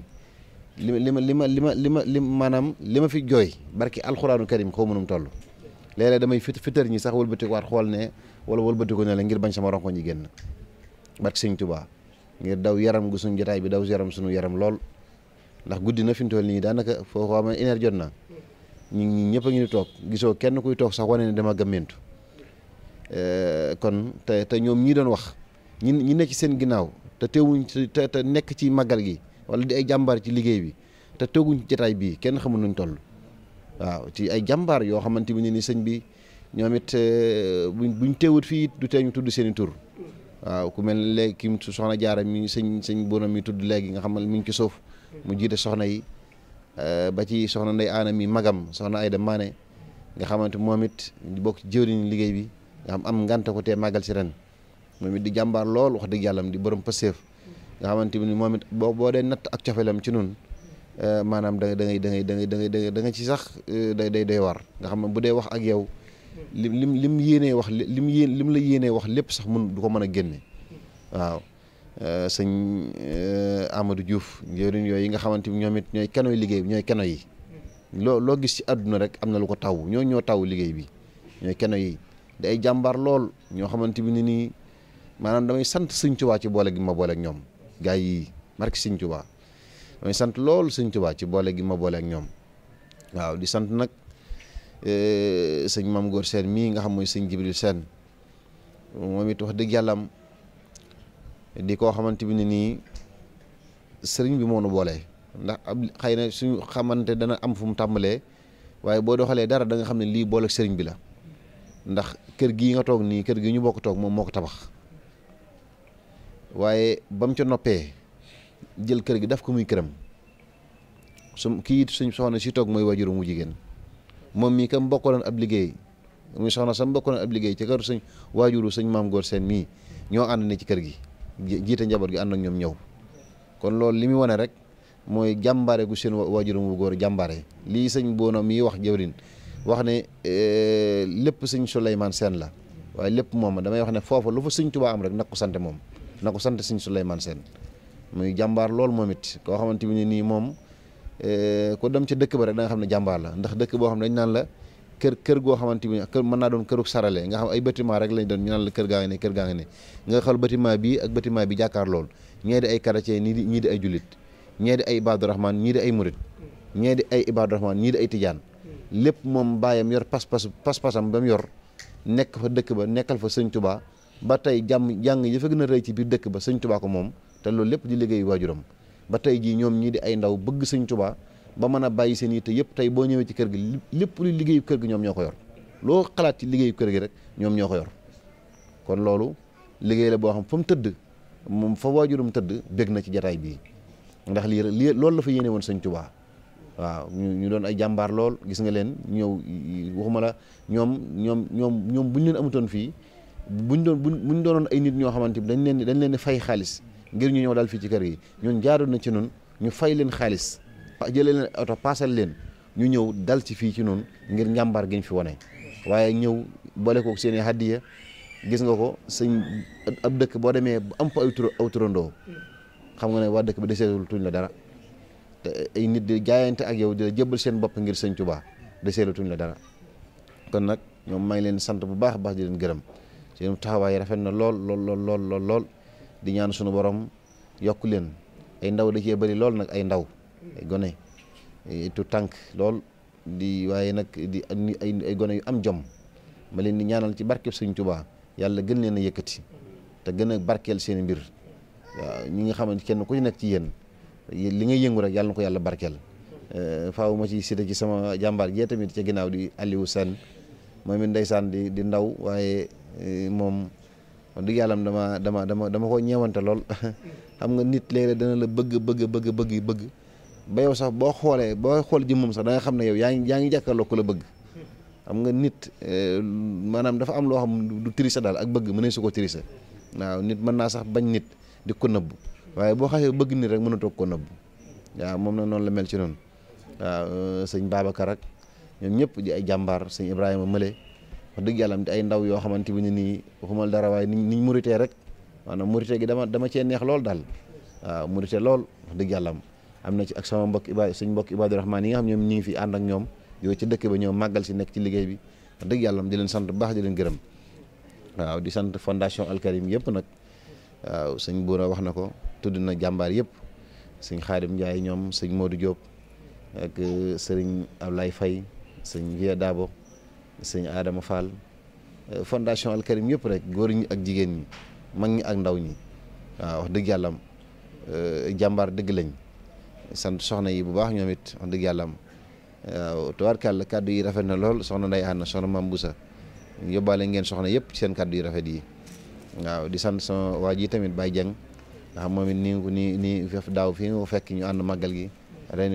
li ma li ma li ma li ma li ma li maanaam li ma fi jooy barki alxuraanu karim xaw mënum toll léeg-léeg damay fit fitar ñi sax wëlbatiwaat xool ne wala wëlbatiku ne la ngir bañ sama ronkoñ yi génn barke sëñ Tuubaa ngir daw yaram gu suñ jotaay bi daw yaram suñu yaram lool ndax guddi na fi mu toll nii daanaka foo xam ne une heure na ñu ñëpp a ngi toog gisoo kenn kuy toog sax wane ne dama gëmmentu euh, kon te te ñoom ñii doon wax ñi ñi ne ci seen ginnaaw te teewuñ nekk ci màggal gi wala di ay jàmbaar ci liggéey bi te teguñ jataay jotaay bii kenn xamul nuñ toll waaw ci ay jàmbaar yoo xamante bi ni sëñ bi ñoom it euh, buñ buñ teewut fii du tee ñu tudd seen i tur waaw ku mel ne léegi ki mu soxna jaara mi sëñ sëñ bonam mi tudd léegi nga xam ne mi ngi ci suuf mu jiite soxna yi euh, ba ci soxna nday aana mi magam soxna Ayda Maane nga xamante moom it bokk jëwriñ liggéey bi am ngante ko tee màggal si ren moom it di jàmbaar lool wax dëgg yàllam di borom pëseef nga xamante ni moom it boo boo dee natt ak cofelam ci nun euh, maanaam da da ngay da ngay da ngay da danga da nga ci sax day day day war nga xam ne bu dee wax ak yow lim lim lim yéenee wax lim yéen lim la yéenee wax lépp sax mun du ko mën a génne waaw euh, sëñ euh, Amadou Diouf njëriñ yooyu yi nga xamante ni ñoom it ñooy kenoy liggéey ñooy keno yi loo loo gis ci àdduna rek am na lu ko taw ñoo ñoo taw liggéey bi ñooy keno yi di ay jàmbaar lool ñoo xamante bi ni nii maanaam damay sant sëñ Tuubaa ci boole gi ma boole ak ñoom gars yi marki sëñ Tuubaa damay sant lool sëñ Tuubaa ci boole gi ma boole ak ñoom waaw di sant nag Eh, sëñ Maam Góor Seen mii nga xam mooy sëñ Jibril Seen moom it wax dëgg yàllam di koo xamante bi ne nii sëriñ bi moo na boole ndax ab xëy na suñu xamante dana am fu mu tàmbalee waaye boo doxalee dara danga xam ne lii boole sëriñ bi la ndax kër gii nga toog nii kër gi ñu bokk toog moom moo ko tabax waaye ba mu ca noppee jël kër gi daf ko muy këram su kii it suñ soxna si toog mooy wajuru mu jigéen moom mii kam bokkaloon ab liggéey muy soxna sam bokkaloon ab liggéey ci kër sëñ waajuru sëñ maam góor seen mii ñoo ànd ne ci kër gi jiite njaboot gi ànd ak ñoom ñëw kon loolu li muy wane rek mooy jàmbaare gu seen waajuru mu góor jàmbaare lii sëñ boona mii wax jëwrin wax ne eh, lépp sëñ su Souleymane Sène la waaye lépp moom damay wax ne foofa lu fa sëñ Tuubaa am rek nakku sante moom na ko sant sëñ su Sène muy jàmbaar loolu moom it koo xamante moom Eh, ku dem ci dëkk ba rek da xam ne jàmbaar la ndax dëkk boo xam ne dañ naan la kër kër goo xamante ni kër mën naa doon këruk sarale nga xam ay bâtiment rek lañ doon ñu naan la kër gaa ngi ne kër gaa ngi ne nga xool bâtiment bi ak bâtiment bi jàkkaar lool ñee di ay chrétien ñii di ay julit ñee di ay ibaadu rahman ñii di ay murit ñee ay ibaadu ñii di ay tijaan lépp moom bàyyam yor pas-pas pas-pasam ba mu yor nekk fa dëkk ba nekkal fa sëñ tubaa ba tey jàmm jàng yi dafa gën a rëy ci biir dëkk ba sëñ tubaa ko moom te loolu lépp di liggéey waajuram ba tey jii ñoom ñii di ay ndaw bëgg sañ tubaa ba mën a bàyyi seen yitte yëpp tey boo ñëwee ci kër gi lépp lu liggéey kër gi ñoom ñoo ko yor loo xalaat ci liggéeyu kër gi rek ñoom ñoo ko yor kon loolu liggéey la boo xam fa mu tëdd moom fa waajurum tëdd bég na ci jataay bii ndax lii lii loolu la fa yéene woon sëñ tubaa waaw ñu doon ay jàmbaar lool gis nga leen ñëw waxuma la ñoom ñoom ñoom ñoom buñ leen amutoon fii bu ñu doon ñu doonoon ay nit ñoo xamante dañ leen dañ leen fay xaalis ngir ñu ñëw daal fii ci kër gi ñun jaaru na ci nun ñu fay leen xaalis jëlee leen oto paasal leen ñu ñëw dal ci fii ci nun ngir njàmbaar gi ñu fi wane waaye ñëw boole ko seen i hadiya gis nga ko sëñ ab dëkk boo demee bu am fa aw xam nga ne waa dëkk bi deseetul tuñ la dara te ay nit di jaayante ak yow di la jëbbal seen bopp ngir sëñ Tuubaa deseetul tuñ la dara kon nag ñoom maa ngi leen sant bu baax baax di leen gërëm seen taxawaay rafet na lool lool lool lool lool lool di ñaan sunu borom yokk leen ay ndaw da cee bëri lool nag ay ndaw ay gone tu tànk lool di waaye nag di ay gone yu am jom ma leen di ñaanal ci barkeb Sëriñ Tuubaa yàlla gën leen a yëkkati te gën a barkeel seen mbir waaw ñi nga xamante kenn ku ci nekk ci yéen li ngay yëngu rek yàlla na ko yàlla barkeel eh, faaw ma ci cité ci sama jàmbaar jee tamit ca ginnaaw di Aliou Sène moom it ndeysaan di di ndaw waaye eh, moom wax dëgg yàlla dama dama dama dama ko ñeewante lool xam nga nit léeg-léeg dana la bëgg bëgg bëgg bëgg bëgg ba yow sax boo xoolee boo xool ji moom sax da xam ne yow yaa ngi yaa ngi jàkkaarloo ko la bëgg xam nga nit eh, maanaam dafa am loo xam du tricher daal ak bëgg mënee su ko tricher waaw nit mën naa sax bañ nit di ko nëbbu waaye boo xasee bëgg nit rek mënatoo ko nëbbu waaw moom na noonu la mel ci noonu waaw eh, sëñ Babacar rek ñoom ñëpp di ay jàmbaar sëñ Ibrahima Mële wax dëgg ay ndaw yoo xamante bi ne nii waxumal dara waaye niñ niñ muritee rek maanaam murite gi dama dama cee neex lool daal waaw murite lool wax dëgg yàlla am na ci ak sama mbokk iba suñ mbokk ibadu rahmaan yi nga xam ñoom ñu ngi fi ànd ñoom yow ci dëkk ba ñëw màggal si nekk ci liggéey bi dëgg yàlla di leen sant bu baax di leen gërëm waaw di sant fondation alkarim yëpp nag waaw sëñ Buura wax na ko tudd na jàmbaar yëpp sëñ Xaadim Njaay ñoom sëñ Modou Diop ak euh, sëriñ Ablaye Faye sëñ Vieux Dabo sëñ Adama Fall euh, fondation Alkarim yëpp rek góor ñi ak jigéen ñi mag ñi ak ndaw ñi waaw wax dëgg yàllam am euh, jàmbaar dëgg lañ sant soxna yi bu baax ñoom it dëgg yàlla am waaw tubaarkàlla kàddu yi rafet na lool soxna Ndeye Anna soxna Mame Boussa yóbbaale ngeen soxna yëpp seen kàddu yi rafet yi waaw di sant sama waa ji tamit Baye Dieng nga xam moom it nii nii nii daaw fii nga fekk ñu ànd màggal gi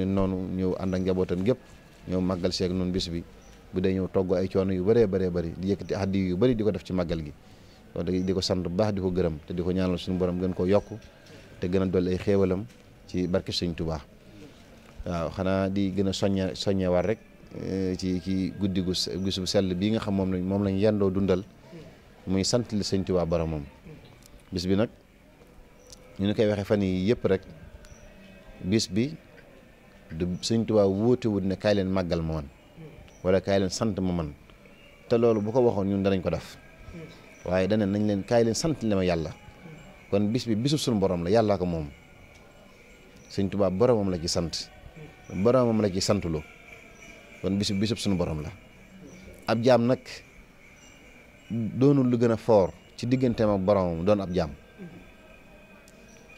noonu ñëw ànd ak njabootam gépp ñëw màggal seeg noonu bis bu dee ñëw togg ay coono yu bëree bëree bari di yëkkati di yu bari di ko def ci màggal gi kon di ko sant bu baax di ko gërëm te di ko ñaanal suñu borom gën koo yokk te gën a dolli ay xéewalam ci barke sëñ Tuubaa waaw xanaa di gën a soññe soññewaat rek eh, ci ci guddi gu gis sell bii nga xam moom lañ moom lañ yendoo dundal muy sant li sëñ Tuubaa boromam bis bi nag ñu ni koy waxee fan yi yëpp rek bis bi du sëñ Tuubaa wóote wut ne kaay leen màggal ma wala kaay leen sant ma man te loolu bu ko waxoon ñun danañ ko def waaye danañ nañ leen kaay leen sant le ma yàlla kon bis bi bisu suñu borom la yàllaa ko moom sëñ Tuubaa boromam la ci sant boromam la ci santlu kon bisu bisub suñu borom la ab jaam nag doonu lu gën a foor ci digganteem ak boromam doon ab jaam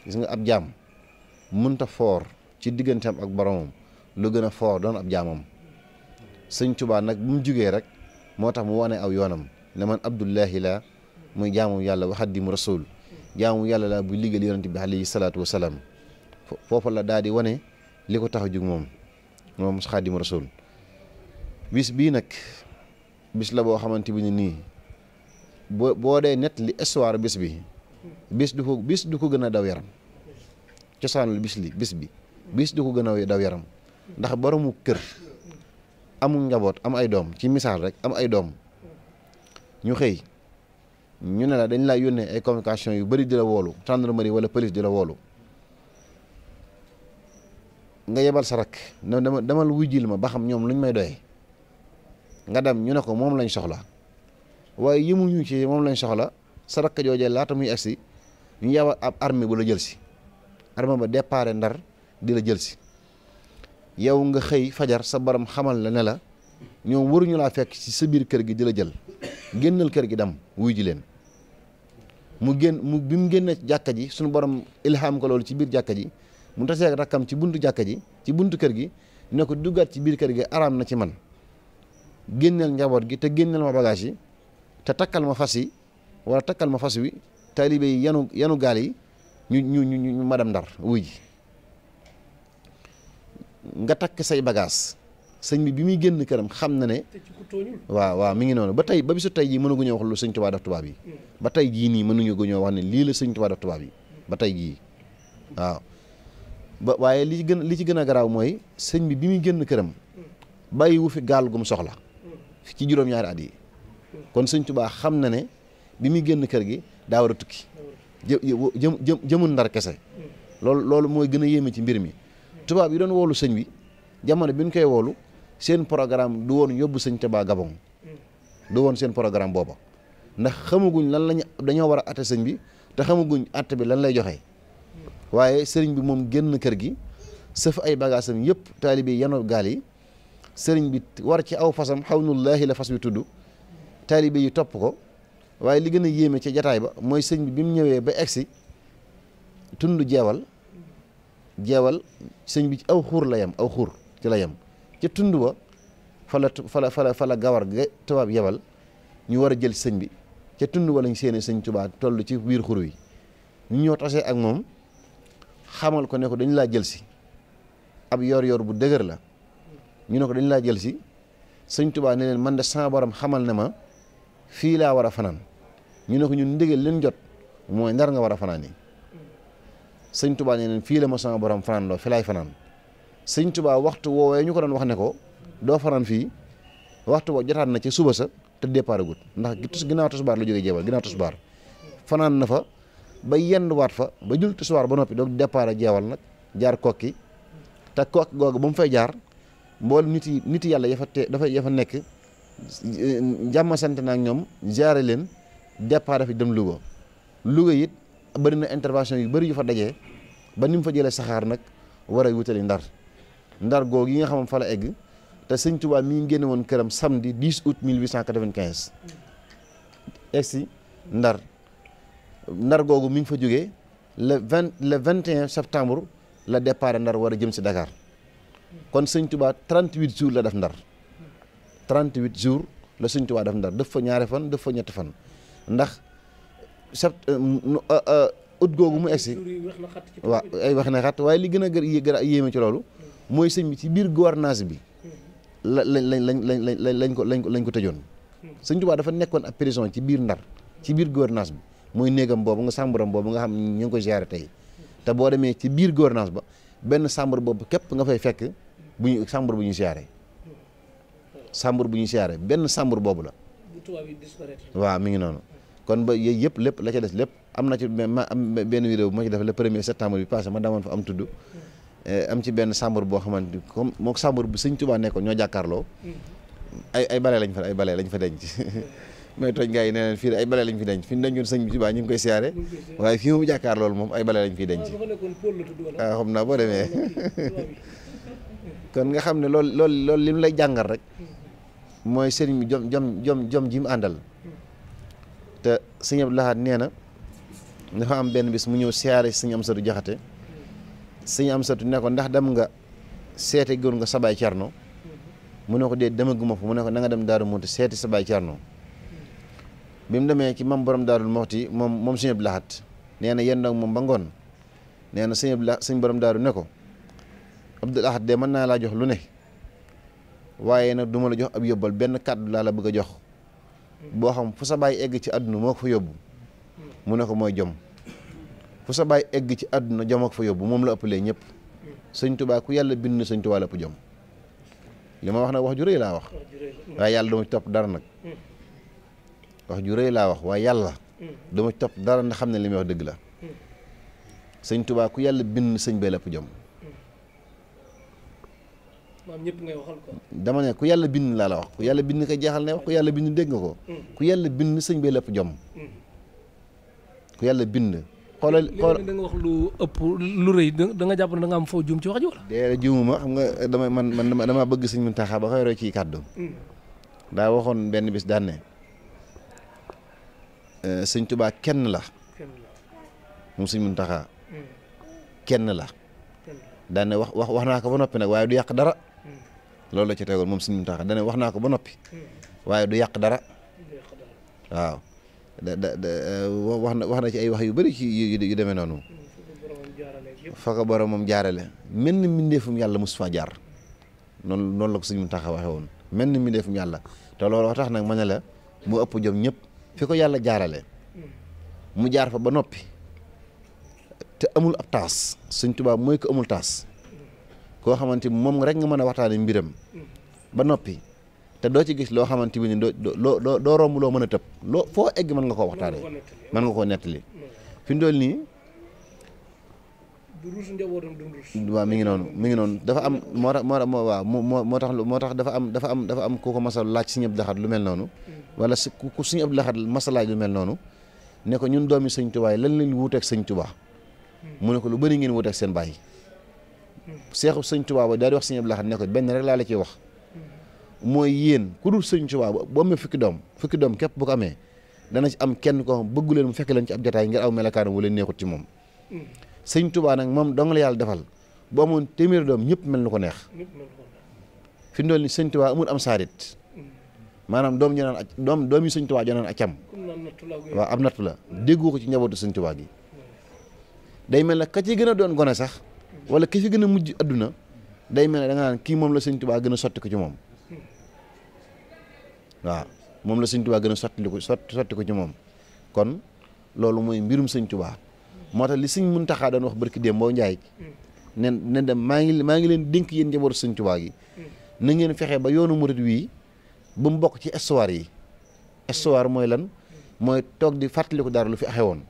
gis nga ab jaam mënta foor ci digganteem ak boromam lu gën a foor doon ab jaamam sëñ Tuubaa nag bu mu jugee rek moo tax mu wane aw yoonam ne man Abdullahi laa muy jaamu yàlla waxaddimu rasul jaamu yàlla laa buy liggéeyal yonent bi alayhi salaatu wa salaam foofa la daal di wane li ko tax a jug moom moom xaadimu rasul bis bii nag bis la boo xamante bi ne nii boo boo dee nett li histoire bis bi bis du ko bis du ko gën a daw yaram cosaanul bis li bis bi bis du ko gën a daw yaram ndax boromu kër. amul njaboot am ay doom ci misaal rek am ay doom ñu xëy ñu ne la dañ lay yónnee ay communication yu bëri di la woolu gendarmerie wala police di la woolu nga yebal sa rak ne dama demal wujjil ma ba xam ñoom luñ may doyee nga dem ñu ne ko moom lañ soxla waaye yëmuñu ci moom lañ soxla sa rakk joojee laata muy agsi ñu yebal ab armée bu la jël si armée ba déparé ndar di la jël si yow nga xëy fajar sa borom xamal la ne la ñoom waruñu laa fekk ci sa biir kër gi di la jël génnal kër gi dem wuy ji leen mu génn mu bi mu génne jàkka ji suñu borom ilham ko loolu ci biir jàkka ji mu tasee ak rakkam ci buntu jàkka ji ci buntu kër gi ne ko duggaat ci biir kër gi araam na ci man génneel njaboot gi te génneel ma bagage yi te takkal ma fas yi wala takkal ma fas wi taalibe yi yanu yenu gaal yi ñu ñu ñu ñu madam ndar wuy ji nga takk say bagage sëñ bi bi muy génn këram xam na ne waaw waaw mi ngi noonu ba tey ba bisu tey jii mënuguñoo wax lu sëñ Tuubaa tubaab yi hmm. ba tey jii nii mënuñuguñoo wax ne lii la sëñ Tuubaa tubaab yi ba tey jii waaw ba waaye li ci gën li ci gën a garaaw mooy sëñ bi bi muy génn këram hmm. bàyyiwu fi gaal gum soxla hmm. ci juróom-ñaari at yi kon sëñ Tuubaa xam na ne bi muy génn kër gi daa a tukki jë jë jëmul ndar kese loolu loolu mooy gën a yéeme ci mbir mi tubaab yi doon woolu sëñ bi jamono bi ñu koy woolu seen programme du woon yóbbu sëñ Tuubaa Gabon du woon seen programme booba ndax xamaguñ lan lañu dañoo war a atte sëñ bi te xamaguñ atte bi lan lay joxe waaye sëriñ bi moom génn kër gi sëf ay bagaasam yëpp taalibe yanoo gaal yi sëriñ bi war ci aw fasam xawnullaahi la fas bi tudd taalibe yi topp ko waaye li gën a yéeme ca jataay ba mooy sëñ bi bi mu ñëwee ba egsi tund jeewal jeewal sëñ bi ci aw xuur la yem aw xuur ci la yem ca tund wa fa la fala fala gawar ga tubaab yebal ñu war a jël sëñ bi ca tund wa lañ seeni sëñ tubaa toll ci biir xur wi ñu ñoo tasee ak moom xamal ko ne ko dañu laa jël si ab yor-yor bu dëgër la ñu ne ko dañ laa jël si sëñ tubaa ne man de sama borom xamal ne ma fii laa war a fanaan ñu ne ko ñun ndigal leen jot mooy ndar nga war a fanaan yi sëñ tubaa ne leen fii la ma sama boroom fanaan loo fi fanaan sëñ tubaa waxtu woowee ñu ko doon wax ne ko doo fanaan fii waxtu woo jotaat na ci suba sax te départ gut ndax tus ginnaaw tisbaar la jógee jéebal ginnaaw tisbaar fanaan na fa ba yenduwaat fa ba jul tisbaar ba noppi doog départ jeewal nag jaar kokki te kokki googu ba mu fay jaar mboolem nit yi nit yàlla yafa te dafa yafa nekk jàmm sant na ak ñoom jaare leen départ fi dem Louga Louga it bari na intervention yu bëri yu fa dajee ba ni mu fa jëlee saxaar nag war a wutali ndar ndar googu yi nga xam fa la egg te sëñ Tuubaa mi ngi génne woon këram samedi 10 août 1895 egg si ndar ndar googu mi ngi fa jógee le 20 le 21 septembre la départ ndar war a jëm si Dakar kon sëñ trent 38 jours la def ndar 38 jours la sëñ Tuubaa def ndar def fa ñaari fan def fa ñetti fan ndax. sept ut euh, euh, euh, googu mu egsi waaw ay wax na xat waaye li gën a gën a yéeme ci loolu mooy sëñ bi ci biir gouvernance bi la lañ lañ lañ lañ lañ ko lañ ko lañ ko tëjoon sëñ Tuubaa dafa nekkoon ab prison ci biir ndar ci biir gouvernance bi mooy néegam boobu nga sàmbaram boobu nga xam ñu ngi ko géré tey te boo demee ci biir gouvernance ba benn sàmbar boobu képp nga fay fekk bu ñu sàmbar bu ñu siyaare sàmbar bu ñu siyaare benn sàmbar boobu la waaw mi ngi noonu kon ba yooyu yëpp lépp la ca des lépp am na ci ma am benn vidéo bu ma ci def la premier septembre bi passé ma demoon fa am tudd eh, am ci benn chambre boo xamante ni comme mook chambre bu sëñ Tuubaa nekkoon ñoo jàkkaarloo mm-hmm. ay ay bale lañ fa ay bale lañ fa denc mooy mm-hmm. tooñ gars yi nee neen fii ay bale lañ fi denc fi ñu dencoon sëñ Tuubaa ñu ngi koy siyaare waaye fii moom jàkkaar loolu moom ay bale lañ fiy denc ah, waaw ah, xam naa boo demee kon nga xam ne lool loolu loolu li mu lay jàngal rek mm-hmm. mooy sëriñ bi jom jom jom jom ji mu àndal te sëñ Abdou Lahad nee na dafa am benn bis mu ñëw siyaare si sëñ Jaxate sëñ Amsatu ne ko ndax dem nga seete góor nga sabaay Cerno mu ne ko dee demaguma fa mu ne ko na nga dem Daaru Muxti seeti sabaay Cerno bi mu demee ci mam borom Daaru Muxti moom moom sëñ Abdou Lahad nee na yenn moom ba ngoon nee na sëñ Abdou Lahad sëñ borom daaru ne ko Abdou Lahad de mën naa laa jox lu ne waaye nag du ma la jox ab yóbbal benn kàddu laa la bëgg a jox boo xam fu sa baay egg ci àdduna moo ko fa yóbbu mu ne ko mooy jom fu sa egg ci àdduna jom ko fa yóbbu moom la ëppalee ñëpp sëñ tubaa ku yàlla bind sëñ tubaa la ëpp jom li ma wax nag wax ju rëy laa wax waaye yàlla dama ci topp dara nag wax ju rëy laa wax waaye yàlla dama ci topp dara ndax xam ne li may wax dëgg la sëñ tubaa ku yàlla bind sëñ bee la ëpp jom maam ñëpp ngay waxal ko dama ne ku yàlla bind laa la wax ku yàlla bind ko jeexal ne ku yàlla bind dégg nga ko hmm. ku yàlla bind sëñ bi lépp jom hmm. ku yàlla bind xoolal xool da nga wax lu ëpp lu rëy da nga jàpp ne da am foo juum ci wax ji wala dee juumuma xam nga man man dama bëgg sëñ Muntaxa ba koy roy ci kàddu hmm. daa waxoon benn bis daan euh, sëñ Tuubaa kenn la moom sëñ Muntaxa kenn la daan wax wax wax naa ko ba noppi nag waaye du yàq dara loolu la ci tegoon moom suñu tax dane wax naa ko ba noppi waaye du yàq dara waaw da euh, wax na wax na ci ay wax yu bari ci yu demee noonu fa ko moom jaarale mel mi mbindeefum yàlla mos faa jaar noonu noonu la ko suñu tax waxee woon mel mi mbindeefum yàlla te loolu tax nag ma ne la mu ëpp jom ñëpp fi ko yàlla jaarale mu jaar fa ba noppi te amul ab taas suñ tubaab mooy ko amul taas koo xamante ni moom rek nga mën a waxtaanee mbiram ba noppi te doo ci gis loo xamante bi ni doo doo loo mën a tëb loo foo egg mën nga koo waxtaanee man nga koo nettali fi mu dool nii waa mi ngi noonu mi ngi noonu dafa am moo tax moo tax moo moo moo tax moo tax dafa am dafa am dafa am ku ko masa laaj Sëriñ Abdou Lahad lu mel noonu mm. wala ku Sëriñ Abdou Lahad masa lu mel noonu ne ñun doomi Sëriñ Tuubaa yi lan lañ wuuteeg Sëriñ Tuubaa mm. mu ne ko lu bëri ngeen wuuteeg seen baay seexu sëñ Tuubaa ba daal di wax sëñ Abdou ko benn rek laa a ciy wax mooy yéen ku dul sëñ Tuubaa bu fukki doom fukki doom képp bu amee dana ci am kenn koo xam leen mu fekk leen ci ab jotaay ngir aw melokaan wu leen neexut ci moom sëñ Tuubaa nag moom dong la yàlla defal bu amoon téeméeri doom ñëpp mel na ko neex fi mu toll nii sëñ am saarit maanaam doom ñu naan ak doom doom yi sëñ Tuubaa jonaan accam waaw ab nattu la déggu ko ci njabootu sëñ gi day mel na ka ci gën a doon gone sax wala ki fi gën a mujj adduna day mel ne da nga naan kii moom la sëñ tubaa gën a sotti ko ci moom la sëñ tubaa gën a sotti ko ko ci moom kon loolu mooy mbirum sëñ tubaa moo tax li sëñ Muntaxa doon wax barki démb boo njaay ne dem maa ngi maa ngi leen dénk yéen njabootu sëñ tubaa gi na ngeen fexe ba yoonu murit wii ba mu bokk ci histoire yi histoire mooy lan mooy toog di fàttaliku dara lu fi axe woon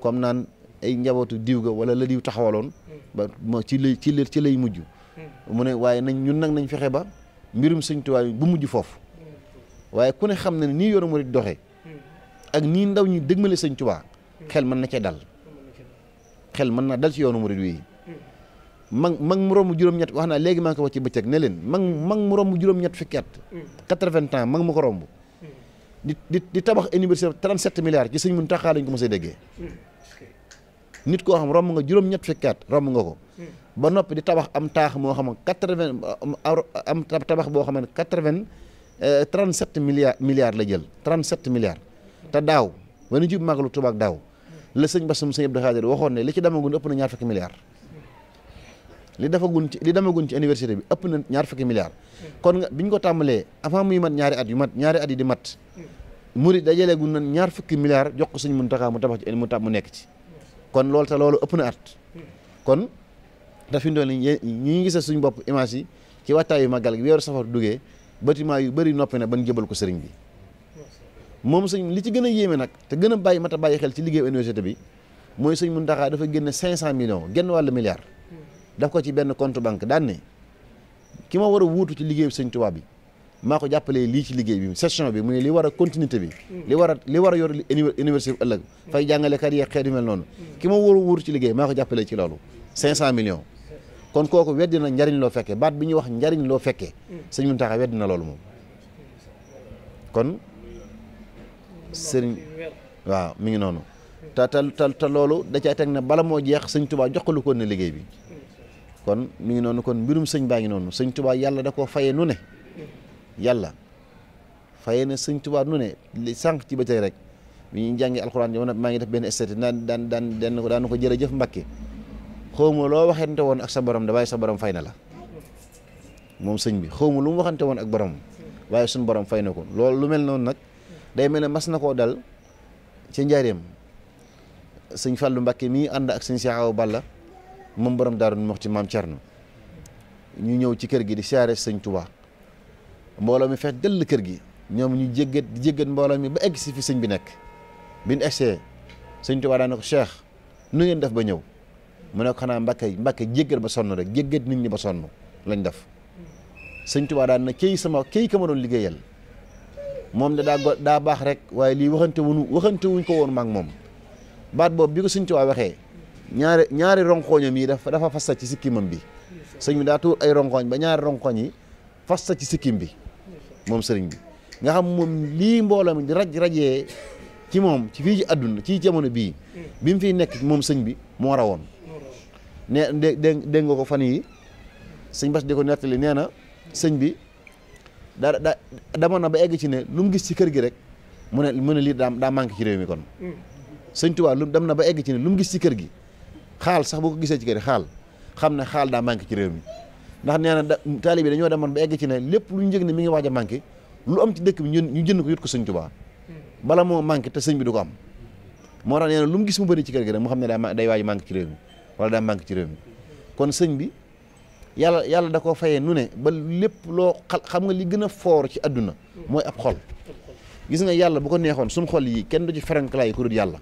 comme naan ay njabootu diw ga wala la diw taxawaloon ba moo ci lay ci lay ci lay mujj waaye nañ ñun nag nañ fexe ba mbirum sëñ Tuubaa bu mujj foofu waaye ku ne xam ne ne nii yoonu murid doxee ak ndaw ñi dëgmale sëñ Tuubaa na cee dal xel mën naa dal ci yoonu mag mu romb juróom-ñett wax naa léegi maa ngi ko wax ci bëccëg ne leen mag mag mu romb juróom-ñett fukki at mag mu ko romb di di di tabax université 37 milliards ci sëñ Muntaxa lañ ko mos a déggee nit koo xam romb nga juróom-ñett fekkaat romb nga ko hmm. ba noppi di tabax am taax moo xam ne quatre-vingt am tabax boo xam ne quatre-vingt euh, trente-sept milliards milliards la jël trente-sept milliards te daaw ba nu jub màggalu Tuubaa ak daaw la sëñ Bassum sëñ Abdou Khadir waxoon ne li ci demagun ëpp na ñaar fukki milliards li defagun ci li demagun ci université bi ëpp na ñaar fukki milliards hmm. kon nga biñ ko tàmbalee avant muy mat ñaari at yu mat ñaari at yi di mat hmm. murid dajaleegu na ñaar fukki milliards jox ko sëñ Muntaxa mu tabax mu nekk ci kon loolu te loolu ëpp na at kon daf fi doon ñi ngi gisal suñu bopp image ci waxtaay yu màggal gi weeru safar duggee bâtiment yu bëri noppi na ban jëbal ko sëriñ bi moom suñ li ci gën a yéeme nag te gën a bàyyi mat a bàyyi xel ci liggéey université bi mooy sëñ Muntaxa dafa génn cinq cent millions genn wàllu milliard daf ko ci benn compte banque daan ne ki ma war a wuutu ci liggéeyu sëñ Tuubaa bi maa ko jàppalee lii ci liggéey bi session bi mu ne li war a continuité bi li war a li war a yor université bi ëllëg fay jàngalekat yi xeet yu mel noonu ki ma wóor wóor ci liggéey maa ko jàppalee ci loolu cinq cent kon kooku weddi na njariñ loo fekkee baat bi ñu wax njariñ loo fekkee sëñ Muntaxa weddi na loolu moom kon mi ngi noonu te te te loolu bala moo jeex sëñ Tuubaa jox lu ko liggéey bi kon mi ngi noonu kon mbirum sëñ baa ngi noonu sëñ Tuubaa yàlla da koo fayee nu ne yàlla fayee na sëñ Tuubaa nu ne li sànq ci bëccëg rek bi ñuy jàngi alxuraan jamono maa ngi def benn estati daan daan daan daan ko daan ko jërëjëf Mbàkke xawma loo waxante woon ak sa borom da waaye sa borom fay na la moom sëñ bi xawma lu mu waxante woon ak borom waaye suñu borom fay na ko loolu lu mel noonu nag day mel ne mas na koo dal ca njaareem sëñ Fallou Mbàkke mii ànd ak sëñ Cheikh Awa Balla moom borom daaru nu wax ci maam Thierno ñu ñëw ci kër gi di siyaare sëñ Tuubaa mbooloo mi fees dell kër gi ñoom ñu jéggat di jéggat mbooloo mi ba egg si fi sëñ bi nekk bi ñu egsee sëñ Tuubaa na ko Cheikh nu ngeen def ba ñëw mu ne ko xanaa Mbàkke Mbàkke jéggat ba sonn rek jéggat nit ñi ba sonn lañ def sëñ Tuubaa daan na kii sama kii ka ma doon liggéeyal moom de daa daa baax rek waaye lii waxante wuñu waxante wuñ ko woon maag moom baat boobu bi ko sëñ Tuubaa waxee ñaari ñaari ronkooñam yi dafa dafa fasta ci sikkimam bi sëñ bi daa tuur ba ñaari ronkooñ yi bi moom sëriñ bi nga xam moom lii mbooloo mi di raj rajee ci moom ci fii ci àdduna ci jamono bii bi mu fi nekk moom sëñ bi moo rawoon ne dégg nga ko fan yi sëñ Bass di ko nettali nee na sëñ bi da da demoon na ba egg ci ne lu mu gis ci kër gi rek mu ne mu ne lii daa daa manqué ci réew mi kon sëñ Tuubaa lu dem na ba egg ci ne lu mu gis ci kër gi xaal sax boo ko gisee ci kër gi xaal xam ne xaal daa manqué ci réew mi ndax nee na da taali bi dañoo demoon ba egg ci ne lépp lu ñu yëg ne mi ngi waaj a manqué lu am ci dëkk bi ñu jënd ko yut ko sëñ Tuubaa bala moo manqué te sëñ bi du ko am moo tax nee lu mu gis mu bëri ci kër gi rek mu xam ne daa a manqué ci réew mi wala daa kon sëñ bi yàlla yàlla da koo fayee nu ne ba lépp loo xam nga li gën a foor ci àdduna mooy ab xol gis nga yàlla bu ko neexoon suñu xol yi kenn du ci feranklaay ku dul yàlla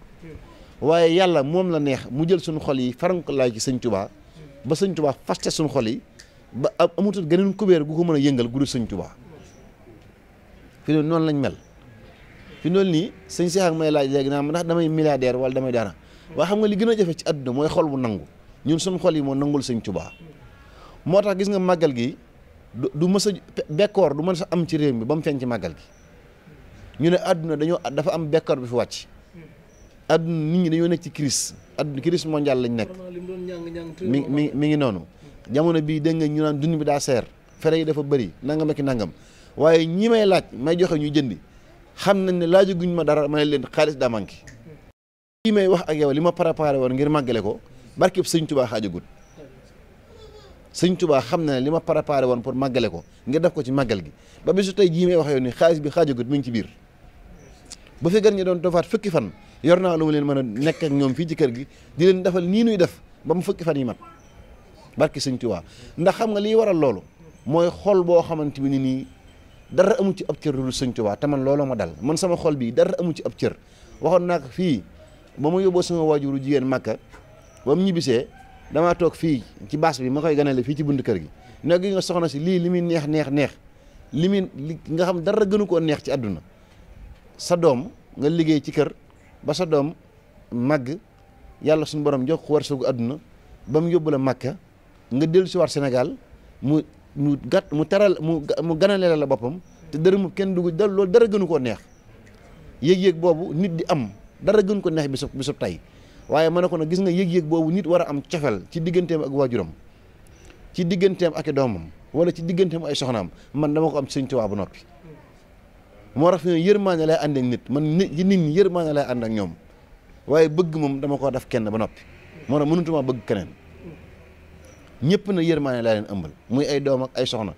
waaye yàlla moom la neex mu jël suñu xol yi feranklaay ci sëñ Tuubaa ba sëñ Tuubaa faste suñu xol yi ba amutul geneen kubéer gu ko mën a yëngal gu dul sëñ Tuubaa fi noonu lañ mel fi noonu nii sëñ Cheikh ak may laaj léegi naa ndax damay milliardaire wala damay dara waaye xam nga li gën a jafe ci àdduna mooy xol bu nangu ñun suñu xol yi moo nangul sëñ Tuubaa moo tax gis nga màggal gi du mës a bekkoor du mën sa am ci réew mi ba mu feeñ ci màggal gi ñu ne àdduna dañoo dafa am bekkoor bi fi wàcc àdduna nit ñi dañoo nekk ci crise àdduna crise mondiale lañ nekk mi mi ngi noonu jamono bii dégg nga ñu naan dund bi daa seer fere yi dafa bëri nangam ak nangam waaye ñi may laaj may joxe ñu jëndi xam nañ ne laaju guñ ma dara ma ne leen xaalis daa manqué lii may wax ak li ma préparé woon ngir màggale ko barkeb sëñ tubaa xaajagut sëñ tubaa xam na li ma préparé woon pour màggale ko ngir def ko ci màggal gi ba bisu tey jii may wax yow ni xaalis bi xaajagut mi ngi ci biir ba fi gan doon toofaat fukki fan yor naa lu leen mën a nekk ñoom fii ci kër gi di leen defal nii nuy def ba mu fukki fan yi mat barki suñ Tuubaa ndax xam nga liy waral loolu mooy xol boo xamante ni nii dara amu ci ab cër lu sëñ Tuubaa te man looloo ma dal man sama xol bii dara amu ci ab cër waxoon naa ko fii ba ma yóbboo sama waajuru jigéen Makka ba mu ñibbisee damaa toog fii ci baas bi ma koy ganale fii ci bunt kër gi nag gi nga soxna si lii li muy neex neex neex li muy nga xam dara gënu koo neex ci àdduna sa doom nga liggéey ci kër ba sa doom màgg yàlla suñu borom jox ko warsagu àdduna ba mu yóbbu la Makka nga dellu si waat Sénégal mu mu gat mu teral mu mu ganale la boppam te dërëmu kenn dugg dal loolu dara gënu koo neex yëg-yëg boobu nit di am dara gën ko neex bisub bisub tey waaye ma ne ko nag gis nga yëg-yëg boobu nit war a am cofel ci digganteem ak waajuram ci digganteem ak i doomam wala ci digganteem ay soxnaam man dama ko am ci Sëñ Tuubaa bu noppi moo tax fi ne yërmaane lay ànd ak nit man nit yi nit ñi yërmaane lay ànd ak ñoom waaye bëgg moom dama koo def kenn ba noppi moo tax mënutuma bëgg keneen ñëpp na yërmaane laa leen ambal muy ay doom ay soxna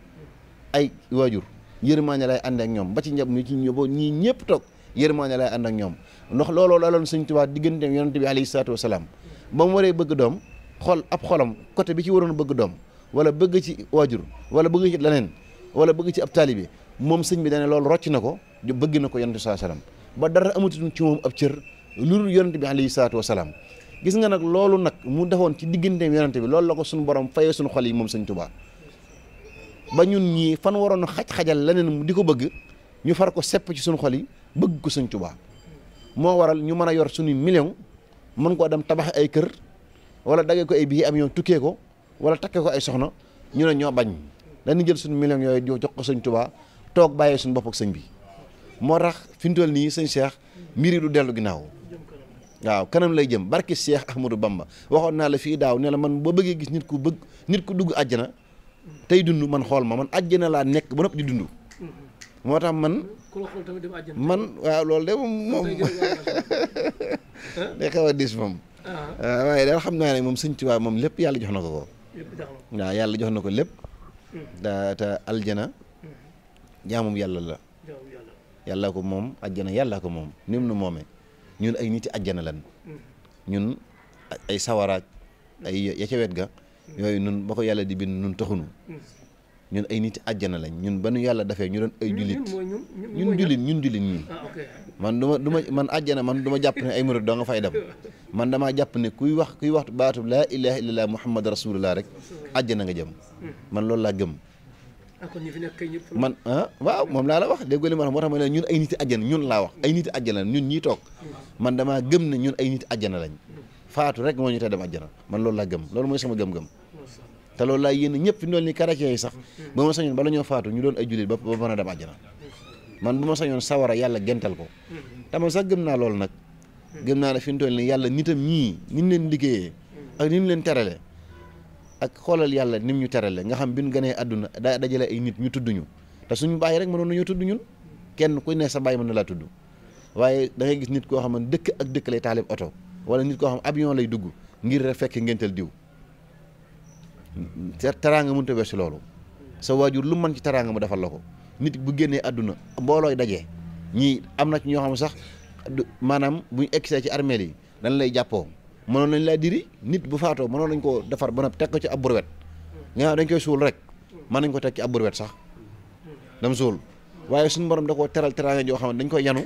ay waajur yërmaane lay ànd ak ñoom ba ci njab ñu ci ñëpp ñii ñëpp toog yërmaane lay ànd ak ñoom ndax looloo daloon Sëñ Tuubaa diggante yonent bi alayhi salaatu wasalaam ba mu waree bëgg doom xol ab xolam côté bi ci waroon bëgg doom wala bëgg ci waajur wala bëgg leneen wala bëgg ci ab taalibe moom sëñ bi dane loolu rocc na ko bëgg na ko yonent bi salaam ba dara amatutum ci moom ab cër lu dul yonent bi alayhi salaatu gis nga nag loolu nag mu defoon ci digganteem yonante bi loolu la ko suñu borom fayee suñu xol yi moom sëñ Tuubaa ba ñun ñii fan waroon xaj-xajal leneen mu di ko bëgg ñu far ko sepp ci suñu xol yi bëgg ko sëñ Tuubaa moo waral ñu mën a yor suñuy million mën koo dem tabax ay kër wala daggee ko ay bii am avion tukkee ko wala takkee ko ay soxna ñu ne ñoo bañ dañu jël suñu million yooyu di jox ko sëñ Tuubaa toog bàyyee suñu bopp ak sëñ bi moo tax fi mu toll nii sëñ Cheikh mbir yi dellu ginnaaw waaw kanam lay jëm barki Cheikh Ahmadou Bamba waxoon naa la fii daaw ne la man boo bëggee gis nit ku bëgg nit ku dugg àjjana tey dund man xool ma man àjjana laa nekk ba nopp di dund moo tax man man waaw loolu de moom moom day moom ah. Ah, waaye daal xam naa ne moom sëñ Tuubaa moom lépp yàlla jox na ko ko waaw yàlla jox na ko lépp da hmm. te aljana hmm. jaamum yàlla la yàlla ko moom àjjana yàlla ko moom nim nu moomee ñun ay niti àjjana lañ ñun ay sawaraaj ay ya ca wet ga yooyu nun ba ko yàlla di bind nun taxunu ñun ay nit àjjana lañ ñun ba nu yàlla dafee ñu doon ay julit ñun jullit ñun jullit ñi ah, man du ma du ma man àjjana man du jàpp ne ay murid doo nga fay dem man damaa jàpp ne kuy wax kuy wax baatub laa ilaha illallah muhammad rasulullah rek àjjana nga jëm man loolu laa gëm Ah, man ah waaw moom laa la wax déggoo li ma wax moo tax ma ne ñun ay niti àjjana ñun laa wax ay niti àjjana ñun ñii toog man damaa lañ faatu rek moo ñu tey dem àjjana man loolu laa gëm loolu mooy sama gëm-gëm te loolu laa yéen ñëpp fi ni chrétien sax ba ma sañoon bala ñoo faatu ñu doon ay jullit ba ba mën a dem àjjana man bu ma sañoon sawara yàlla gental ko dama sax gëm naa loolu nag gëm naa ne fi mu toll nii yàlla nitam ñii ni mu leen liggéeyee ak ni mu leen terale ak xoolal yàlla nim ñu terale nga xam bi ñu gënee àdduna daa dajale ay nit ñu tudduñu te suñu bàyyi rek ma nañoo ñu tudduñu kenn ku ne sa bàyyi mën na laa tudd waaye da ngay gis nit koo xam ne dëkk ak dëkk lay taalib oto wala nit koo xam avion lay dugg ngir rek fekk ngental diw teraanga mënut a weesu loolu sa waajur lu mën ci teraanga mu defal la ko nit bu génnee àdduna mboolooy dajee ñii am na ci ñoo xam sax maanaam bu egg see ci armeel yi dañ lay jàppoo mënoon nañ laa diri nit bu faatoo mënoon nañ koo defar ba noppi teg ko ci ab burwet nga dañ koy suul rek mën nañ ko teg ci ab burwet sax dam suul waaye suñu borom da koo teral teraanga joo xam ne dañ koy yanu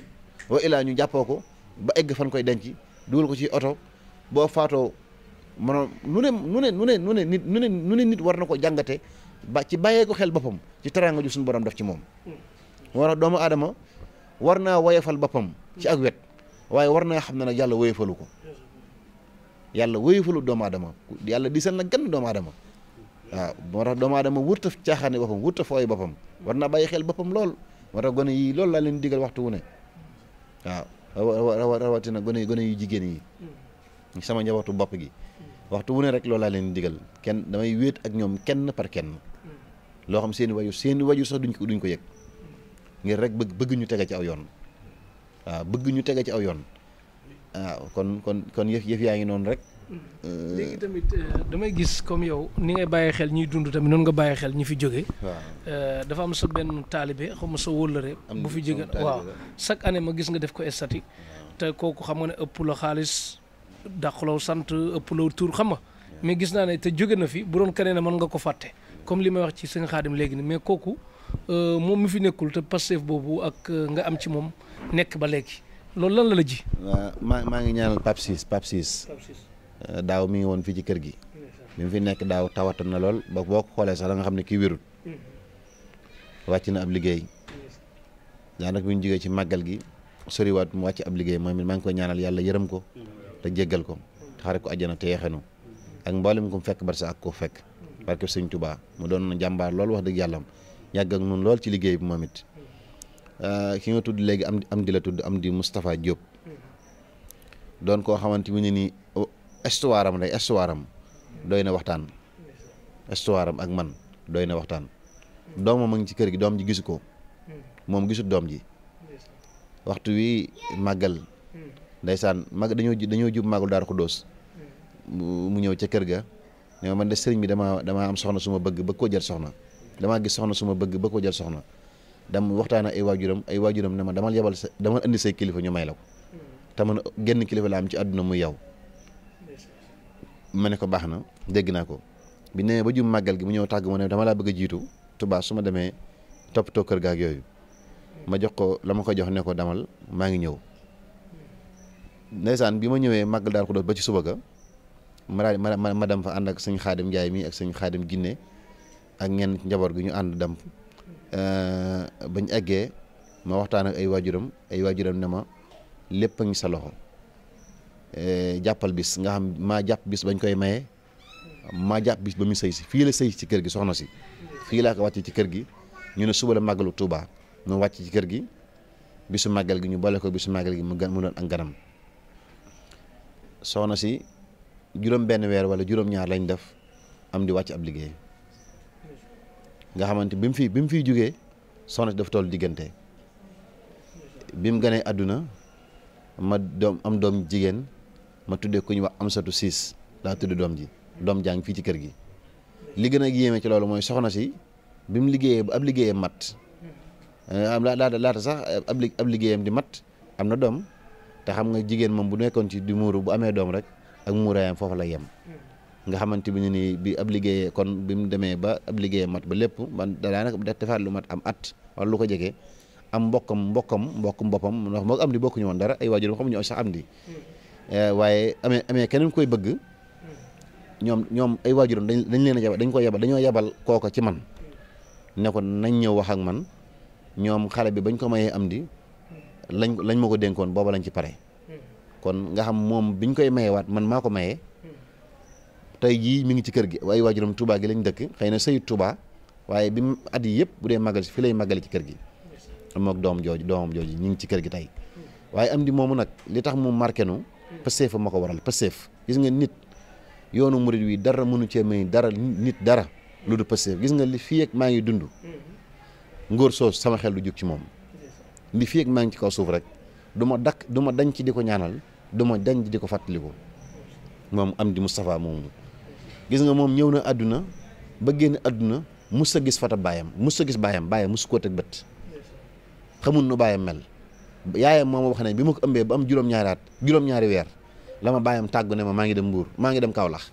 wa ñu jàppoo ko ba egg fan koy denc dugal ko ci oto boo faatoo maanaam nu ne nu ne nu ne nu nit nu ne nit war na ko jàngate ba ci bàyyee ko xel boppam ci teraanga ju suñu borom def ci moom moo doomu aadama war naa woyefal boppam ci ak wet waaye war naa xam ne nag yàlla woyefalu ko yàlla woyofalu doomu aadama yàlla seen na gan doomu aadama waaw moo tax doomu aadama wurta caaxaane boppam wurta fooy boppam war na bàyyi xel boppam lool moo tax gone yi loolu laa leen digal waxtu wu ne waaw rawatina gone yi gone yu jigéen yi sama njabootu bopp gi waxtu wu ne rek loolu laa leen digal kenn damay wéet ak ñoom kenn par kenn loo xam seen waju seeni waju sax duñ ko duñ ko yëg ngir rek bëgg bëgg ñu tege ci aw yoon waaw bëgg ñu tege ci aw yoon waaw kon kon kon yëf yëf yaa ngi noonu rek. Mm-hmm. léegi euh, tamit euh, damay gis comme yow ni ngay bàyyi xel ñuy dund tamit noonu nga bàyyi xel ñi fi jóge waaw euh, dafa am sa benn taalibe xaw ma sa wóllëre bu fi jóge waaw chaque année ma gis nga def ko estati te kooku xam nga ne ëpp la xaalis dàqulaw sant ëpp la tur xam nga mais gis naa ne te jóge na fi bu doon ne mën nga ko fàtte comme li may wax ci sëñ Xaadim léegi nii mais kooku moom mu fi nekkul te Pastef boobu ak nga am ci moom nekk ba léegi loolu lan la la ji. maa maa ngi ñaanal Pape Ciss Pape Ciss. daaw mi ngi woon fii ci kër gi. bi mu fi nekk daaw tawatal na lool ba boo ko xoolee sax da nga xam ne kii wérut. Mm-hmm. wàcc na ab liggéey. daanaka bi ñu jógee ci màggal gi soriwaat mu wàcc ab liggéey moom it maa ngi koy ñaanal yàlla yërëm ko. Mm-hmm. te jéggal ko. te xare ko àjjana te yeexenu mm-hmm. ak mboolem ku mu fekk barsa ak ko fekk. barke Sëñ Touba mu doon jàmbaar lool wax dëgg yàlla yàgg ak nun lool ci liggéey bi moom Euh, ki nga tudd léegi am am di tudd am di Moustapha Diop doon koo xamante ne nii histoire am rek doy na waxtaan histoire ak man doy na waxtaan doomam ma ngi ci kër gi doom ji gisu ko moom gisu doom ji waxtu wi màggal ndeysaan mag dañoo dañoo jub màggal Daaru Xudoos mu ñëw ca kër ga ne man de sëriñ bi damaa damaa am soxna su ma bëgg bëgg koo jël soxna damaa gis soxna suma bëgg bëgg koo jël soxna dam waxtaan ak ay waajuram ay waajuram ne ma damal yebal sa damal indi say kilifa ñu may la ko hmm. te man genn kilifa la am ci àdduna muy yow ma ne ko baax na dégg naa ko bi nee ba gi mu ñëw tàgg ma ne dama laa bëgg a jiitu Tuubaa su ma demee toppatoo kër gaak yooyu ma jox ko la ma ko jox ne ko damal maa ngi ñëw ndeysaan bi ma ñëwee màggal daal ko doon ba ci suba ga ma ma ma dem fa ànd ak sëñ xaadim Njaay mi ak sëñ xaadim Ginne ak ñenn njaboot gi ñu ànd dem bañ eggee ma waxtaan ak ay waajuram ay waajuram ne ma lépp a ngi sa loxo eh, jàppal bis nga xam ma jàpp bis bañ koy maye maa jàpp bis ba mu sëy si fii la sëy si kër gi soxna si fii laa ko wàcc ci kër gi ñu ne suba la màggalu Tuuba mu wàcc ci kër gi bisu màggal gi ñu bale ko bisu màggal gi mu mu doon ak ganam soxna si juróom benn weer wala juróom ñaar lañ def am di wàcc ab liggéey nga xamante bi mu fi bi mu fiy jógee soxna si dafa toll diggante bi mu ganee àdduna ma doom am doom jigéen ma tuddee ku ñuy wax Amsatu Siis laa tudd doom ji doom jaa ngi fii ci kër gi li gën a yéeme ci loolu mooy soxna si bi mu liggéeyee ab liggéeyee mat eh, laata laata sax eh, ab li liggéeyam di mat am na doom te xam nga jigéen moom bu nekkoon ci di muuru bu amee doom rek ak muuraayam foofu la yem nga xamante bi ne nii bi ab liggéeyee kon bi mu demee ba ab liggéeyee mat ba lépp man daanaka defaat lu mat am at wala lu ko jege am mbokkam mbokkam mbokkum boppam ndax moo am di bokkuñu woon dara ay waajuram xamuñu woon sax am di hmm. eh, waaye amee amee keneen koy bëgg hmm. ñoom ñoom ay waajuram dañ dañ leen a yabal dañ ko yabal dañoo yabal kooka ci man hmm. ne nañ ñëw wax ak man ñoom xale bi bañ ko mayee am di lañ lañ ma ko denkoon booba lañ ci pare kon nga xam moom biñ koy mayewaat man maa ko maye tey jii mi ngi ci kër gi ay waajuram Touba gi lañ dëkk xëy na sëy tubaa waaye bi at yi yëpp bu dee màggal si fi lay màggale ci kër gi mook doom jooju doomam jooju ñu ngi ci kër gi tey waaye am di moomu nag li tax mu marqué nu pëseef ma ko waral pëseef gis nga nit yoonu murid wi dara mënu cee may dara nit dara lu du pëseef gis nga li fii ak maa ngi dund ngóor soos sama xel lu ci moom li fii ak maa ngi ci kaw suuf rek du ma dakk du ma dañ ci di ko ñaanal du ma di ko fàttaliku moom am di Moustapha moomu gis nga moom ñëw na àdduna ba génn àdduna mus a gis fata baayam mus sa gis baayam baayam mus koo teg bët xamul nu baayam mel yaayam moom wax nañ bi ma ko ëmbee ba am juróom-ñaari at juróom weer la ma baayam tàggu ne ma maa ngi dem Mbuur maa ngi dem Kaolack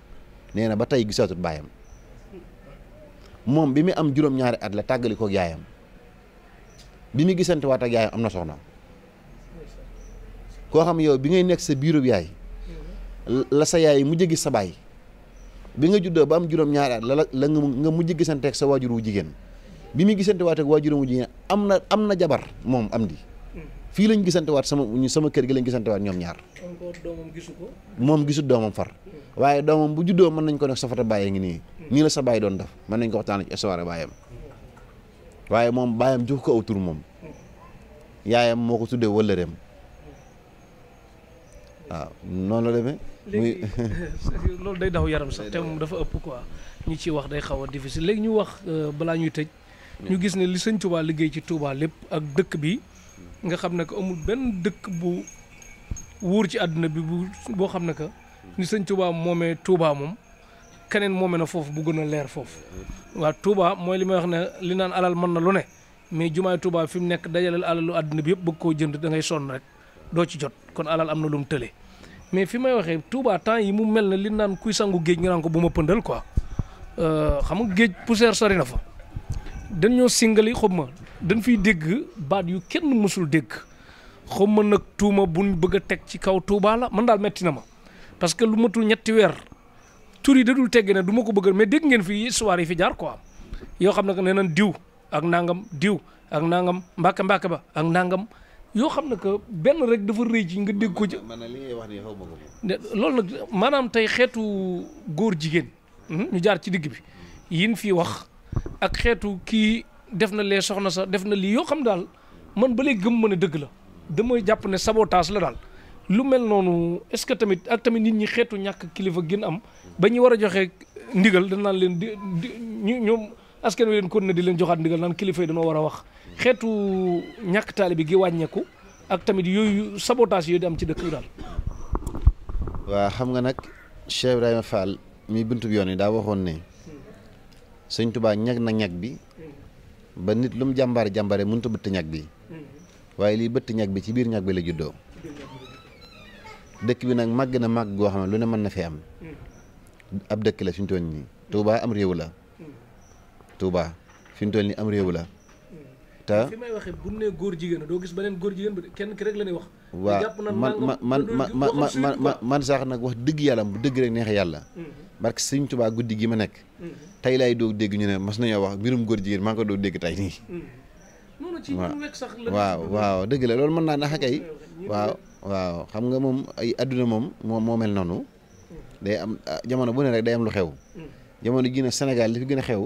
nee na ba tey gisaatut baayam moom bi mu am juróom at la tàggali yaayam bi mu gisante waat ak yaayam am na soxna koo xam yow bi ngay nekk sa biirub yaay la sa yaay mujj gis sa baay bi nga juddoo ba am juróom-ñaari la la nga mujj gisante ak sa waajur wu jigéen bi muy gisante waat ak waajur wu jigéen am na am na jabar moom am di hmm. fii lañ gisante waat sama sama kër gi lañ gisante waat ñoom ñaar moom gisu doomam far hmm. waaye doomam bu juddoo mën nañ ko ne safata bàyyee ngi nii hmm. nii la sa bàyyi doon def mën nañ ko waxtaan ci histoire bàyyam waaye moom bàyyam jox ko aw tur moom yaayam moo ko tuddee wëllëreem waaw ah, noonu la demee. loolu day daw yaram sax te moom dafa ëpp quoi ñi ciy wax day xaw a difficile léegi ñu wax euh, balaa ñuy tëj. ñu gis ne li sëñ Touba liggéey ci tuubaa lépp ak dëkk bi nga xam ne que amul benn dëkk bu wóor ci àdduna bi bu boo xam ne que ni sëñ Touba moomee Touba moom keneen moomee na foofu bu gën a leer foofu. waa Touba mooy li may wax ne li naan alal mën na lu ne mais jumaay Touba fi mu nekk dajaleel alalu àdduna bi yëpp bëgg koo jënd dangay ngay sonn rek. doo ci jot kon alal am na lu mu tële mais fi may waxee Touba temps yi mu mel na li naan kuy sangu géej nga naan ko bu ma pëndal quoi euh, xam nga géej poussière sori na fa dañ ñoo singali xob ma dañ fi dégg baat yu kenn mësul dégg xaw ma nag tuuma buñ bëgg teg ci kaw Touba la mën daal metti na ma parce que lu matul ñetti weer tur yi da dul tegge ne duma ko bëgg mais dégg ngeen fi histoire yi fi jaar quoi yoo xam ne que nee nañ diw ak nangam diw ak nangam mbàkk mbàkk ba ak nangam. yoo xam ne que benn rek dafa rëy ci nga dégg ko ci. maanaam li ngay wax nii xaw ma ko. nag maanaam tey xeetu góor jigéen. Hmm, ñu jaar ci digg bi. yin fii wax ak xeetu kii def na lee soxna sax def na lii yoo xam daal man ba léegi gëm ma ne dëgg la damay jàpp ne sabotage la daal. lu mel noonu est-ce que tamit ak tamit nit ñi xeetu ñàkk kilifa gën am ba ñu war a joxe ndigal danaan leen di di ñoom askan wi leen kon ne di leen joxaat ndigal naan kilifa yi dañoo war a wax xeetu ñàkk taalibe gi wàññeeku ak tamit yooyu sabotage yooyu di am ci dëkk bi daal. waa xam nga nag Cheikh Ibrahima Fall mi buntub yoon yi daa waxoon ne sëñ Tuubaa ñag na ñag bi ba nit lu mu jàmbaare jàmbaare mënut a bëtt ñag bi waaye lii bëtt ñag bi ci biir ñag bi la juddoo dëkk bi nag màgg na màgg goo xam ne lu ne mën na fi am ab dëkk la fi ñu toon nii Tuubaa am réew Touba fi mu toll nii am réew la. te ne góor jigéen doo gis beneen góor jigéen kenn ki la ñuy wax. waaw man man man man man sax nag wax dëgg yàlla bu dëgg rek neexee yàlla. Mm-hmm. barke sëñ Touba guddi gi ma nekk. tey laay doog dégg ñu ne mas nañoo wax mbirum góor jigéen maa ko doo dégg tey nii. Mm-hmm. waaw waaw dëgg la loolu mën naa naxa kay waaw waaw xam nga moom ay adduna moom moo moo mel noonu mm-hmm. day am ah, jamono bu ne rek day am lu xew jamono ji na Sénégal li fi gën a xew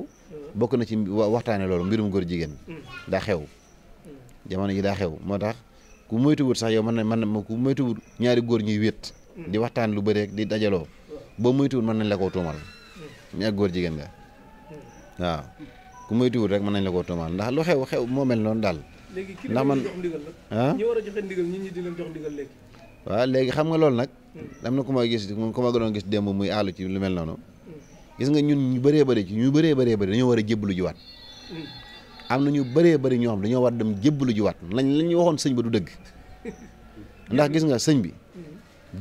bokk na ci waxtaane loolu mbirum góor jigéen mm. daa xew mm. jamono ji daa xew moo tax ku moytuwut sax yow mën na mën na ku ñaari góor ñuy wéet mm. di waxtaan lu bëri di dajaloo boo moytuwut mën nañ la koo tuumal góor jigéen nga waaw ku moytuwut rek mën nañ la koo tuumal ndax lu xew xew moo mel noonu daal ndax man ah? léegi xam nga loolu nag am na ku ma gis ku ma gënoon gis démb muy àllu ci lu mel noonu gis nga ñun ñu baree bëri ci ñu bëree bëree bëri dañoo war a jébbalu jiwaat am na ñu baree bëri ñoo xam dañoo war dem jébbalu jiwaat nañ lañ ñu waxoon sëñ ba du dëgg ndax gis nga sëñ bi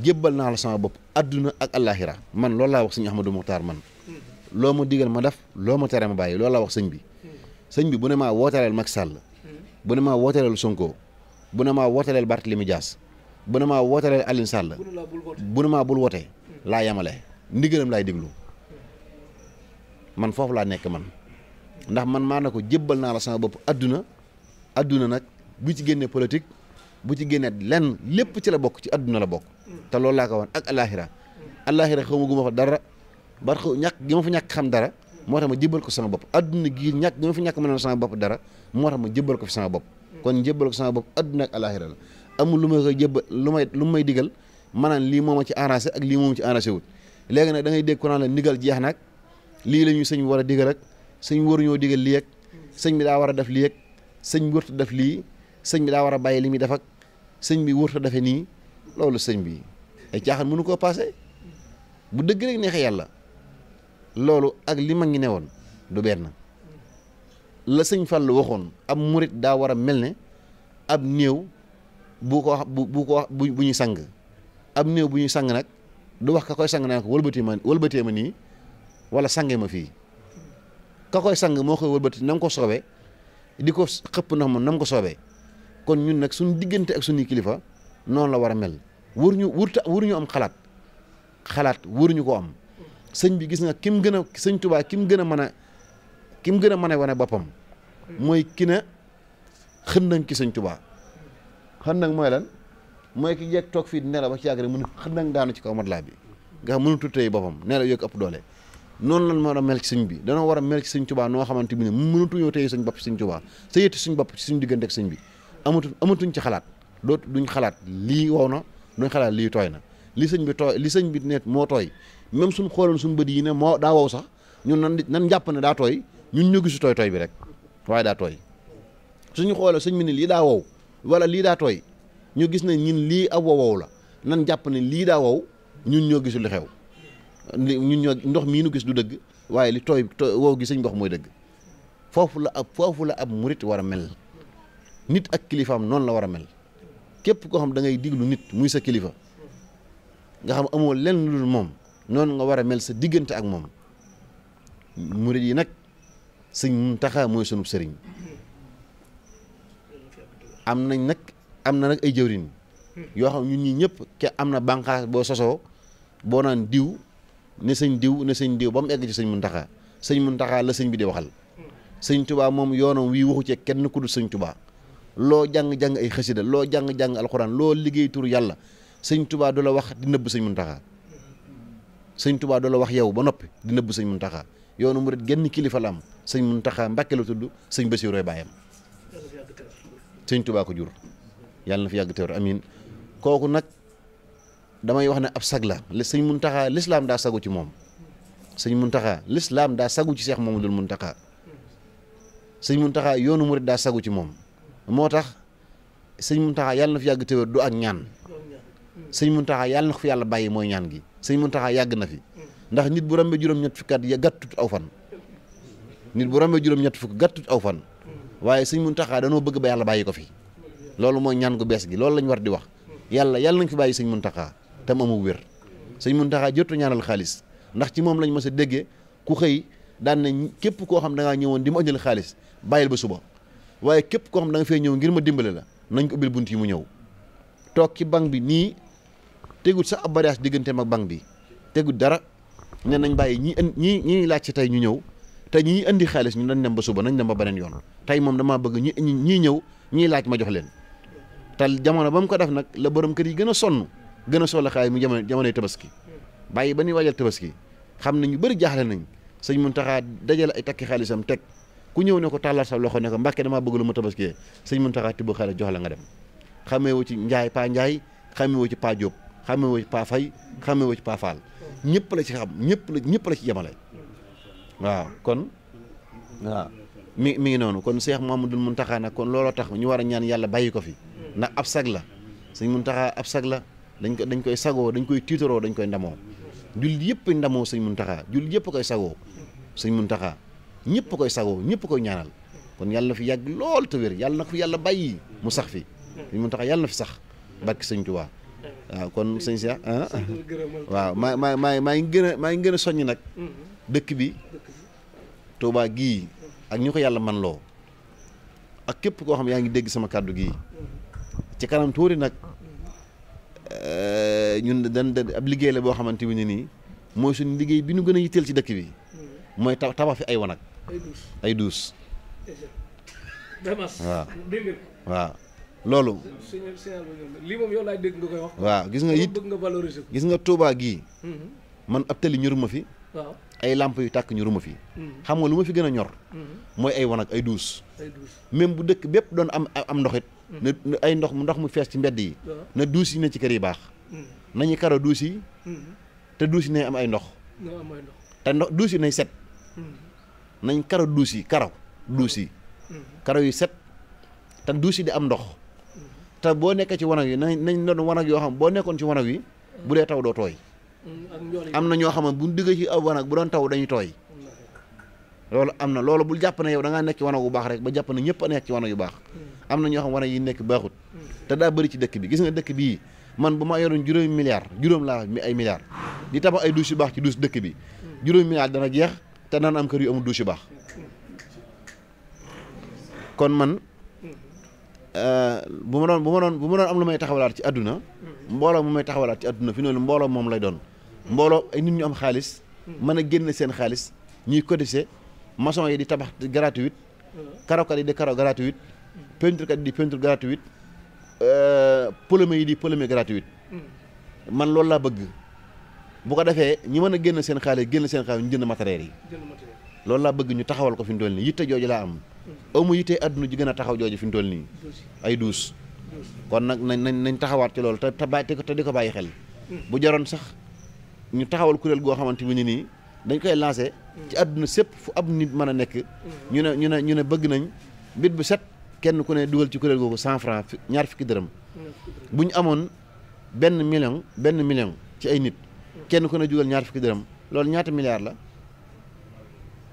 jébbal naa la sama bopp àdduna ak allaaxira man loolu laa wax sëñ Ahmadou Muxtaar man loo ma digal ma def loo ma tere ma bàyyi loolu laa wax sëñ bi sëñ bi bu ne maa wooteeleel Macky Sall bu ne maa wooteeleel Sonko bu ne maa wooteeleel Barthélémy Dias bu ne maa wooteeleel Aline Sall bu ne maa bul laa yamale ndigalam laay déglu man foofu laa nekk man ndax man maa ne ko jébbal naa la sama bopp àdduna adduna nag bu ci génnee politique bu ci génnee lenn lépp ci la bokk ci àdduna la bokk te loolu laa ko wan ak alaxira alaxira xaw ma guma fa dara ba xaw ñàkk gi ma fa ñàkk xam dara moo tax ma jébbal ko sama bopp adduna gii ñàkk gi ma fa ñàkk mënoon sama bopp dara moo tax ma jébbal ko fi sama bopp kon jébbal ko sama bopp adduna ak alaxira la amul lu may koy jébbal lu may lu may digal maanaam lii mooma ci arrangé ak lii mooma ci arrangé wut léegi nag da ngay dégg ko naan la ndigal jeex nag lii la sëñ bi war a digal ak sëñ waruñoo digal li ak sëñ bi daa war a def lii ak sëñ bi wërta def lii sëñ bi daa war a bàyyi li muy def sëñ bi wërta defe nii loolu sëñ bi ay mënu koo passé bu dëgg rek yàlla loolu ak li ma ngi ne woon du benn la sëñ Fallou waxoon am murit daa war a mel ne ab néew bu ko bu bu ko bu ñuy sang ab néew bu ñuy sang nag du wax ka koy sang naa ko wëlbatee ma wëlbatee ma nii wala sange ma fii ka koy sang moo koy wëlbati na ko soobee di ko xëpp na ma na ko soobee kon ñun nag suñu diggante ak suñuy kilifa noonu la war a mel wër waruñu wurta waruñu am xalaat xalaat waruñu ko am sëñ bi gis nga kim gën a sëñ Tuubaa kim gën a mën a kim gën a mën a wane boppam mooy ki na xëndang ki sëñ Tuubaa xëndang mooy lan mooy ki jeeg toog fii di nelaw ba ci yàgg rek mën xëndang daanu ci kaw matelas bi nga xam mënu tuttee boppam nelaw yokk ëpp doole noonu lan war a mel ci sëñ bi danoo war a mel ci sëñ Tuubaa noo xamante bi ne mënatuñoo téye suñ bopp ci sëñ Tuubaa sa yëtti suñ bopp ci suñ diggante ak sëñ bi amatu amatuñ ci xalaat doot duñ xalaat lii wow na duñ xalaat lii tooy na li sëñ bi tooy li sëñ bi ne moo tooy même suñ xooloon suñ bët yi ne moo daa sax ñun nan nan jàpp ne daa tooy ñu gisu tooy tooy bi rek waaye daa tooy suñu xoolee sëñ ne lii daa wow wala lii daa tooy ñu gis ne ñun lii ab wow wow la nan jàpp ne lii daa wow ñun ñoo gisul li xew ndox mii nu gis du dëgg waaye li tooy wow gi sëñ bi mooy dëgg foofu la ab foofu la ab murit war a mel nit ak kilifaam noonu la war a mel képp koo xam da ngay diglu nit muy sa kilifa nga xam amoo lenn lu dul moom noonu nga war a mel sa diggante ak moom murit yi nag sëñ taxa mooy sunub sëriñ am nañ nag am na nag ay jëwriñ yoo xam ñun ñii ñëpp ke am na bànqaas boo sosoo boo naan diw ne sëñ diw ne sëñ diw ba mu egg ci sëñ sañ mun Muntaxa la sañ bi di waxal sañ tubaa moom yoonam wii waxu ci kenn ku dul sëñ Tuubaa loo jàng-jàng ay xasida loo jàng-jàng alxuraan loo liggéey tur yàlla sëñ tubaa du la wax di nëbb sëñ Muntaxa sëñ Tuubaa du la wax yow ba noppi di nëbb sëñ Muntaxa yoonu murit genn kilifa la am sëñ Muntaxa Mbàkke la tudd sëñ Basiru baayam sëñ Tuubaa ko jur yàlla na fi yàgg teewlu amiin kooku nag damay wax ne ab sag la sëñ taxaa lislaam daa sagu ci moom sëñ Muntaxa lislaam daa sagu ci Seex Mamadu Muntaxa sëñ Muntaxa yoonu murit daa sagu ci moom moo tax sëñ Muntaxa yàlla na fi yàgg téwér du ak ñaan sëñ Muntaxa yàlla na fi yàlla bàyyi mooy ñaan gi sëñ mun taxaa yàgg na fi ndax nit bu rambe juróom-ñett fukki at ya gàttut aw fan nit bu rambe juróom-ñett fukk gàttut aw fan waaye sëñ taxaa danoo bëgg ba yàlla bàyyi ko fi loolu mooy ñaan gu bees gi loolu lañu war di wax yàlla yàll nañ fi bàyyi sëñ Muntaxa tam amu wér sëñ Muntaxa jotu ñaanal xaalis ndax ci moom lañ ma a déggee ku xëy daan nañ képp koo xam da ngaa ñëwoon di ma indil xaalis bàyyil ba suba waaye képp koo xam da fee ñëw ngir ma dimbale la nañ ko ubbil bunt yi mu ñëw toog ci banque bi nii tegul sax ab bariage digganteem ak banque bi tegul dara ne nañ bàyyi ñi ñii ñi laaj ci tey ñu ñëw te ñi indi xaalis ñu dañ dem ba suba nañ dem ba beneen yoon tey moom damaa bëgg ñi ñii ñëw ñii laaj ma jox leen te jamono ba mu ko def nag la borom kër yi gën a sonn gën a soxlaxaay mu jamono jamonoy tabaski bàyyi ba ñuy waajal tabaski xam na nañu bëri jaaxle nañ sëñ Muntaxa dajale ay takki xaalisam teg ku ñëw ne ko tàllal sa loxo ne ko mbàkke damaa bëgg lu ma tabaskiyee sëñ Muntaxa tibb xaalis jox la nga dem xamee wu ci njaay paa njaay xamee ci paa jóob xamee wu ci paa ñëpp la ci xam ñëpp la ñëpp la ci jamale waaw kon mi ngi noonu kon Cheikh Mouhamadoul Mountakha nag kon looloo tax ñu war a ñaan yàlla bàyyi ko fi ndax ab sag la dañ ko dañ koy sagoo dañ koy tiitaroo dañ koy ndamoo jullit yëpp ndamoo sëñ taxa jullit yëpp koy sagoo sëñ Muntaxa ñëpp koy sagoo ñëpp koy ñaanal kon yàlla na fi yàgg lool te na yàlla bàyyi mu sax fi sëñ Muntaxa yàlla fi sax barki sëñ Tuubaa waaw kon sëñ Cheikh ah, ah. waaw maa maa maa a maa ngi gën a soññ nag mm-hmm. dëkk bi Tuubaa ak ñu ko yàlla man loo ak képp koo xam yaa ngi dégg sama kàddu gii mm-hmm. ci kanam tuuri nag Euh, ñun dañ da ab liggéey la boo xamante ni nii mooy suñu liggéey bi ñu gën a yitteel ci dëkk bi hmm. mooy tabax tabax fi ay wanag. ay douche ay douche. waaw waaw. loolu. lii moom yow laay dégg nga waaw gis nga it gis nga Touba gii. Hmm. man ab tali ñoruma fi. ay làmp yu tàkk ñu ruma fi mm. xam nga lu ma fi gën a ñor mm. mooy ay wanag ay duus même bu dëkk bépp doon am am ndoxit mm. na ay ndox mu ndox mu fees ci mbedd yi na duus yi ne ci kër yi baax nañu karo duus yi te duus yi nañ am ay ndox te ndox duus yi nañ set nañ karo duus yi karaw duus yi yu set te duus yi di am ndox te boo nekkee ci wanag yi nañ nañ doon wanag yoo xam boo nekkoon ci wanag yi bu dee taw doo tooy am na ñoo xam ne bu ñu duggee ci aw wanag bu doon taw dañuy tooy loolu am na loolu bul jàpp na yow da ngaa nekk ci bu baax rek ba jàpp ne ñëpp a nekk ci wanag yu baax am na ñoo xam wanag yi nekk baaxut te daa bari ci dëkk bi gis nga dëkk bii man bu ma yoroon juróomi milliards juróom laa mi ay milliards di tabax ay douche yu baax ci douche dëkk bi juróomi milliards dana jeex te naan am kër yu amul douche yu baax kon man eh, bu ma doon bu ma doon bu ma doon am lu may taxawalaat ci àdduna mbooloo may taxawalaat ci àdduna fi noonu mbooloo moom lay doon mbooloo ay nit ñu am xaalis hmm. mën a génn seen xaalis ñuy cotiser maçon yi di tabax gratuite hmm. karokat yi di karo gratuite hmm. peintre kat yi di peintre gratuite euh, pëlëme yi di pëlëme gratuite man loolu laa bëgg bu ko defee ñi mën a génn seen xaalis génn seen xaalis ñu jënd matériel yi lool laa bëgg ñu taxawal ko fi mu toll nii yitte jooju laa am amu yitte àdduna ji gën a taxaw jooju fi mu toll nii ay duus kon nag nañ nañ taxawaat ci loolu te te di ko bàyyi xel bu jaroon sax ñu taxawal kuréel goo xamante bi ne nii dañ koy lancé ci àdduna sépp fu ab nit mën a nekk ñu ne ñu ne ñu ne bëgg nañ bit bu set kenn ku ne dugal ci kuréel googu cent franc ñaar fukki dërëm bu ñu amoon benn million benn million ci ay nit kenn ku ne dugal ñaar fukki dërëm loolu ñaata milliards la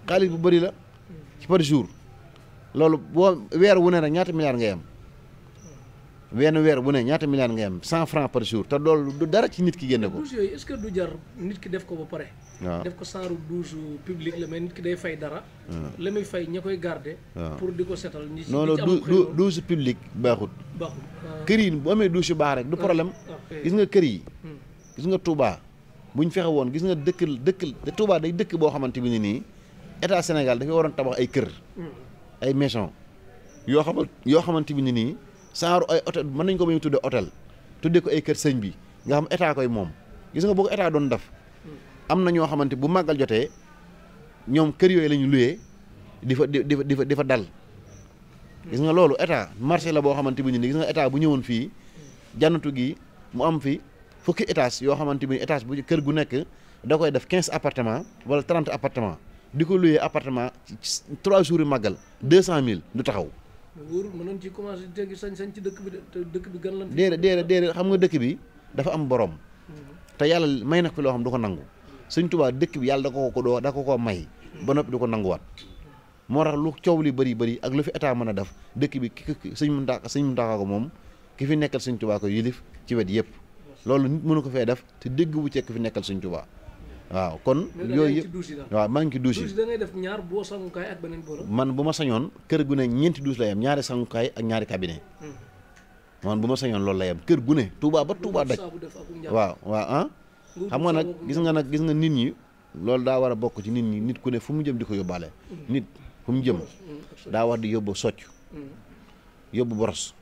xaalis bu bëri la ci par jour loolu boo weer wu ne rek ñaati milliards ngay am weenu weer bu ne ñaata milliards ngay am cent francs par jour te loolu du dara ci nit ki génne ko. douze jar nit ki def ko ba pare. waaw def ko saaru douze public la mais nit ki day fay dara. la muy fay ña koy garder. pour di ko setal ñi ci non non douze public baaxut. baaxut ah. kër yi bu amee douze yu baax rek du ah, problème. gis nga kër yi. Hmm. gis nga Touba buñ fexe woon gis nga dëkk dëkk Touba day dëkk boo xamante bi nii nii état Sénégal dafay waroon tabax ay kër. Hmm. ay maison yoo xamante yoo xamante bi ne nii. genre ay hôtel mën nañ ko muy tudde otel tuddee ko ay kër sëñ bi nga xam état koy moom gis nga boo ko état doon def am na ñoo xamante bu màggal jotee ñoom kër yooyu la luye di fa di fa di fa di dal gis nga loolu état marché la boo xamante bi ni gis nga état bu ñëwoon fii jannatu gi mu am fi fukki étage yoo xamante bi étage bu kër gu nekk da koy def quinze appartement wala trente appartement di ko luyee appartement trois jours yu màggal deux cent mille du taxaw nguur mënoon ci commencé teggi sañ-sañ ci dëkk dëkk bi gan lan. déedéet déedéet déedéet xam nga dëkk bi dafa am borom. te yàlla may na ko loo xam du ko nangu. Sëñ Tuubaa dëkk bi yàlla da ko ko doo da ko ko may. ba noppi du ko nanguwaat. moo tax lu coow li bëri bëri ak lu fi état mën a def dëkk bi ki ki sëñ Muntaxa sëñ Muntaxa ko moom ki fi nekkal Sëñ Tuubaa ko yilif ci wet yëpp loolu nit mënu ko fee def te dégg wu cekk fi nekkal Sëñ Tuubaa waaw kon yooyu yëpp waaw maa ngi def ñaar boo sangukaay ak beneen man bu ma sañoon kër gu ne ñeenti douche lay ñaari sangukaay ak ñaari cabinet hmm. man bu ma sañoon loolu lay am kër gu ne Touba ba Touba daj waaw waaw ah xam nga nag gis nga nag gis nga nit ñi loolu daa war a bokk ci nit ñi nit ku ne fu mu jëm di ko yóbbaale hmm. nit fu mu jëm hmm, daa war di yóbbu socc yóbbu boros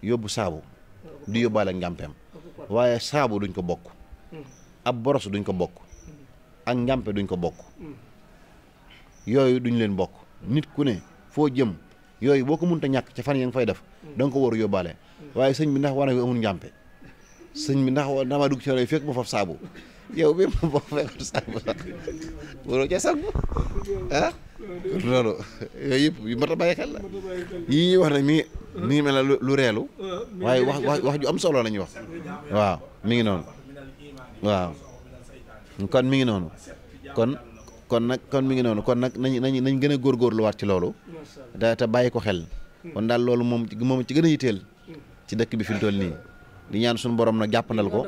yóbbu saabu di yóbbaale njàmpeem waaye saabu duñ ko bokk ab boros duñ ko bokk ak njàmpe duñ ko bokk yooyu duñ leen bokk nit ku ne foo jëm yooyu boo ko mënta ñàkk ca fan ya nga fay def da nga ko war yóbbaale waaye sëñ bi ndax war wi amul njàmpe sëñ bi ndax dama dugg ci yooyu fekk ma faf saabu yow bi ma boo fekk saabu sax waroo ca sangu ah loolu yooyu a bàyyi xel yii ñuy wax na mii mi ngi mel ne lu reelu ah, waaye wax wax ju am solo la wax waaw mi ngi noonu waaw kon mi ngi noonu kon kon nag kon mi ngi noonu kon nag nañ nañ nañ gën a góorgóorluwaat ci loolu da te bàyyi ko xel kon daal loolu moom moom ci gën a yitteel ci dëkk bi fi mu toll nii di ñaan suñu boroom nag jàppandal ko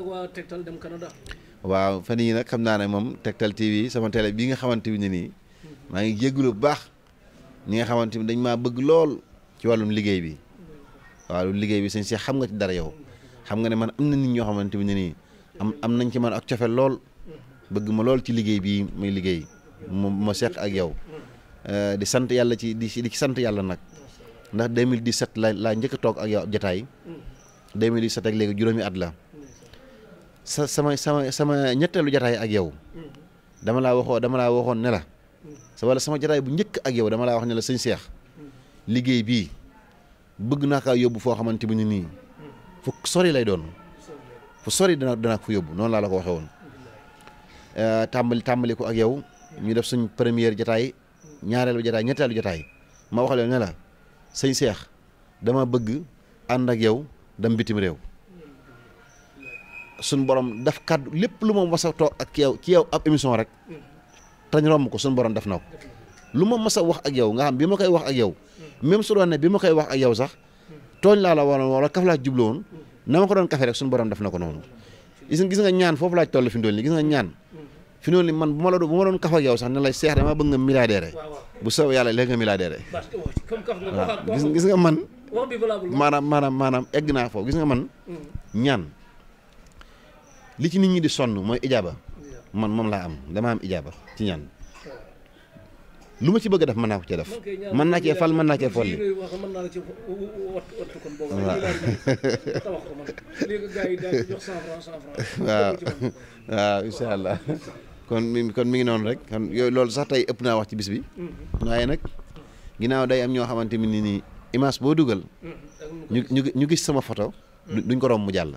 waaw fan yii nag xam naa ne moom Tektal TV sama télé bii nga xamante ne nii maa ngi jégalu bu baax ñi nga xamante ni dañ maa bëgg lool ci wàllum liggéey bi waaw liggéey bi sëñ si xam nga ci dara yow xam nga ne man am na nit ñoo xamante ne nii am nañ ci man ak cofeel lool bëgg ma lool ci liggéey bii muy liggéey mu ma seq ak yow euh, di sant yàlla ci di ci sant yàlla nag ndax 2017 la laa njëkk toog ak yow ab jataay 2017 ak léegi juróomi at la sa sama sama sama ñetteelu jataay ak yow dama laa waxoo dama laa waxoon ne la sa wala sama jataay bu njëkk ak yow dama laa wax ne la sëñ Seex liggéey bii bëgg naa kaa yóbbu foo xamante bu ñu nii fu sori lay doon fu sori dana dana ko yóbbu noonu laa la ko waxee woon eh, tàmbali tàmbali ko ak yow ñu def suñ première jataay ñaareelu jataay ñetteelu jataay ma wax la ne la sañ Seex dama bëgg ànd ak yow dem bitim réew suñ borom def kàddu lépp lu ma masa toog ak yow ci yow ab émission rek tañ romb ko suñ borom def na ko lu ma masa wax ak yow nga xam bi ma koy wax ak yow même su ne bi ma koy wax ak yow sax tooñ laa la waroon wala kaf laa jublu woon na ma ko doon kafe rek suñu borom def na ko noonu gis gis nga ñaan foofu laaj toll fi ndool ni gis nga ñaan fi noonu man bu ma la bu ma doon kaf ak yow sax ne lay seex dama bëgg nga milliardaire bu soobee yàlla léegi nga milliardaire waaw gis gis nga man maanaam maanaam maanaam egg naa foofu gis nga man mm. ñaan li ci nit ñi di sonn mooy ijaaba man moom laa am dama am ijaaba ci ñaan lu ma ci bëgg a def mën naa ko cee def man naa cee fal mën naa cee waaw waaw incha allah kon mi kon mi ngi noonu rek loolu sax tey ëpp naa wax ci bis bi mhm. waaye nag ginnaaw day am ñoo xamante ni nii image boo dugal mhm. ñu gis sama photo duñ ko romb mu jàll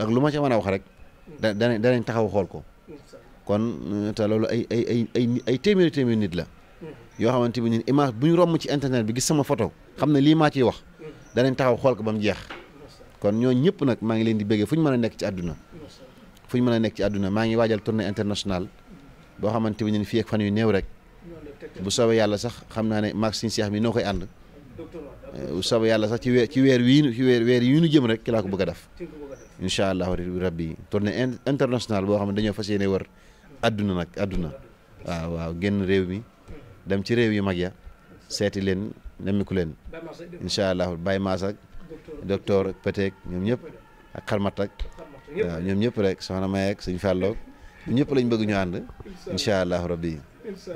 ak lu ma ca man a wax rek mhm. danañ taxaw xool ko kon euh, te loolu ay ay ay ay ay téeméeri téeméeri nit la mm-hmm. yoo xamante bi ñun image bu ñu romb ci internet bi gis sama foto xam ne lii maa ciy wax mm-hmm. danañ taxaw xool ko ba mu jeex kon ñooñ ñëpp nag maa ngi leen di bëggee fu ñu mën a nekk ci àdduna fu mën a nekk ci àdduna maa ngi waajal tournée international mm-hmm. boo xamante bi ñun fii fan yu néew rek bu soobee yàlla sax xam naa ne maag seex mi noo koy ànd euh, bu yàlla sax ci weer ci weer wii ci weer weer yi ñu jëm rek ki laa ko bëgg a def incha allah rabbi tournée internationale boo xam ne dañoo fas yéene wër àdduna nag àdduna waaw waaw génn réew mi dem ci réew yu mag ya seeti leen nemmiku leen incha allah Baye Mass ak docteur ak Petek ñoom ñëpp ak xarmat ak waaw ñoom ñëpp rek soxna May ak sëñ Fallou ñëpp lañ bëgg ñu ànd incha allah rabbi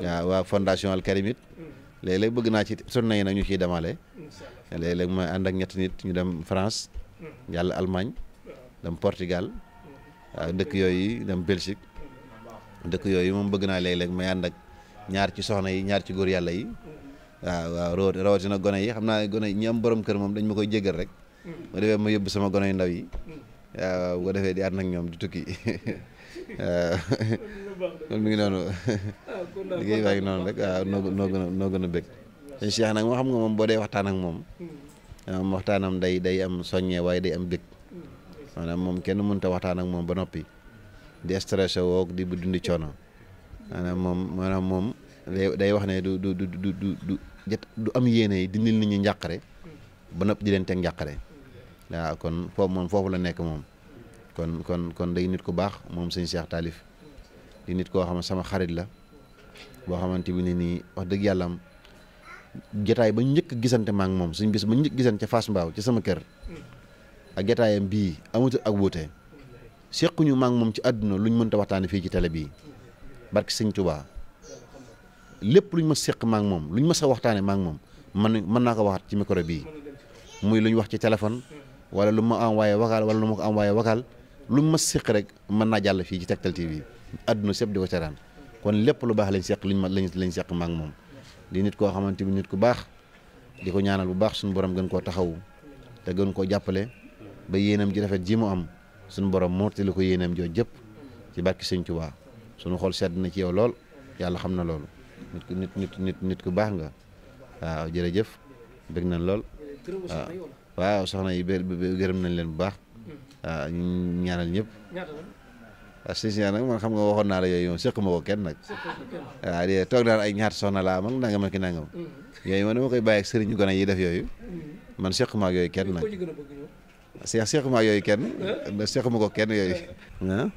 waaw waa fondation Al Karim léeg-léeg bëgg naa ci sonn nañu nag ñu ciy demale léeg ma ànd ak ñetti nit ñu dem France yàlla Allemagne dem Portugal waaw dëkk yooyu dem Belgique dëkk yooyu moom bëgg naa léeg-léeg may ànd ak ñaar ci soxna yi ñaar ci góor yàlla yi waaw waaw rawatina gone yi xam naa gone yi ñi am borom kër moom dañ ma koy jéggal ma yóbbu sama gone yu ko defee di ànd ñoom di tukki ngi noonu liggéey baa noonu rek waaw noo gën noo gën a bëgg sëñ nag moo xam moom boo dee waxtaan ak moom waxtaanam day day am soññee waaye day am bëgg maanaam moom kenn mënut a waxtaan ak moom ba noppi di stressé woog di bu dundi coono maanaam moom maanaam moom day wax ne du du du du du du am yéene yi dindil nit ñi njàqare ba nopp di leen teg njàqare waaw kon foofu moom foofu la nekk moom kon kon kon day nit ku baax moom sëñ Cheikh di nit koo xam ne sama xarit la boo xamante bi ne nii wax dëgg yàlla am jataay ba njëkk gisante ma moom suñ bis ba njëkk gisante ca Fass Mbaaw ci sama kër ak jataayam bii amatu ak wuute sequñu maak moom ci àdduna lu luñ mënta waxtaane fii ci télé bii barki sëñ Tuubaa lépp luñ ma seq maak moom lu luñ mës sa waxtaane maak moom man mën naa ko waxaat ci micro bii muy lu ñu wax ci téléphone wala lu ma envoyé vocal wala lu ma ko envoyé vocal lu ma seq rek mën naa jàll fii ci Tektal TV àdduna sépp di ko seetaan kon lépp lu baax lañ seq liñ ma lañ lañ seq maak moom di nit koo xamante ni nit ku baax di ko ñaanal bu baax suñu boroom gën koo taxawu te gën koo jàppale ba yéenam ji rafet ji mu am suñu borom mottali ko yéeneem jooju jëpp ci barki sëñ Tuubaa suñu xol sedd na ci yow lool yàlla xam na loolu nit ku nit nit nit baax nga waaw jërëjëf bég nañ lool waaw waaw soxna yi gërëm nañ leen bu baax waaw ñaanal ñëpp waaw ah, si si nag man xam nga waxoon naa la yooyu moom seq ma ko kenn nag de toog daal ay ñaar soxna laa mag nangam ak nangam mm-hmm. yooyu man dama koy bàyyi ak sëriñu gone yi def yooyu mm-hmm. man seq ma yooyu kenn nag seex seexuma yooyu kenn seexuma ko kenn yooyu. ah.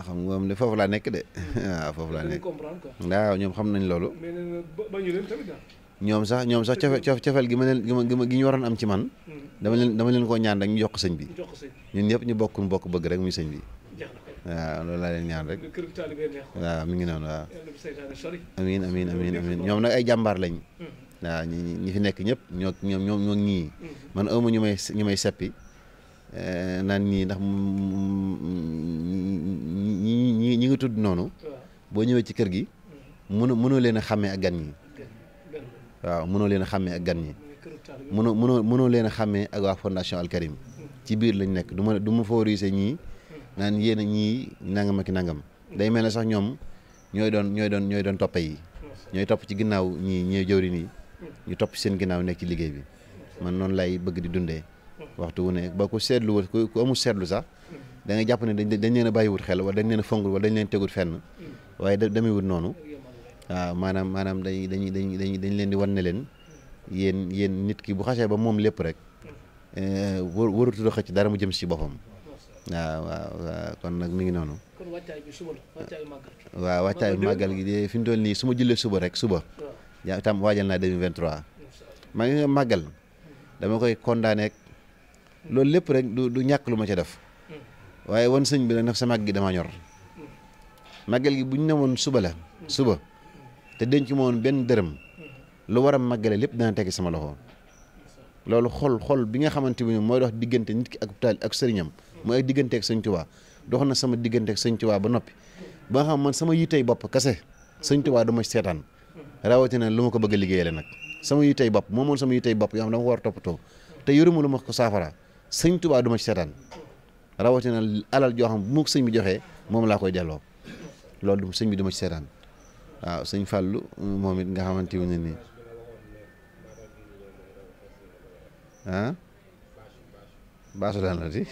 waaw xam nga moom de foofu laa nekk de. waaw hmm. ah, foofu laa nekk waaw ñoom xam nañ loolu. ñoom sax ñoom sax cofeel cofeel gi ma leen gi ma gi ñu waroon am ci man. Hmm. dama leen dama leen koo ñaan rek ñu yokk ko sëñ bi. ñun ñëpp ñu bokk bokk bëgg rek muy sëñ bi. waaw loolu laa leen ñaan rek. waaw mi ngi noonu waaw. amiin amiin amiin amiin ñoom nag ay jàmbaar lañ hmm. waaw ñi ñi fi nekk ñëpp ñoo ñoom ñoom ñoo ñii mm-hmm. man awma ñu may ñu may seppi eh, naan ñii ndax ñi ñi ñi ngi tudd noonu boo ñëwee ci kër gi mm-hmm. mënu mënoo leen a ak gan ñi waaw leen a ak gan ñi mënoo mënoo mënoo leen xàmmee ak waa fondation mm-hmm. ci biir lañ nekk du ma du ma favoriser ñii naan yéen a ñii nangam ak day mel ne sax ñoom ñooy doon ñooy doon ñooy doon toppe yi ñooy topp ci ginnaaw ñii ñooy jëwriñ yi ñu topp seen ginnaaw nekk ci liggéey bi man noonu laay bëgg di dundee waxtu wu ne ba ku seetluwul ku amul seetlu sax da jàpp ne dañ dañ leen a bàyyiwut xel wala dañ leen a fongul wala dañ leen tegut fenn waaye demewut noonu waaw maanaam maanaam dañ dañuy dañ dañ leen di wan ne leen yéen yéen nit ki bu xasee ba moom lépp rek eh, warutu xëcc dara mu jëm si boppam waaw waaw kon nag mi ngi noonu. kon wàccaayu bi waaw wàccaayu màggal gi de fi mu toll nii su ma jullee suba rek suba. yaa itam waajal naa 2023 maa ngi nga màggal dama koy condamné loolu lépp rek du ñàkk lu ma ca def waaye wan sëñ bi nag nag sa màgg gi dama ñor màggal gi bu ñu ne woon suba la suba te denc ma woon benn dërëm lu war a màggale lépp dana tegi sama loxo loolu xol xol bi nga xamante ni mooy dox diggante nit ki ak taal ak sëriñam mooy digganteek diggante ak sëñ Tuubaa dox na sama diggante sëñ Tuubaa ba noppi ba nga xam man sama yitey bopp kase sëñ Tuubaa du ma seetaan. rawatina lu ma ko bëgg a liggéeyale nag sama yu tey bopp moom moom sama yu tey bopp yoo xam ne dama war a toppatoo te yoruma lu ma ko saafara sëñ tubaa du ma ci seetaan rawatina alal joo xam sëñ bi joxe moom laa koy delloo loolu sëñ bi du ma ci seetaan waaw sëñ Fallou moom it nga xamante ne nii ah baasu daan di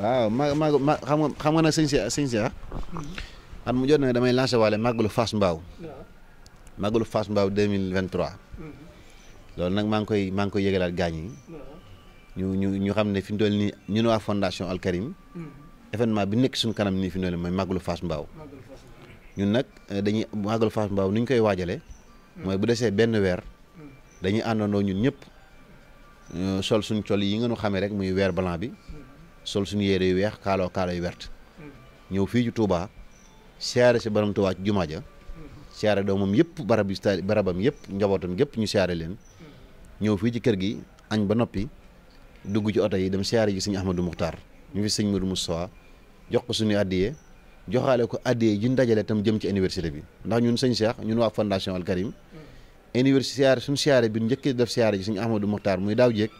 waaw ma ma xam nga xam nga nag sëñ Cheikh sëñ Cheikh mu jot na damay lancé waale màggalu Fass Mbao màggalu Fass Mbao 2023 loolu nag maa ngi koy maa ngi koy yëgalaat gaañ yi ñu ñu ñu xam ne fi mu toll nii ñun waa fondation Al Karim mm-hmm. événement bi nekk suñu kanam nii fi mu mooy màggalu Fass Mbao ñun nag euh, dañuy màggalu Fass Mbao ni koy waajale mm. mooy bu desee benn weer mm. dañuy àndandoo ñun ñëpp euh, sol suñ col yi nga nu xamee rek muy weer blanc bi mm-hmm. sol suñu yére yu weex kaalo kaalo yu wert mm-hmm. ñëw fii ci Touba siyaare si borom Touba ci jumaa ja siyaare doomam yëpp barab yi barabam yëpp njabootam yëpp ñu siyaare leen ñëw fii ci kër gi añ ba noppi dugg ci oto yi dem siyaare ji sëñ Ahmadou Muxtaar ñu fi sëñ mu Moustapha jox ko suñu addiyee joxaale ko addiyee yi ñu dajale tam jëm ci université bi ndax ñun sëñ seex ñun waa fondation Al Karim université siyaare siyaare bi njëkk def siyaare ji sëñ Ahmadou Muxtaar muy daaw jéeg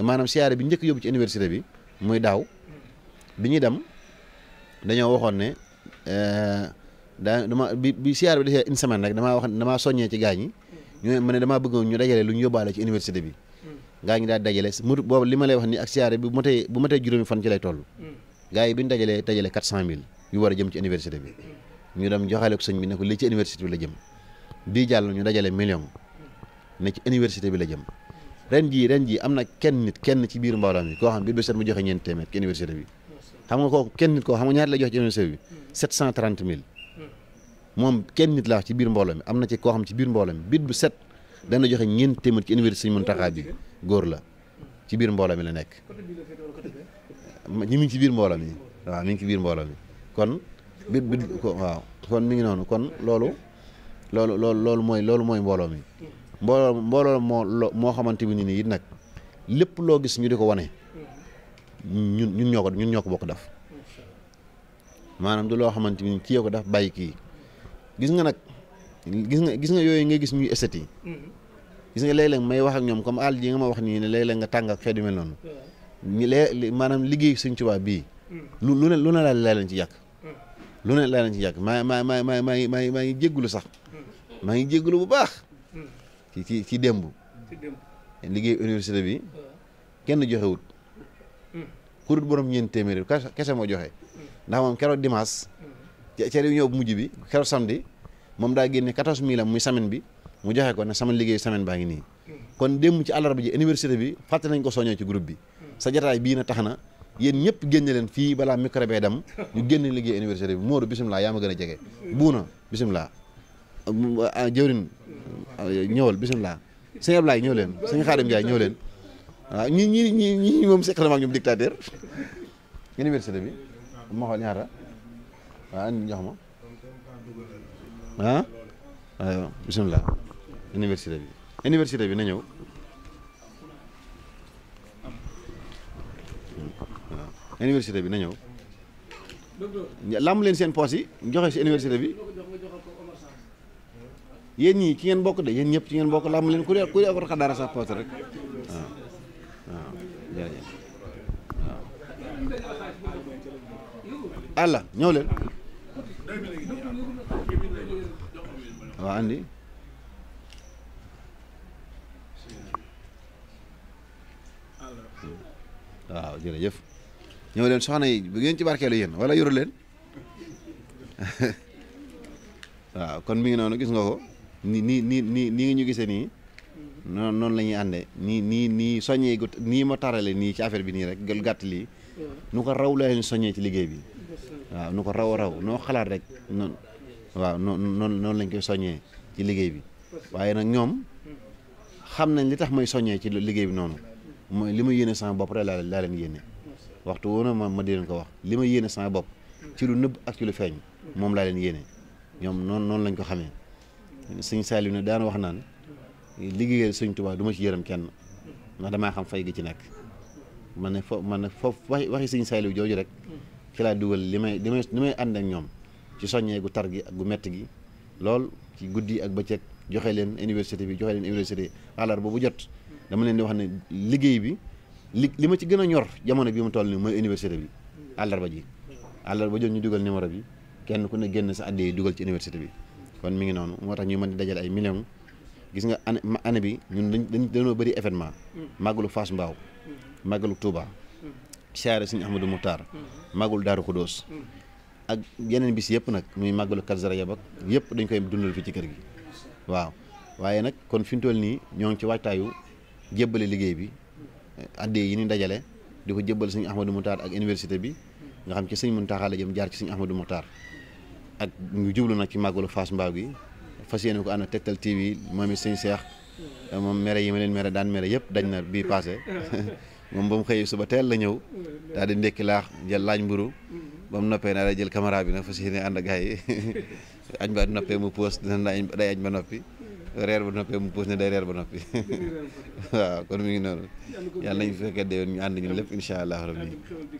maanaam siyaare bi njëkk yóbbu ci université bi muy daaw bi ñuy dem dañoo ne euh, daa dama bi bi siyaar bi defee une semaine rek damaa wax damaa soññee ci gaañ yi ñu ma ne damaa bëggoon ñu dajale lu ñu yóbbaale ci université bi hmm. gaa ñi daal dajale li ma lay wax ni ak siyaare bi bu matee bu matee juróomi fan ci hmm. cent mille yu war a jëm ci université bi hmm. ñu dem joxale ne ko lii ci université bi la jëm bii jàll ñu dajale million ne ci université bi la jëm ren jii ren jii am na kenn nit kenn ci biir mbooloo mi koo xam biir bi set mu joxe ñeenti téeméer ci université bi xam nga kooku kenn nit koo xam nga ñaata la joxe ci université bi moom kenn nit laa ci biir mbooloo mi am na ci koo xam ci biir mbooloo mi bit bu set dana joxe ñeent téeméer ci université Serigne Mountakha bi góor la ci biir mbooloo mi la nekk ñi mi ci biir mbooloo mi waaw mi ci biir mbooloo mi kon bit bit waaw kon mi ngi noonu kon loolu loolu loolu loolu mooy loolu mooy mbooloo mi mbooloo mbooloo moo moo xamante bi ni nii it nag lépp loo gis ñu di ko wone ñun ñun ñoo ko ñun ñoo ko bokk def maanaam du loo xamante ni kii ko def bàyyi kii gis nga nag gis nga gis nga yooyu nga gis ñuy esthète yi mm-hmm. gis nga léeg-léeg may wax ak ñoom comme àll ji nga ma wax nii ne léeg-léeg nga tàng xeet yu mel noonu ñu lee maanaam liggéey Sëñ Tuubaa bii mm-hmm. lu lu ne lu ne laa leen ci yàq mm-hmm. lu ne laa leen ci yàq maa maa maa maa maa maa maa ngi jéggulu sax ngi jéggulu bu baax ci ci ci liggéey université bi kenn joxewut mm. kurut borom ñeent téeméeri kese moo joxe mm. ndax moom keroog dimanche ci réunion bu mujj bi keroog samedi moom daa génne 14000 am muy semaine bi mu joxe ko ne sama liggéey semaine baa ngi nii kon démb ci àllarba ji université bi fàtte nañ ko soññoo ci groupe bi sa jataay bii na tax na yéen ñëpp génn leen fii balaa micro bee dem ñu génn liggéey université bi Modou bisimilah yaa ma gën a jege buuna bisimilah ah, jëwrin ñëwal bisimilah sëñ Ablaye ñëw leen sëñ Xaadim Ndiaye ñëw leen waaw ah, ñi ñi ñi ñi moom seqal na bi ma xool waaw andi ma ah aywa bisimilah université bi université bi na ñëw waaw université bi na ñëw làmb leen seen poos yi joxe si université bi yéen ñii ci ngeen bokk de yéen ñëpp ci ngeen bokk làmb leen ku dee ku dee ak dara sax poos rek àlla ñëw leen waaw andi waaw jërëjëf ñëw leen soxna yi bu ci barkeelu yéen wala yoru leen waaw kon mi ngi noonu gis nga ko ni nii nii nii nii ñu gisee nii noonu noonu la ñuy nii nii nii soññee nii ma tarale nii ci affaire bi nii rek gël gàtt lii nu ko raw la leen soññee ci liggéey bi waaw nu ko raw raw noo xalaat rek noonu waaw noonu noonu lañ koy soññee ci liggéey bi waaye nag ñoom xam nañ li tax may soññee ci liggéey bi noonu mooy li ma yéene sama bopp rek laa laa leen yéene waxtu woon ma ma di leen ko wax li ma yéene sama bopp ci lu nëbb ak ci lu feeñ moom laa leen yéene ñoom noonu noonu lañ ko xamee sëñ Saliou ne daan wax naan liggéeyal sëñ Tuubaa duma ci yërëm kenn ndax damaa xam fay gi ci nekk man ne fo man ne foofu waxi waxi saylu Saliou jooju rek ci laa dugal li may li may li may ànd ak ñoom ci soññee gu tar gi ak gu metti gi lool ci guddi ak bëccëg joxe leen université bi joxe leen université àllarba bu jot dama leen di ne liggéey bi li li ma ci gën a ñor jamono bi mu toll nii mooy université bi àllarba ji àllarba jot ñu dugal numéro bi kenn ku ne génn sa àddee dugal ci université bi kon mi ngi noonu moo tax ñu mën di dajale ay millions gis nga année année bi ñun dañ dañoo bëri événement mm. màggalu Fass mbaaw màggalu Touba siyaare suñu Ahmadou Moutar màggul Daaru ko doos ak yeneen bis yëpp nag muy màggalu Kazu Rajab ak yëpp dañ koy dundal fi ci kër gi waaw waaye nag kon fi ñu toll nii ñoo ngi ci waajtaayu jébbale liggéey bi eh, adde yi ñu dajale di ko jébbal suñu Ahmadou Moutar ak université bi nga xam ci sëñ Muntaxa la jëm jaar ci suñu Ahmadou Moutar ak ñu jublu nag ci màggalu fas Mbao gi fas yéene ko ànd ak Tektal TV moom it sëñ Seex eh, moom mere yi ma leen mere daan mere yëpp dañ na bii passé moom ba mu xëyee suba teel la ñëw daal di ndekki laax jël laaj mburu ba mu noppee naa day jël caméra bi nag fas yéene ànd ak añ ba noppee mu poos dina day añ ba noppi reer ba noppee mu poos ne day reer ba noppi waaw kon mi ngi noonu yàlla nañu fekkee déwén ñu ànd ñun lépp incha allah rabbi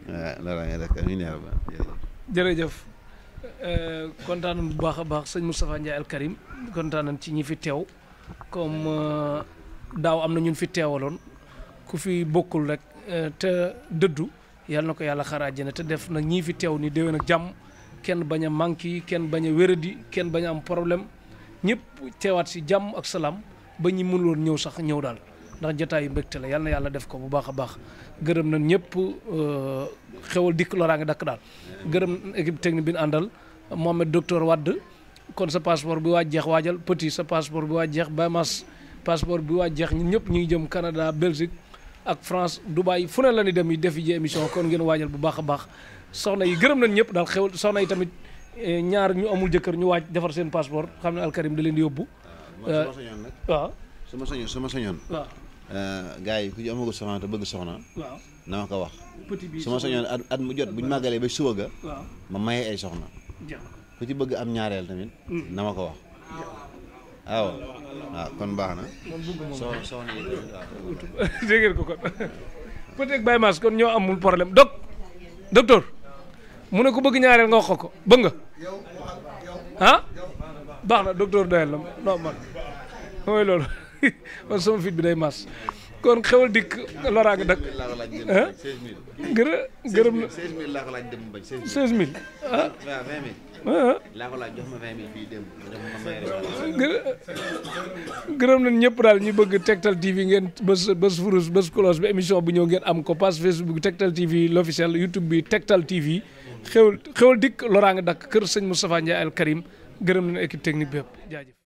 waaw loolaa rek euh, bu baax a baax sëñ Moustapha Ndiaye Al Karim kontaan nañ ci ñi fi teew comme euh, daaw am na ñun fi teewaloon ku fi bokkul rek euh, te dëddu yàlla na ko yàlla xaraa xaraajana te def nag ñii fi teew ni déwén ak jàmm kenn bañ a manqué kenn bañ a wéradi kenn bañ am problème ñëpp teewaat si jàmm ak salaam ba ñu mënul woon ñëw sax ñëw daal ndax jotaayu mbégte la yàlla na yàlla def ko bu baax a baax gërëm na ñëpp euh, xewal dikk loraa ngi dakk daal gërëm équipe technique bi na àndal Mohamed docteur wàdd kon sa passeport bi waa jeex waajal petit sa passeport bi waa jeex Bamas passeport bi waa jeex ñun ñëpp ñu ngi jëm Canada Belgique ak France Dubaï fu ne la ni dem yi def yi ji émission kon ngeen waajal bu baax a baax soxna yi gërëm nañ ñëpp daal xewal soxna yi tamit eh, ñaar ñu amul jëkkër ñu waaj defar seen passeport xam ne alkarim da leen di yóbbu. waaw ah, eh, waaw su ma sañoon su ma sañoon. waaw. Eh, gars yi ku ci amagul soxna te bëgg soxna. waaw na ma ko wax. petit soñoon at at mu jot bu ñu màggalee ba suba ga. ma maye ay soxna. ku ci bëgg am ñaareel tamit. Hmm. na ma ko wax. aw waaw ah, kon baax na. soo soo dégg ngeen ko kon peut-être Baye Mass kon ñoo amul problème doc docteur ne ko bëgg ñaareel nga wax ko ko bëgg nga ah baax na docteur doyal la non man mooy loolu man sama fit bi day mas kon xewal dikk loraa nga dakk gërë gërëm na 16000 laa ko laaj dem bañ 16000 ah 20000 laa ko laaj jox ma vingt mille fii dem gërëm nañ ñëpp daal ñu bëgg Tektal TV ngeen bës bës furus bës cloche bi émission bu ñëw ngeen am ko page Facebook Tektal TV l'officiel YouTube bi Tektal TV xew xewal dikk loraa nga dakk kër sëñ Moustapha Ndiaye Al Karim gërëm nañ équipe technique bi